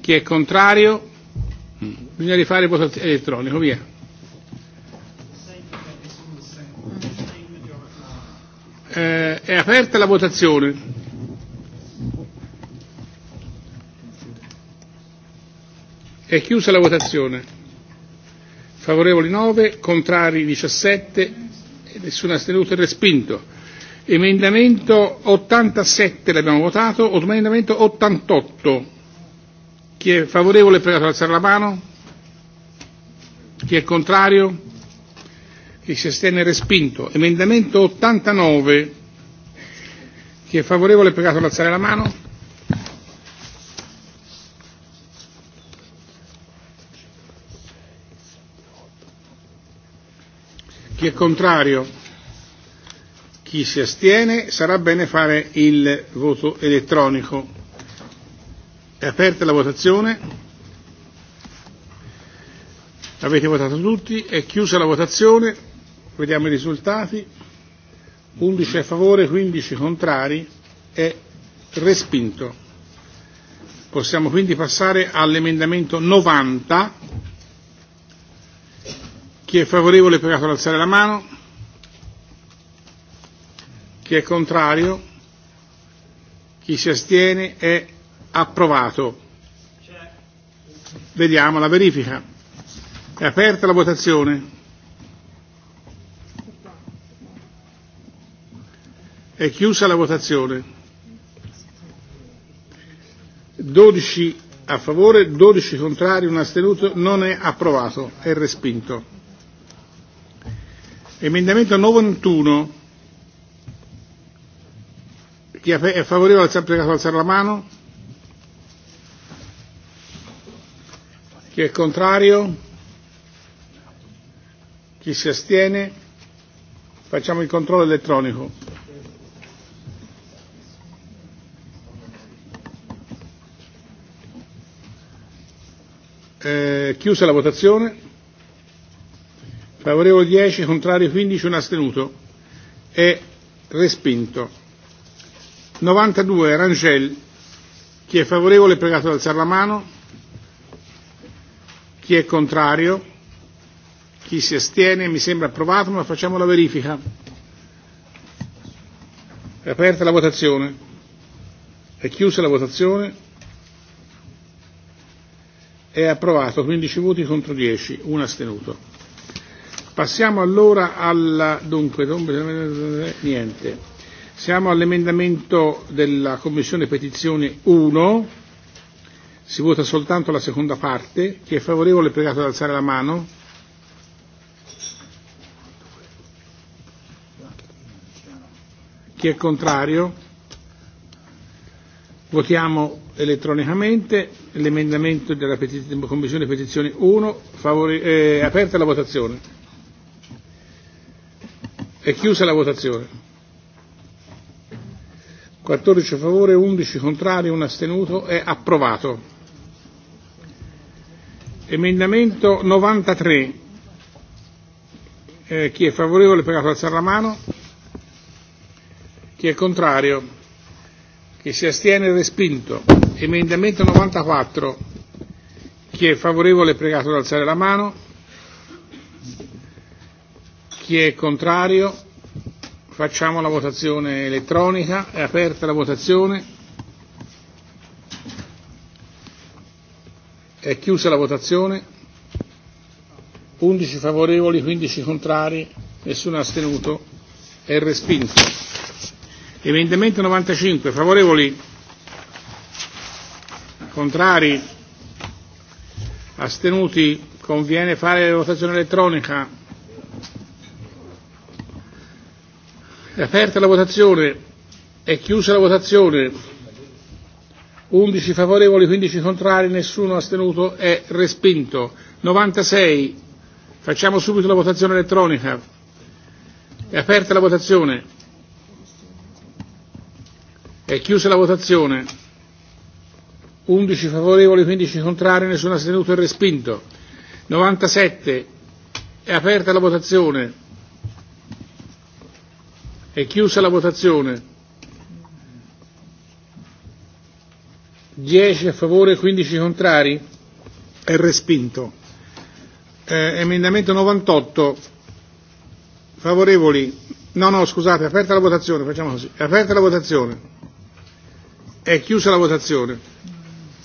Chi è contrario? Bisogna rifare il voto elettronico, via. Eh, è aperta la votazione. È chiusa la votazione. Favorevoli nove, contrari 17, e nessuno astenuto e respinto. Emendamento 87 l'abbiamo votato, emendamento 88. Chi è favorevole per alzare la mano? Chi è contrario? Chi si astiene respinto. Emendamento 89. Chi è favorevole è pregato alzare la mano. Chi è contrario? Chi si astiene? Sarà bene fare il voto elettronico. È aperta la votazione. Avete votato tutti. È chiusa la votazione. Vediamo i risultati. 11 a favore, 15 contrari. È respinto. Possiamo quindi passare all'emendamento 90 Chi è favorevole è pregato ad alzare la mano. Chi è contrario? Chi si astiene è approvato. Vediamo la verifica. È aperta la votazione. È chiusa la votazione. 12 a favore, 12 contrari, un astenuto, non è approvato, è respinto. Emendamento 91. Chi è favorevole al alzare la mano? Chi è contrario? Chi si astiene? Facciamo il controllo elettronico. Eh, chiusa la votazione favorevole 10 contrario 15 un astenuto è respinto 92 Rangel chi è favorevole è pregato ad alzare la mano chi è contrario chi si astiene mi sembra approvato ma facciamo la verifica è aperta la votazione è chiusa la votazione è approvato 15 voti contro 10 un astenuto Passiamo allora al dunque niente. Siamo all'emendamento della Commissione Petizione 1. Si vota soltanto la seconda parte. Chi è favorevole è pregato ad alzare la mano. Chi è contrario? Votiamo elettronicamente l'emendamento della Commissione Petizione 1. Favore, eh, aperta la votazione. È chiusa la votazione. 14 favore, 11 contrari, 1 astenuto. È approvato. Emendamento 93. Eh, chi è favorevole pregato ad alzare la mano. Chi è contrario? Chi si astiene respinto. Emendamento 94. Chi è favorevole pregato ad alzare la mano. Chi è contrario? Facciamo la votazione elettronica. È aperta la votazione. È chiusa la votazione. 11 favorevoli, 15 contrari, nessuno astenuto. È respinto. Emendamento 95. Favorevoli? Contrari? Astenuti? Conviene fare la votazione elettronica? È aperta la votazione, è chiusa la votazione, 11 favorevoli, 15 contrari, nessuno astenuto, è respinto. 96, facciamo subito la votazione elettronica, è aperta la votazione, è chiusa la votazione, 11 favorevoli, 15 contrari, nessuno astenuto, è respinto. 97, è aperta la votazione. È chiusa la votazione. 10 a favore, 15 contrari. È respinto. Eh, emendamento 98. Favorevoli. No, no, scusate, aperta la votazione, facciamo così. aperta la votazione. È chiusa la votazione.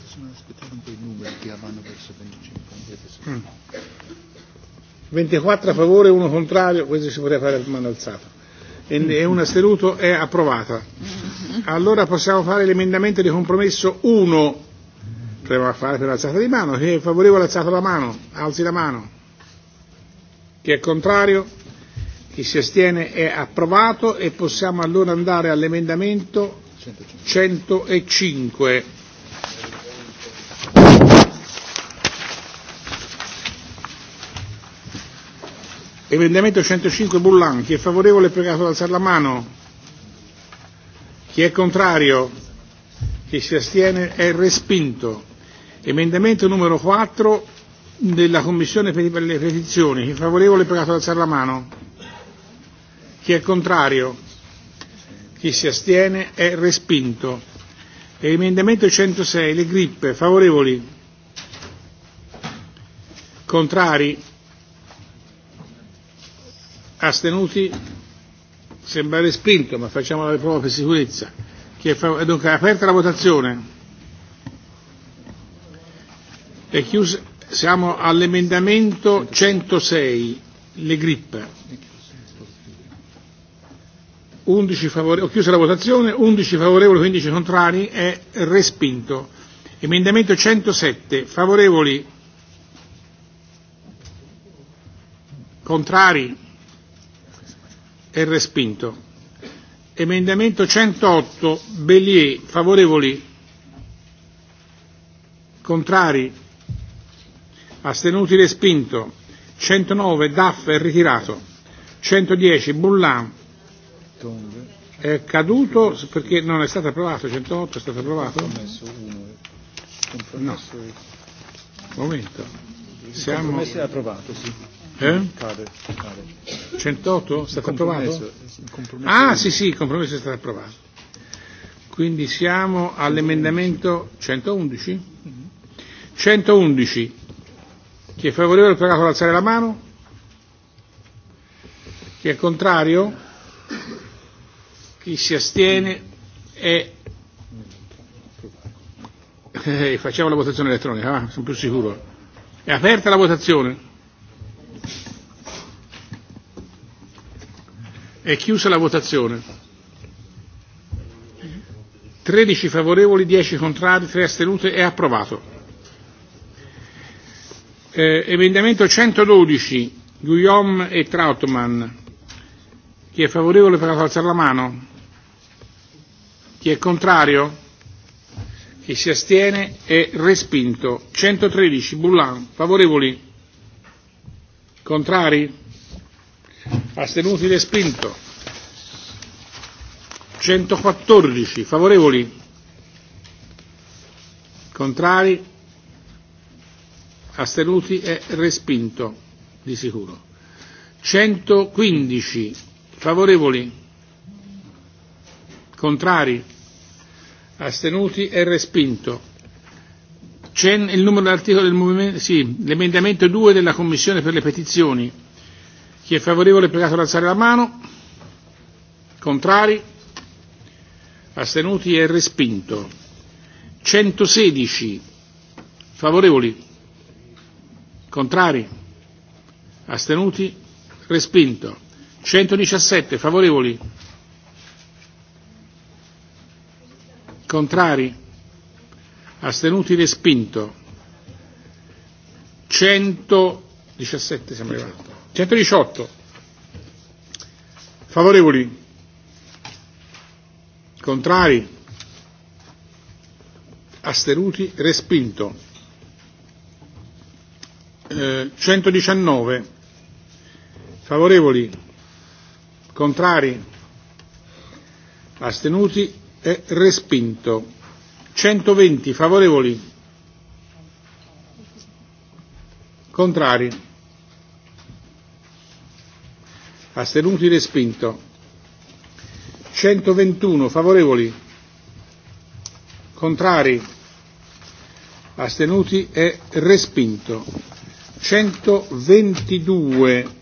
Sono mm. 24 a favore, 1 contrario, questo si poteva fare a mano alzata e un astenuto è approvata. Allora possiamo fare l'emendamento di compromesso 1, proviamo a fare per l'alzata di mano, chi è favorevole alzato la mano, alzi la mano, chi è contrario, chi si astiene è approvato e possiamo allora andare all'emendamento 105. Emendamento 105 Bullan, chi è favorevole è pregato ad alzare la mano. Chi è contrario? Chi si astiene è respinto. Emendamento numero 4 della Commissione per le petizioni. Chi è favorevole è pregato ad alzare la mano. Chi è contrario? Chi si astiene è respinto. Emendamento 106, le grippe, favorevoli? Contrari? astenuti sembra respinto ma facciamo la prova per sicurezza chi è eh, dunque aperta la votazione è chiusa siamo all'emendamento 106 le grip 11 favorevoli ho chiuso la votazione 11 favorevoli 15 contrari è respinto emendamento 107 favorevoli contrari è e respinto. Emendamento 108 Bellier favorevoli contrari astenuti respinto 109 Daff è ritirato 110 Bullan è caduto perché non è stato approvato 108 è stato approvato no momento siamo approvato sì 108? È stato approvato? Ah, sì, sì, il compromesso è stato approvato. Quindi siamo all'emendamento 111? 111. Chi è favorevole è pregato alzare la mano? Chi è contrario? Chi si astiene? È... E eh, facciamo la votazione elettronica, ah, sono più sicuro. È aperta la votazione? È chiusa la votazione. 13 favorevoli, 10 contrari, 3 astenute. È approvato. Eh, emendamento 112, Guillaume e Trautmann. Chi è favorevole per alzare la mano? Chi è contrario? Chi si astiene è respinto. 113, Boulin, Favorevoli? Contrari? astenuti respinto 114 favorevoli contrari astenuti e respinto di sicuro 115 favorevoli contrari astenuti e respinto C'è il numero dell'articolo del movimento sì l'emendamento 2 della commissione per le petizioni Chi è favorevole è pregato ad alzare la mano. Contrari? Astenuti e respinto. 116 favorevoli. Contrari? Astenuti? Respinto. 117 favorevoli. Contrari? Astenuti? Respinto. 117 siamo arrivati. 118. Favorevoli? Contrari? Astenuti? Respinto. Eh, 119. Favorevoli? Contrari? Astenuti? e respinto. 120. Favorevoli? Contrari? astenuti respinto 121 favorevoli contrari astenuti e respinto 122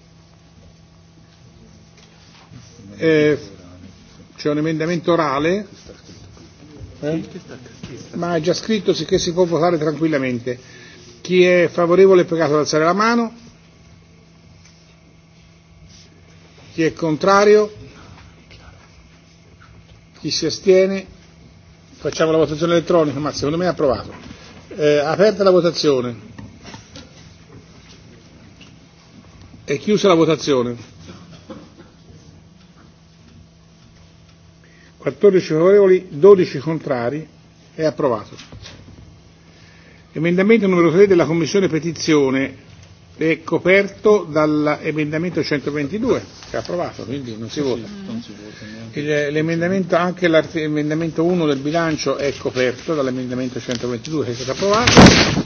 eh, c'è un emendamento orale eh? ma è già scritto che si può votare tranquillamente chi è favorevole è pregato ad alzare la mano Chi è contrario? Chi si astiene? Facciamo la votazione elettronica, ma secondo me è approvato. Eh, aperta la votazione. È chiusa la votazione. 14 favorevoli, 12 contrari, è approvato. Emendamento numero 3 della Commissione Petizione è coperto dall'emendamento 122 che è approvato, quindi non si vota. l'emendamento, anche l'emendamento 1 del bilancio è coperto dall'emendamento 122 che è stato approvato.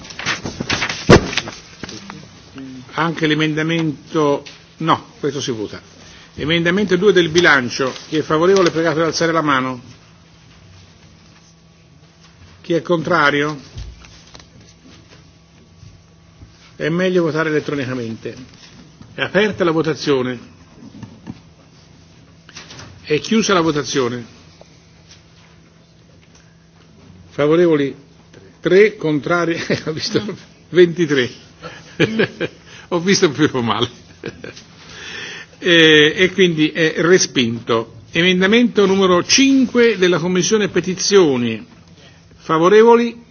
Anche l'emendamento no, questo si vota. Emendamento 2 del bilancio, chi è favorevole pregato ad alzare la mano. Chi è contrario? è meglio votare elettronicamente. È aperta la votazione. È chiusa la votazione. Favorevoli 3, contrari, ho visto 23. ho visto o male. e, e quindi è respinto. Emendamento numero 5 della Commissione Petizioni. Favorevoli?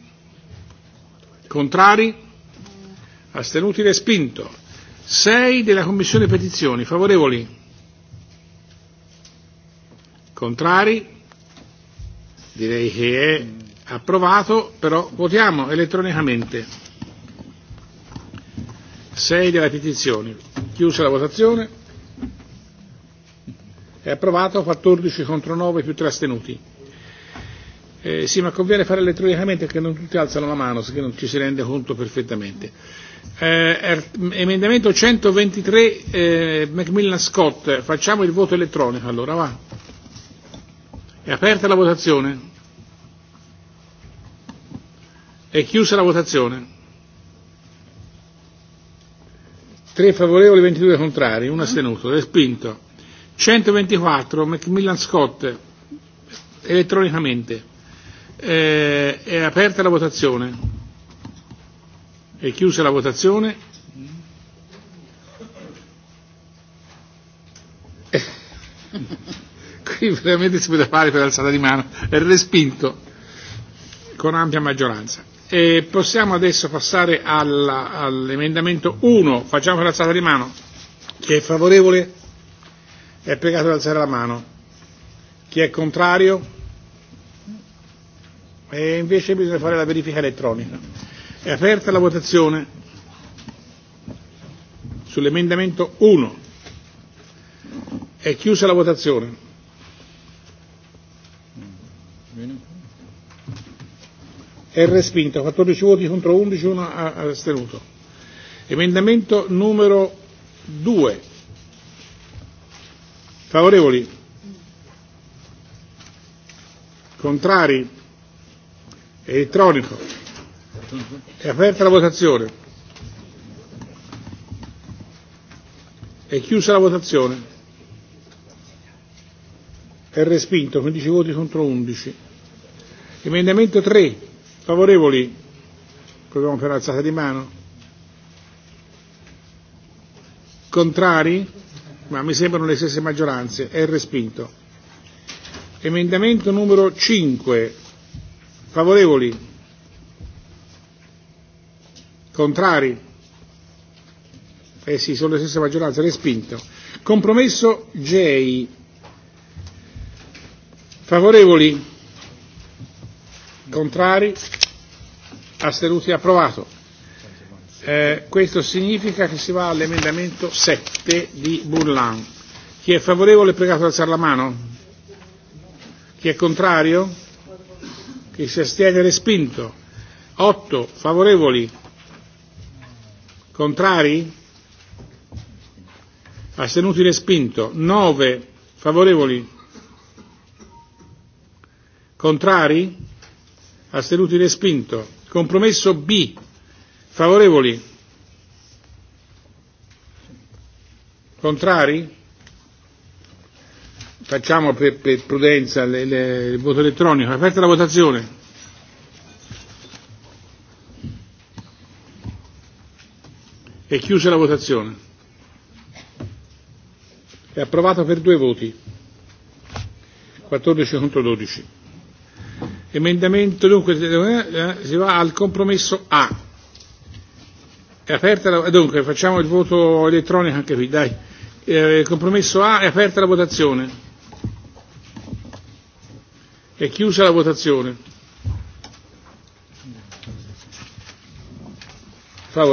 Contrari? astenuti respinto 6 della commissione petizioni favorevoli contrari direi che è approvato però votiamo elettronicamente 6 della petizione chiusa la votazione è approvato 14 contro 9 più 3 astenuti eh, sì ma conviene fare elettronicamente perché non tutti alzano la mano se non ci si rende conto perfettamente Eh, er, emendamento 123 eh, Macmillan Scott, facciamo il voto elettronico allora, va. È aperta la votazione? È chiusa la votazione? Tre favorevoli, 22 contrari, 1 astenuto, respinto. 124 Macmillan Scott, elettronicamente. Eh, è aperta la votazione? È chiusa la votazione. Eh. Qui veramente si poteva fare per alzata di mano. È respinto con ampia maggioranza. E possiamo adesso passare all'emendamento 1. Facciamo per di mano. Chi è favorevole è pregato ad alzare la mano. Chi è contrario? E invece bisogna fare la verifica elettronica. È aperta la votazione sull'emendamento 1. È chiusa la votazione. È respinta, 14 voti contro 11, 1 astenuto. Emendamento numero 2. Favorevoli? Contrari? Elettronico? È aperta la votazione. È chiusa la votazione. È respinto, 15 voti contro 11. Emendamento 3, favorevoli. Proviamo per alzata di mano. Contrari? Ma mi sembrano le stesse maggioranze. È respinto. Emendamento numero 5, favorevoli Contrari? Eh sì, sono le stesse maggioranze, respinto. Compromesso J. Favorevoli? Contrari? Astenuti? Approvato. Eh, questo significa che si va all'emendamento 7 di Burlan. Chi è favorevole è pregato ad alzare la mano. Chi è contrario? Chi si astiene respinto. 8 favorevoli Contrari? Astenuti respinto. 9. Favorevoli? Contrari? Astenuti respinto. Compromesso B. Favorevoli? Contrari? Facciamo per, prudenza il voto elettronico. Aperta la votazione. È chiusa la votazione. È approvata per due voti. 14 contro 12. Emendamento dunque eh, eh, si va al compromesso A. È aperta la, dunque facciamo il voto elettronico anche qui, dai. Eh, compromesso A è aperta la votazione. È chiusa la votazione.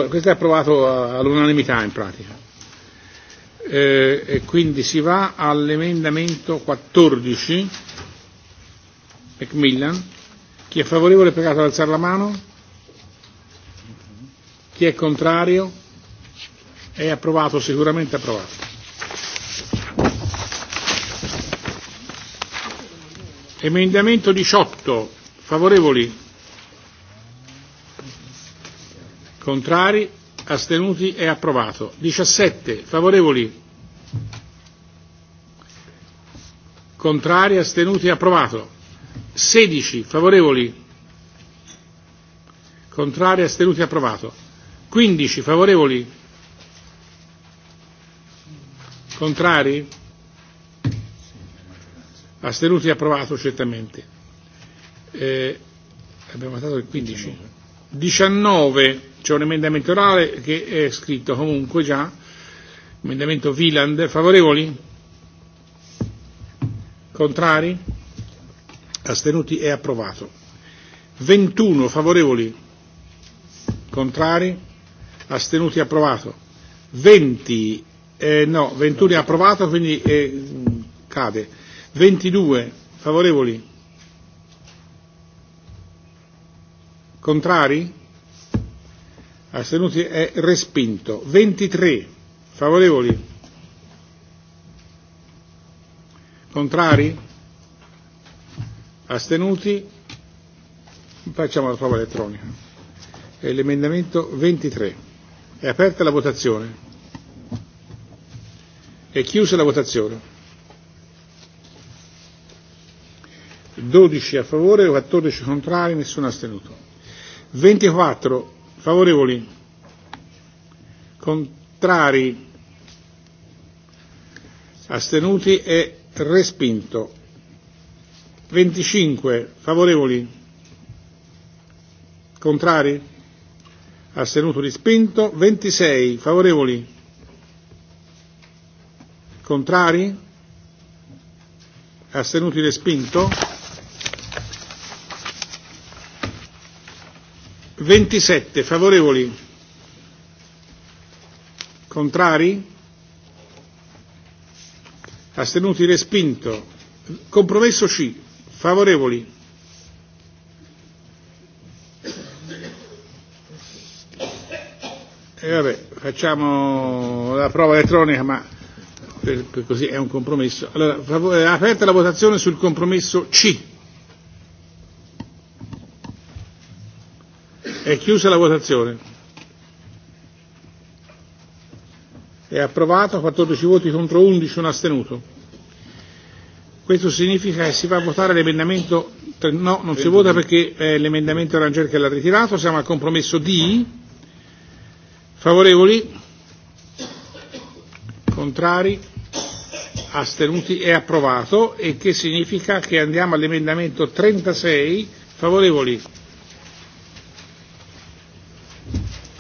questo è approvato all'unanimità in pratica. Eh, e quindi si va all'emendamento 14, Macmillan. Chi è favorevole è pregato ad alzare la mano. Chi è contrario è approvato, sicuramente approvato. Emendamento 18, favorevoli Contrari? Astenuti? È e approvato. 17. Favorevoli? Contrari? Astenuti? È e approvato. 16. Favorevoli? Contrari? Astenuti? È e approvato. 15. Favorevoli? Contrari? Astenuti? È approvato certamente. Eh, abbiamo votato il 15. 19. C'è un emendamento orale che è scritto comunque già, emendamento Viland. favorevoli? Contrari? Astenuti? È approvato. 21 favorevoli? Contrari? Astenuti? Approvato. 20, eh, no, 21 è approvato, quindi eh, cade. 22 favorevoli? Contrari? astenuti è respinto 23 favorevoli contrari astenuti facciamo la prova elettronica è l'emendamento 23 è aperta la votazione è chiusa la votazione 12 a favore 14 contrari nessuno astenuto 24 Favorevoli? Contrari? Astenuti e respinto. 25. Favorevoli? Contrari? Astenuto respinto. 26. Favorevoli? Contrari? Astenuti respinto. 27 favorevoli contrari astenuti respinto compromesso C favorevoli e vabbè facciamo la prova elettronica ma così è un compromesso allora aperta la votazione sul compromesso C È chiusa la votazione. È approvato, 14 voti contro 11, un astenuto. Questo significa che si va a votare l'emendamento, no, non si vota perché eh, l'emendamento Ranger che l'ha ritirato, siamo al compromesso D, favorevoli, contrari, astenuti, è approvato e che significa che andiamo all'emendamento 36, favorevoli,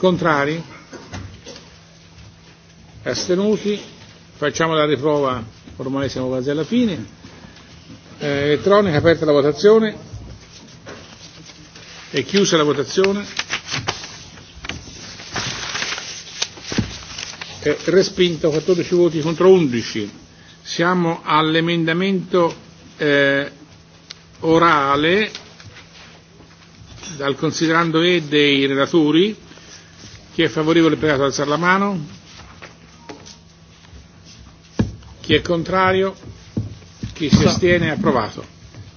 Contrari? Astenuti? Facciamo la riprova, ormai siamo quasi alla fine. Eh, elettronica, aperta la votazione. È e chiusa la votazione. È e respinto 14 voti contro 11. Siamo all'emendamento eh, orale dal considerando E dei relatori Chi è favorevole per alzare la mano? Chi è contrario? Chi si astiene? Approvato.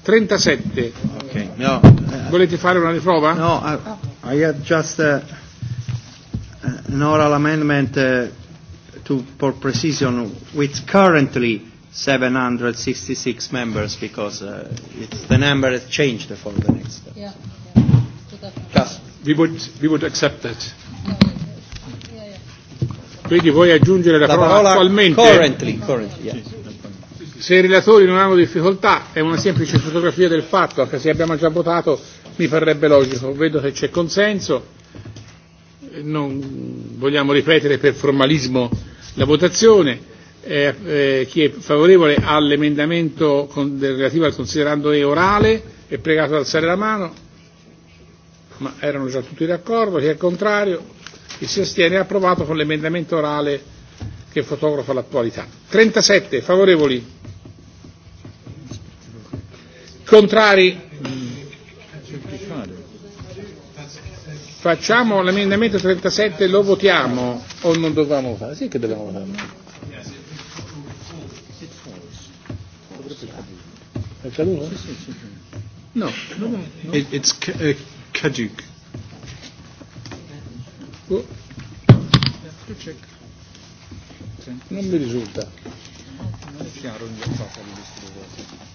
37. Okay. No, uh, Volete fare una riprova? No, I, I had just uh, an oral amendment uh, to, for precision with currently 766 members because uh, it's, the number has changed for the next. Yeah, yeah. We would, we would accept that. Quindi vuoi aggiungere la, la parola, parola attualmente? Currently, currently, yeah. Se i relatori non hanno difficoltà, è una semplice fotografia del fatto, anche se abbiamo già votato, mi farebbe logico. Vedo che c'è consenso, non vogliamo ripetere per formalismo la votazione. Eh, eh, chi è favorevole all'emendamento relativo al considerando E orale è pregato ad alzare la mano, ma erano già tutti d'accordo. Chi è contrario? Il si è approvato con l'emendamento orale che fotografa l'attualità. 37 favorevoli. Contrari. Facciamo l'emendamento 37, lo votiamo o non dobbiamo votare? Sì che dobbiamo votare. No. no. It's uh, caduc. Non mi risulta. Non è chiaro niente di distruggere.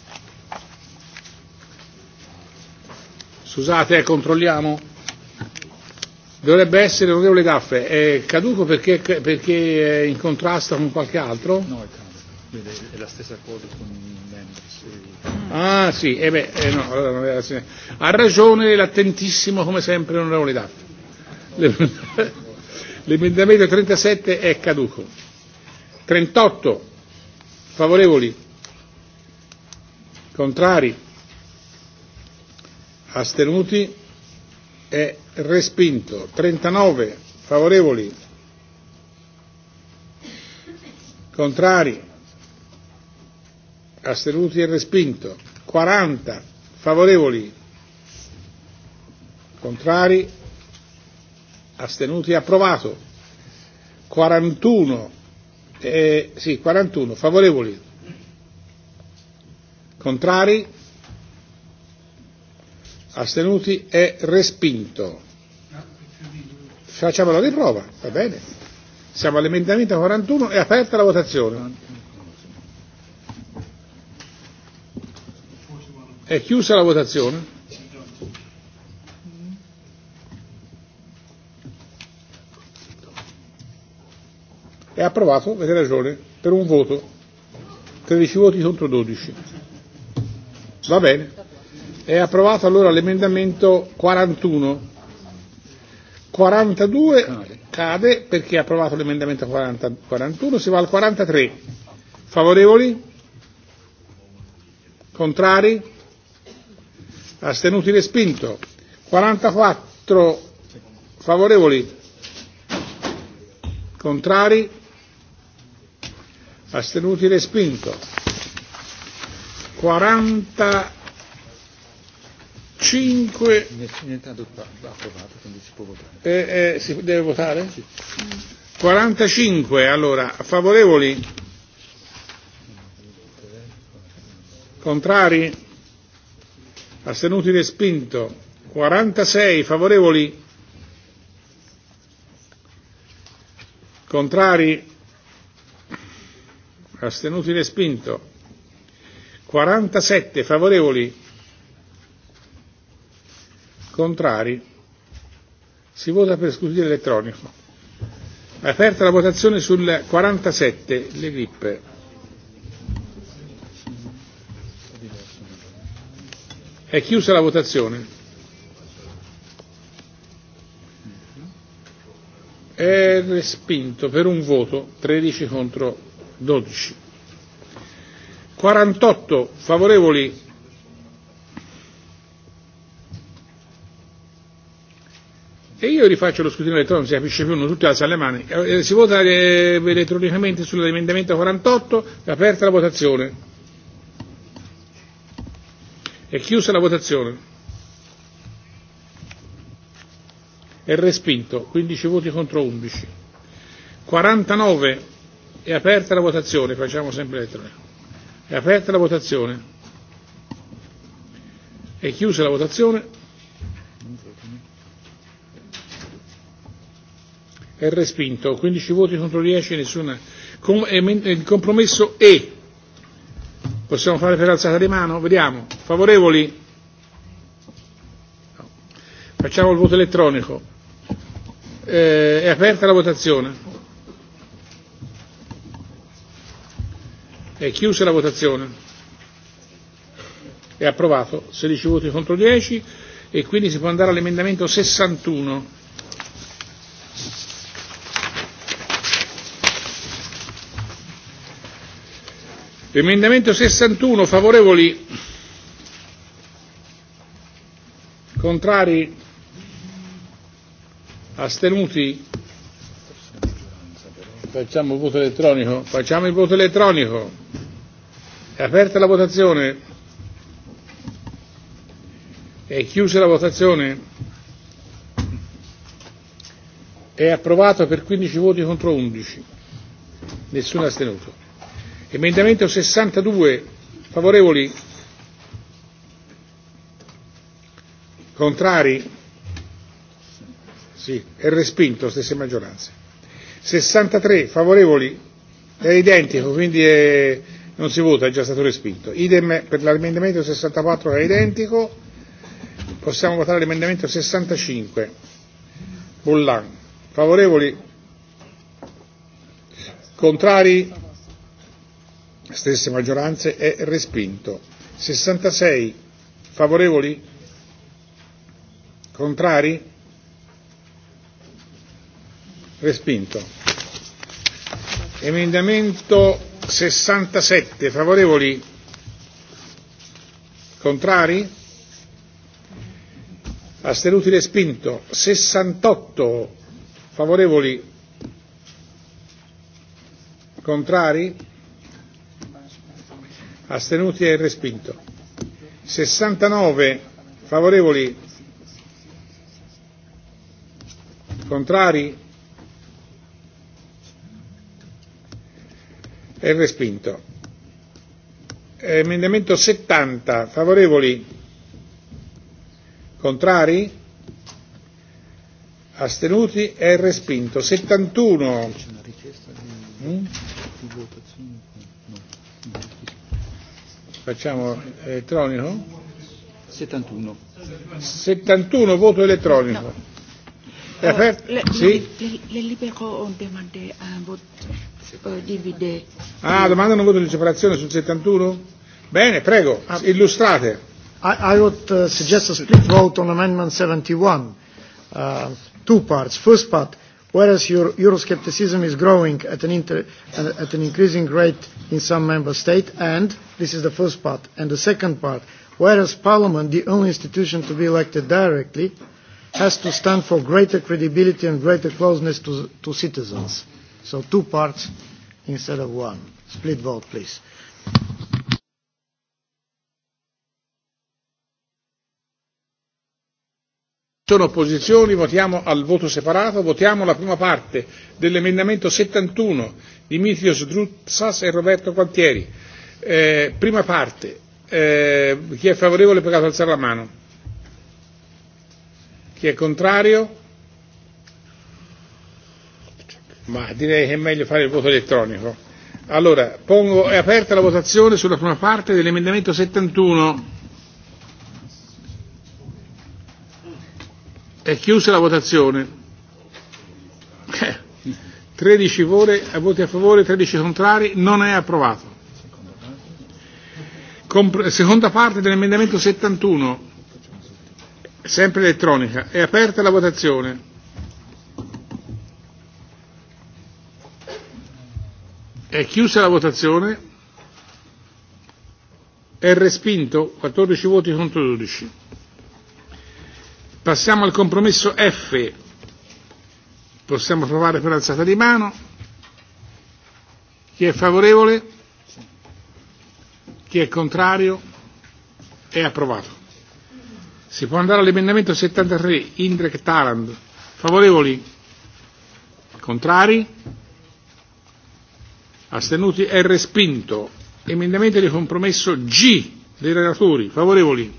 Scusate, eh, controlliamo. Dovrebbe essere l'onorevole Gaffe. È caduto perché, perché è in contrasto con qualche altro? No, è caduco. È la stessa cosa con membri. Ah, sì. Eh beh, eh, no. allora Ha ragione l'attentissimo, come sempre, l'onorevole Gaffe. L'emendamento 37 è caduco. 38 favorevoli, contrari, astenuti, è respinto. 39 favorevoli, contrari, astenuti e respinto. 40 favorevoli, contrari, astenuti approvato 41 eh, sì 41 favorevoli contrari astenuti è e respinto facciamo la riprova va bene siamo all'emendamento 41 è aperta la votazione è chiusa la votazione È approvato, avete ragione, per un voto. 13 voti contro 12. Va bene. È approvato allora l'emendamento 41. 42 cade perché è approvato l'emendamento 41, si va al 43. Favorevoli? Contrari? Astenuti respinto. 44 favorevoli? Contrari? astenuti respinto 45 si può votare eh, eh, si deve votare? 45 allora favorevoli contrari astenuti respinto 46 favorevoli contrari astenuti respinto 47 favorevoli contrari si vota per scrutinio elettronico aperta la votazione sul 47 le grippe è chiusa la votazione è respinto per un voto 13 contro 12 48 favorevoli e io rifaccio lo scrutinio elettronico non si capisce più non tutti alzano le mani eh, eh, si vota eh, elettronicamente sull'emendamento 48 è aperta la votazione è chiusa la votazione è respinto 15 voti contro 11 49 È aperta la votazione, facciamo sempre elettronica. È aperta la votazione. È chiusa la votazione. È respinto. 15 voti contro 10, nessuna. Com- eh, eh, il compromesso E. Possiamo fare per alzata di mano? Vediamo. Favorevoli? Facciamo il voto elettronico. Eh, è aperta la votazione. È chiusa la votazione. È approvato. 16 voti contro 10 e quindi si può andare all'emendamento 61. Emendamento 61, favorevoli, contrari, astenuti, facciamo il voto elettronico, facciamo il voto elettronico. È aperta la votazione? È chiusa la votazione? È approvato per 15 voti contro 11. Nessuno astenuto. Emendamento 62. Favorevoli? Contrari? Sì, è respinto, stesse maggioranze. 63. Favorevoli? È identico, quindi è non si vota, è già stato respinto. Idem per l'emendamento 64 è identico, possiamo votare l'emendamento 65. Bullan. Favorevoli? Contrari? Stesse maggioranze, è respinto. 66. Favorevoli? Contrari? Respinto. Emendamento 67 favorevoli contrari astenuti respinto 68 favorevoli contrari astenuti e respinto 69 favorevoli contrari è respinto. Emendamento 70, favorevoli? Contrari? Astenuti? È respinto. 71. Mm? Facciamo elettronico? 71. 71 voto elettronico. No. aperto? Oh, le, sì? le, le libero demande un eh, voto Ah, domanda non voto di separazione sul 71? Bene, prego, ah. illustrate. I, I would uh, suggest a split vote on Amendment 71. Uh, two parts. First part, whereas your Euroscepticism is growing at an, inter uh, at an increasing rate in some member states, and this is the first part. And the second part, whereas Parliament, the only institution to be elected directly, has to stand for greater credibility and greater closeness to, to citizens. So two parts instead of one. Split vote, please. Sono opposizioni, votiamo al voto separato, votiamo la prima parte dell'emendamento 71 di Mithios Drutsas e Roberto Quantieri. Eh, prima parte, eh, chi è favorevole è pregato alzare la mano. Chi è contrario? ma direi che è meglio fare il voto elettronico. Allora, pongo, è aperta la votazione sulla prima parte dell'emendamento 71. È chiusa la votazione. 13 eh, voti a favore, 13 contrari, non è approvato. seconda parte dell'emendamento 71, sempre elettronica. È aperta la votazione. È chiusa la votazione. È respinto 14 voti contro 12. Passiamo al compromesso F. Possiamo provare per alzata di mano. Chi è favorevole? Chi è contrario? È approvato. Si può andare all'emendamento 73, Indrek Taland. Favorevoli? Contrari? astenuti è respinto emendamento di compromesso G dei relatori favorevoli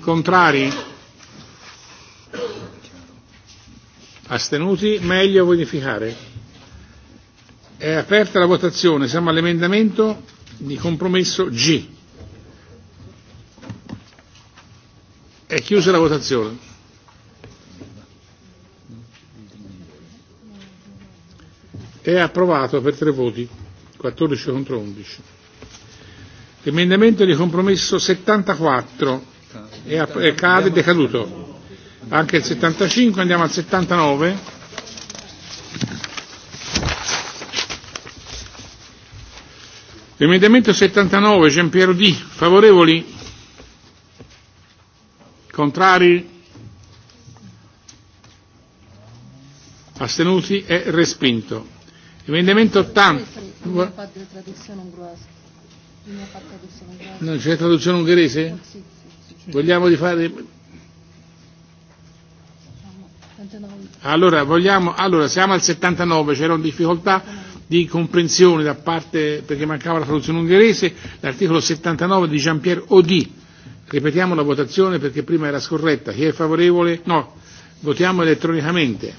contrari astenuti meglio modificare è aperta la votazione siamo all'emendamento di compromesso G è chiusa la votazione È approvato per tre voti, 14 contro 11. L'emendamento di compromesso 74 è, è cade, decaduto. Anche il 75, andiamo al 79. l'emendamento 79, Gian Piero D. Favorevoli? Contrari? Astenuti? È respinto. Emendamento 80. Non c'è traduzione ungherese? Vogliamo di fare... Allora, vogliamo... allora, siamo al 79, una difficoltà di comprensione da parte, perché mancava la traduzione ungherese, l'articolo 79 di Jean-Pierre Audi. Ripetiamo la votazione perché prima era scorretta. Chi è favorevole? No. Votiamo elettronicamente.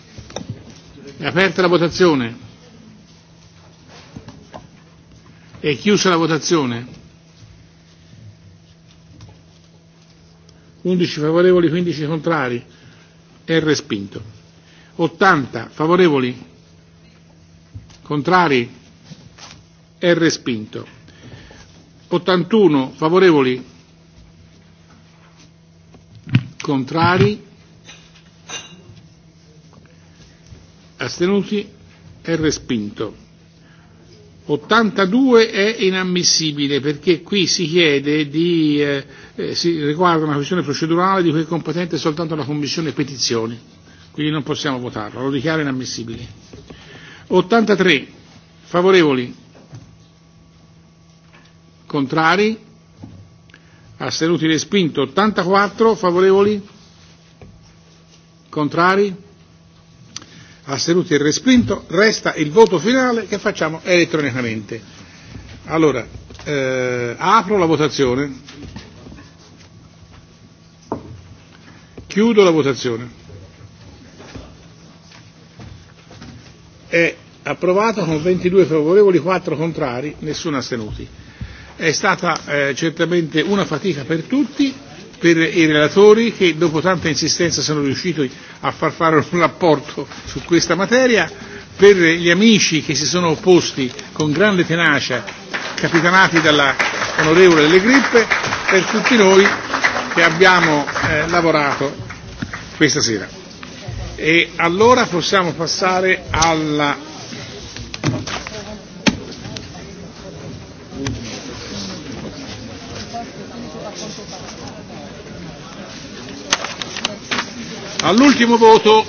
È aperta la votazione. È chiusa la votazione. 11 favorevoli, 15 contrari. È respinto. 80 favorevoli, contrari. È respinto. 81 favorevoli, contrari. Astenuti. È respinto. 82 è inammissibile perché qui si chiede di eh, eh, si riguarda una questione procedurale di cui è competente soltanto la Commissione petizioni, quindi non possiamo votarlo, lo dichiaro inammissibile. 83 favorevoli contrari astenuti respinto 84 favorevoli contrari astenuti e respinto, resta il voto finale che facciamo elettronicamente. Allora, eh, apro la votazione. Chiudo la votazione. È approvato con 22 favorevoli, 4 contrari, nessuno astenuti. È stata eh, certamente una fatica per tutti per i relatori che dopo tanta insistenza sono riusciti a far fare un rapporto su questa materia, per gli amici che si sono opposti con grande tenacia, capitanati dalla onorevole Delle Grippe, per tutti noi che abbiamo eh, lavorato questa sera. E allora possiamo passare alla all'ultimo voto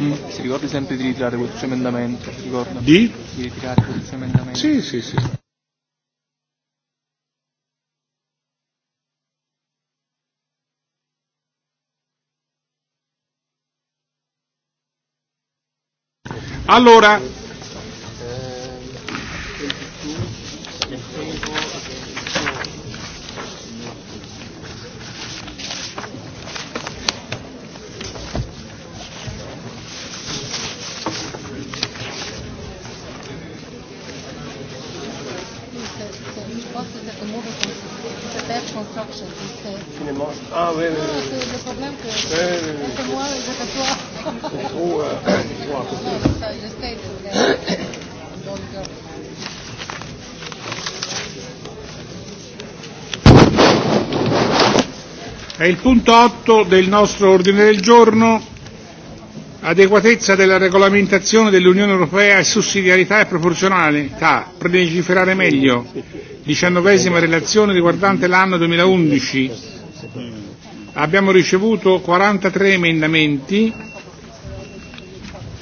mm. si ricordi sempre di ritirare questo emendamento ricorda? Di? Di ritirare questo emendamento. Sì, sì, sì. Allora È il punto 8 del nostro ordine del giorno, adeguatezza della regolamentazione dell'Unione Europea e sussidiarietà e proporzionalità, per legiferare meglio, diciannovesima relazione riguardante l'anno 2011. Abbiamo ricevuto 43 emendamenti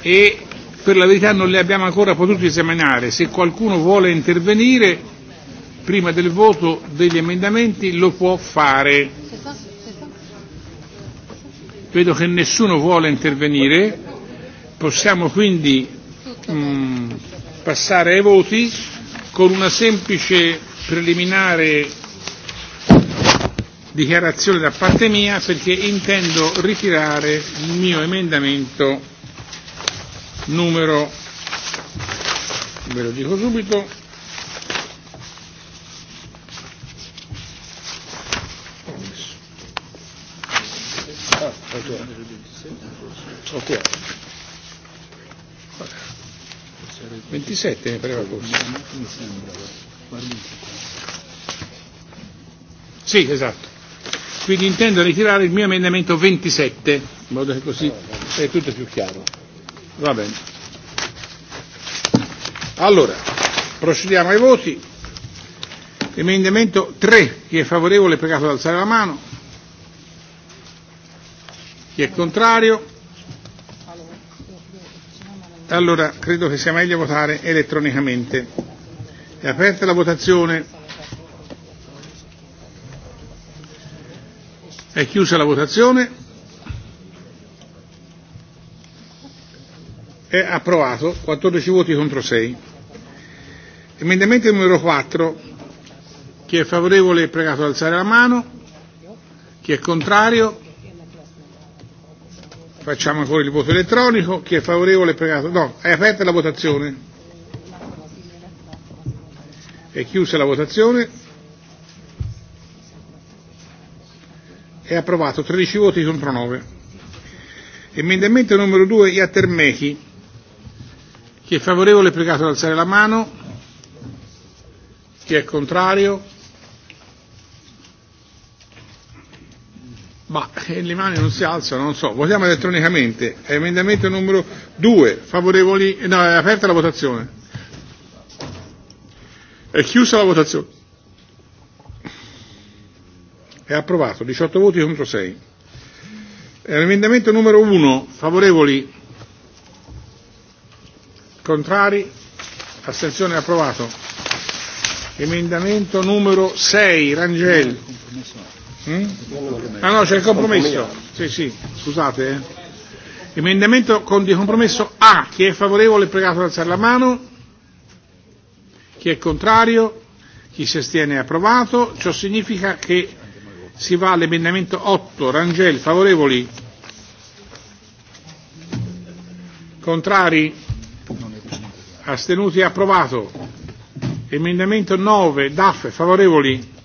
e per la verità non li abbiamo ancora potuti esaminare. Se qualcuno vuole intervenire prima del voto degli emendamenti lo può fare Vedo che nessuno vuole intervenire, possiamo quindi mm, passare ai voti con una semplice preliminare dichiarazione da parte mia perché intendo ritirare il mio emendamento numero ve lo dico subito 27 mi pareva forse. Sì, esatto. Quindi intendo ritirare il mio emendamento 27, in modo che così è tutto più chiaro. Va bene. Allora, procediamo ai voti. Emendamento 3, chi è favorevole è pregato ad alzare la mano. Chi è contrario? Allora credo che sia meglio votare elettronicamente. È aperta la votazione. È chiusa la votazione. È approvato 14 voti contro 6. Emendamento numero 4. Chi è favorevole è pregato ad alzare la mano. Chi è contrario? Facciamo ancora il voto elettronico. Chi è favorevole è pregato. No, è aperta la votazione. È chiusa la votazione. È approvato 13 voti contro 9. Emendamento numero 2 Iatermechi. Chi è favorevole è pregato ad alzare la mano. Chi è contrario? Ma eh, le mani non si alzano, non so. Votiamo elettronicamente. Emendamento numero 2. Favorevoli? No, è aperta la votazione. È chiusa la votazione. È approvato. 18 voti contro 6. Emendamento numero 1. Favorevoli? Contrari? Astensione approvato. Emendamento numero 6. Rangel. Hmm? Ah no, c'è il compromesso. Sì, sì, scusate. Eh. Emendamento con di compromesso A. Chi è favorevole è pregato ad alzare la mano. Chi è contrario? Chi si astiene approvato. Ciò significa che si va all'emendamento 8. Rangel, favorevoli? Contrari? Astenuti? Approvato. Emendamento 9. DAF, favorevoli?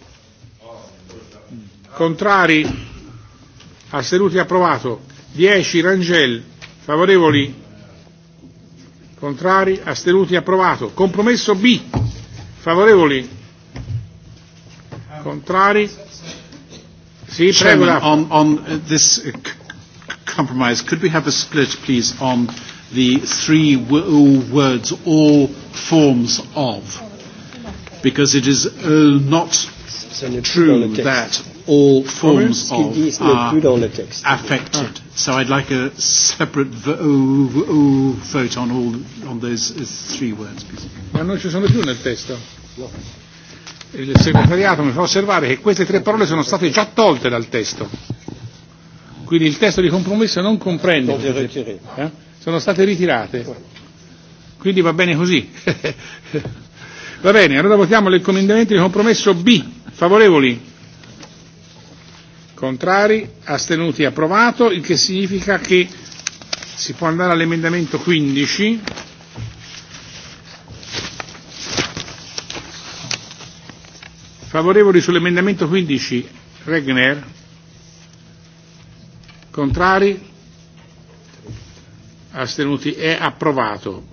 Contrari? Astenuti approvato. 10 Rangel. Favorevoli? Contrari? Astenuti approvato. Compromesso B. Favorevoli? Contrari? Sì, prego. on, on this compromise, could we have a split, please, on the three words, all forms of? Because it is uh, not true that all forms of are affected. So I'd like a separate vote on all on those three words. Ma non ci sono più nel testo. Il segretariato mi fa osservare che queste tre parole sono state già tolte dal testo. Quindi il testo di compromesso non comprende. Sono state eh? ritirate. Quindi va bene così. va bene, allora votiamo l'incomendamento di compromesso B Favorevoli? Contrari? Astenuti? Approvato, il che significa che si può andare all'emendamento 15. Favorevoli sull'emendamento 15, Regner? Contrari? Astenuti? È approvato.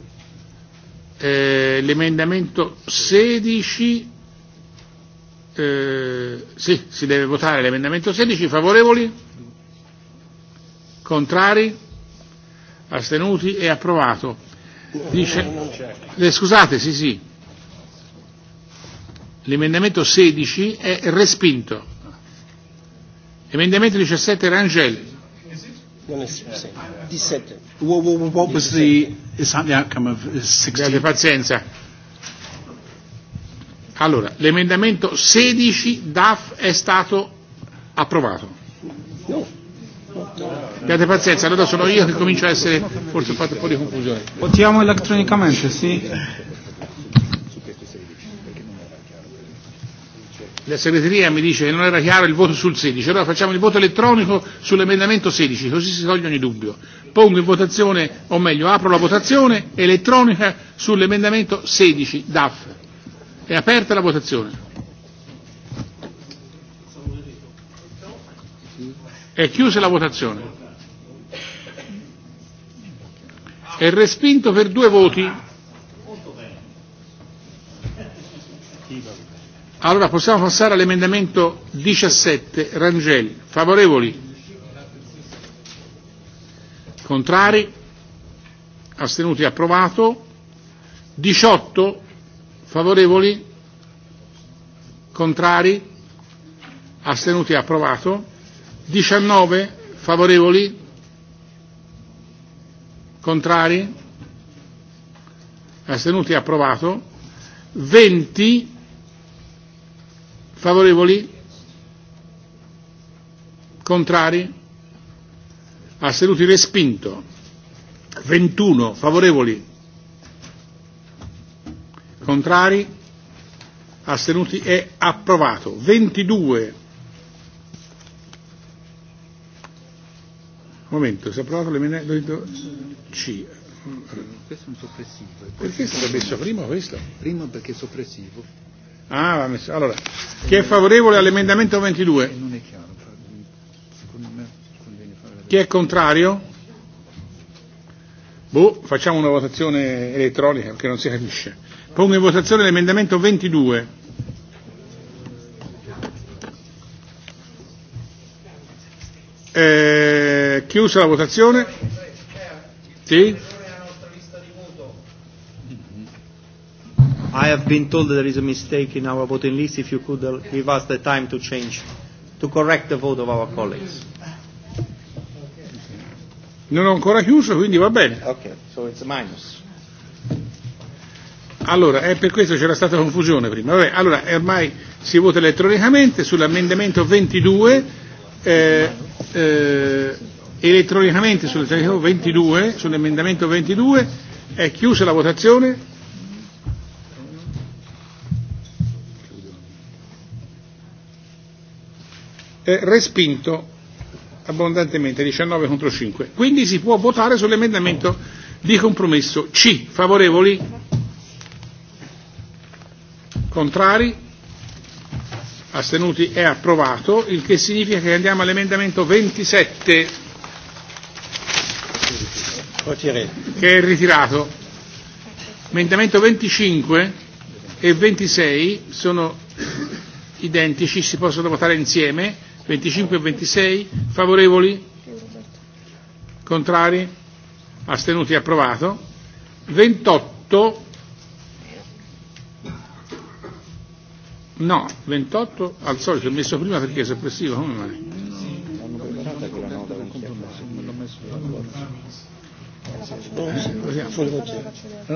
Eh, l'emendamento 16 eh, sì, si deve votare l'emendamento 16, favorevoli, contrari, astenuti, E' approvato. Dice, eh, scusate, sì, sì, l'emendamento 16 è respinto. Emendamento 17 Rangel. 17. What was the, is the outcome of 16? pazienza. Allora, l'emendamento 16 DAF è stato approvato. Abbiate pazienza, allora sono io che comincio a essere forse ho fatto un po' di confusione. Votiamo elettronicamente, sì. La segreteria mi dice che non era chiaro il voto sul 16, allora facciamo il voto elettronico sull'emendamento 16, così si toglie ogni dubbio. Pongo in votazione, o meglio, apro la votazione elettronica sull'emendamento 16 DAF. È aperta la votazione. È chiusa la votazione. È respinto per due voti. Allora possiamo passare all'emendamento 17, Rangel. Favorevoli? Contrari? Astenuti? Approvato. 18, Favorevoli? Contrari? Astenuti approvato. 19 favorevoli? Contrari? Astenuti approvato. 20 favorevoli? Contrari? Astenuti respinto. 21 favorevoli? Contrari? Astenuti? È approvato. 22. Momento, si è approvato l'emendamento C. Questo è un soppressivo. Perché si è messo prima questo? Prima perché è soppressivo. Ah, va messo. Allora, chi è favorevole all'emendamento 22? Eh, non è chiaro, secondo me conviene fare la Chi è contrario? Boh, facciamo una votazione elettronica perché non si capisce. Pongo in votazione l'emendamento 22. Eh, chiusa la votazione. Sì. I have been told that there is a mistake in our voting list. If you could uh, give us the time to change, to correct the vote of our colleagues. Non ho ancora chiuso, quindi va bene. Okay, so it's a minus. Allora, è per questo c'era stata confusione prima. Vabbè, allora, ormai si vota elettronicamente sull'ammendamento 22, eh, eh, elettronicamente sul 22, sull'emendamento 22, è chiusa la votazione. È respinto abbondantemente 19 contro 5. Quindi si può votare sull'emendamento di compromesso C. Favorevoli? Contrari? Astenuti? È approvato, il che significa che andiamo all'emendamento 27, che è ritirato. Emendamento 25 e 26 sono identici, si possono votare insieme, 25 e 26, favorevoli? Contrari? Astenuti? Approvato. 28 No, 28 al solito, l'ho messo prima perché è soppressivo, come mai?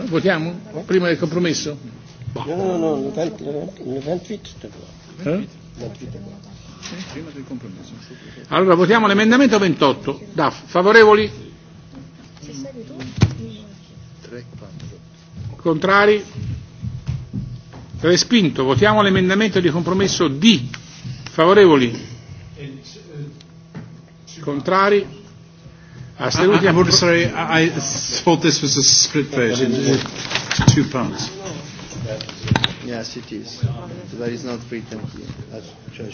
votiamo? Prima del compromesso? No, no, no, il e eh? e 28 compromesso. Allora votiamo l'emendamento 28. Da, favorevoli? Contrari? Respinto. Votiamo l'emendamento di compromesso D. Favorevoli? Contrari? Astenuti? I, I, sorry, I, I thought this was a split version. Two parts. Yes, it is. That is not written here.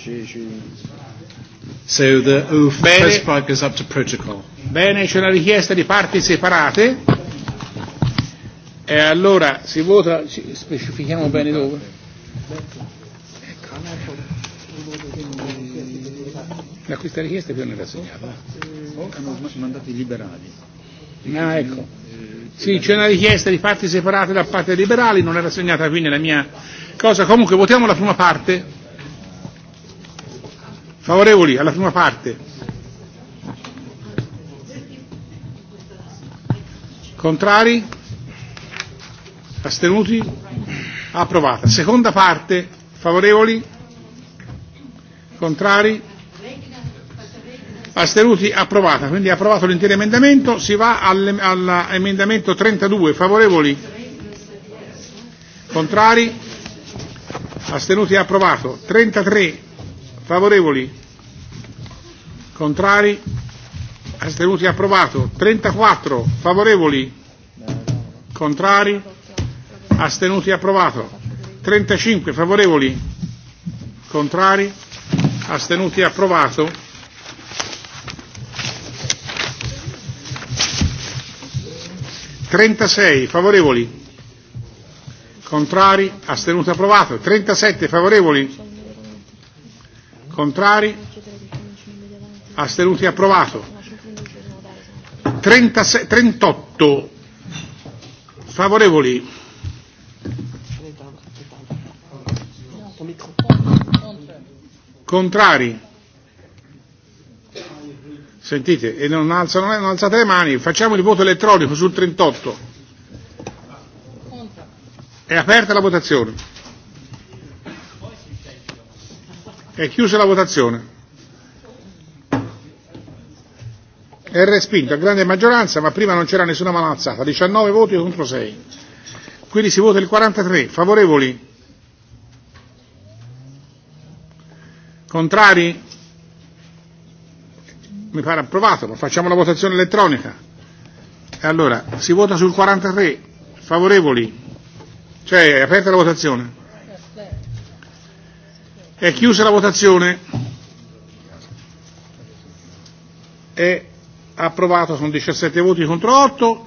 So the oh, first part goes up to protocol. Bene, c'è una richiesta di parti separate E allora si vota, specifichiamo bene dove? Da questa richiesta che non era segnata. Hanno oh, mandato i liberali. Ah, ecco. Eh, eh, sì, c'è una richiesta di parti separate da parte dei liberali, non era segnata qui nella mia cosa. Comunque votiamo la prima parte. Favorevoli alla prima parte. Contrari? Astenuti? Approvata. Seconda parte, favorevoli? Contrari? Astenuti? Approvata. Quindi approvato l'intero emendamento. Si va all'emendamento 32. Favorevoli? Contrari? Astenuti? Approvato. 33. Favorevoli? Contrari? Astenuti? Approvato. 34. Favorevoli? Contrari? astenuti approvato 35 favorevoli contrari astenuti approvato trentasei favorevoli contrari astenuti approvato 37 favorevoli contrari astenuti approvato Trentotto. 38 favorevoli Contrari? Sentite, e non, alzano, non alzate le mani, facciamo il voto elettronico sul 38. È aperta la votazione. È chiusa la votazione. È respinto a grande maggioranza, ma prima non c'era nessuna mano alzata. 19 voti contro 6. Quindi si vota il 43. Favorevoli? Contrari? Mi pare approvato, ma facciamo la votazione elettronica. E allora, si vota sul 43. Favorevoli? Cioè, è aperta la votazione. È chiusa la votazione. È approvato con 17 voti contro 8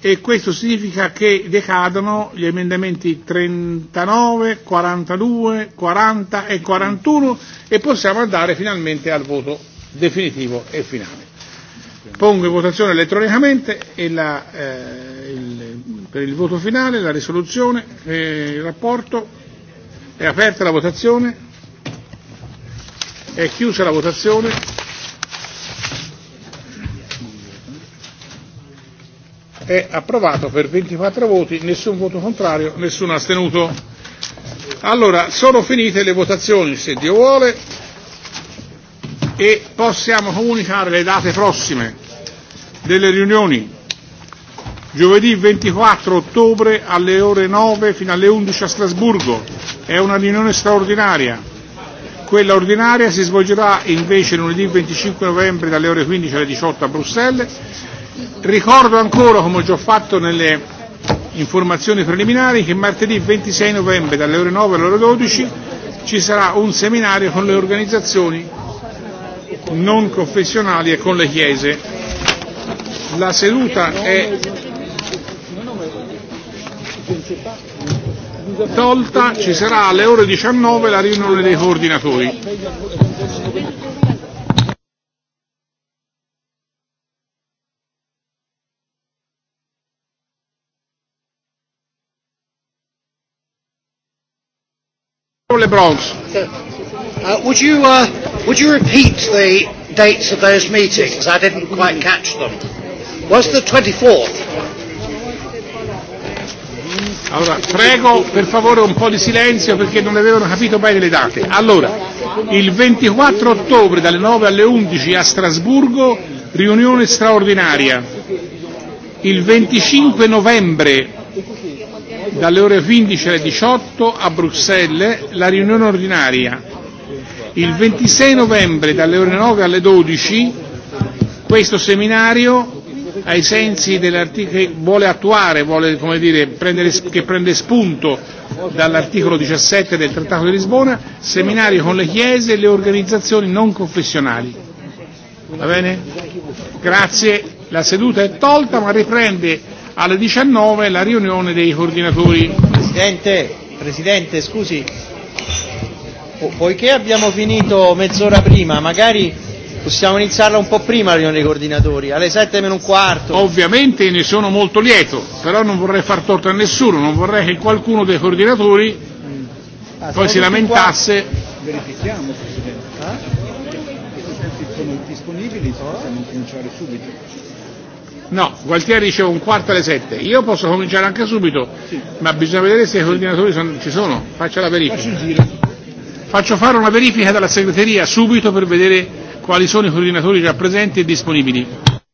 e questo significa che decadono gli emendamenti 39, 42, 40 e 41 e possiamo andare finalmente al voto definitivo e finale. Pongo in votazione elettronicamente e la, eh, il, per il voto finale la risoluzione, eh, il rapporto, è aperta la votazione, è chiusa la votazione. è approvato per 24 voti, nessun voto contrario, nessuno astenuto. Allora, sono finite le votazioni, se Dio vuole, e possiamo comunicare le date prossime delle riunioni. Giovedì 24 ottobre alle ore 9 fino alle 11 a Strasburgo è una riunione straordinaria. Quella ordinaria si svolgerà invece lunedì 25 novembre dalle ore 15 alle 18 a Bruxelles Ricordo ancora, come ho già fatto nelle informazioni preliminari, che martedì 26 novembre dalle ore 9 alle ore 12 ci sarà un seminario con le organizzazioni non confessionali e con le chiese. La seduta è tolta, ci sarà alle ore 19 la riunione dei coordinatori. Honorable Uh, would you uh, would you repeat the dates of those meetings? I didn't quite catch them. Was the 24th? Allora, prego per favore un po' di silenzio perché non avevano capito bene le date. Allora, il 24 ottobre dalle 9 alle 11 a Strasburgo, riunione straordinaria. Il 25 novembre dalle ore 15 alle 18 a Bruxelles la riunione ordinaria. Il 26 novembre dalle ore 9 alle 12 questo seminario ai sensi dell'articolo che vuole attuare, vuole come dire, prendere, che prende spunto dall'articolo 17 del Trattato di Lisbona, seminario con le chiese e le organizzazioni non confessionali. Va bene? Grazie. La seduta è tolta ma riprende alle 19 la riunione dei coordinatori. Presidente, Presidente, scusi, poiché abbiamo finito mezz'ora prima, magari possiamo iniziarla un po' prima la riunione dei coordinatori, alle 7 meno un quarto. Ovviamente ne sono molto lieto, però non vorrei far torto a nessuno, non vorrei che qualcuno dei coordinatori mm. ah, poi si lamentasse. Verifichiamo, Presidente. Eh? sono disponibili, possiamo cominciare subito. No, Gualtieri diceva un quarto alle sette. Io posso cominciare anche subito, ma bisogna vedere se i coordinatori sono, ci sono. Faccia la verifica. Faccio fare una verifica dalla segreteria subito per vedere quali sono i coordinatori già presenti e disponibili.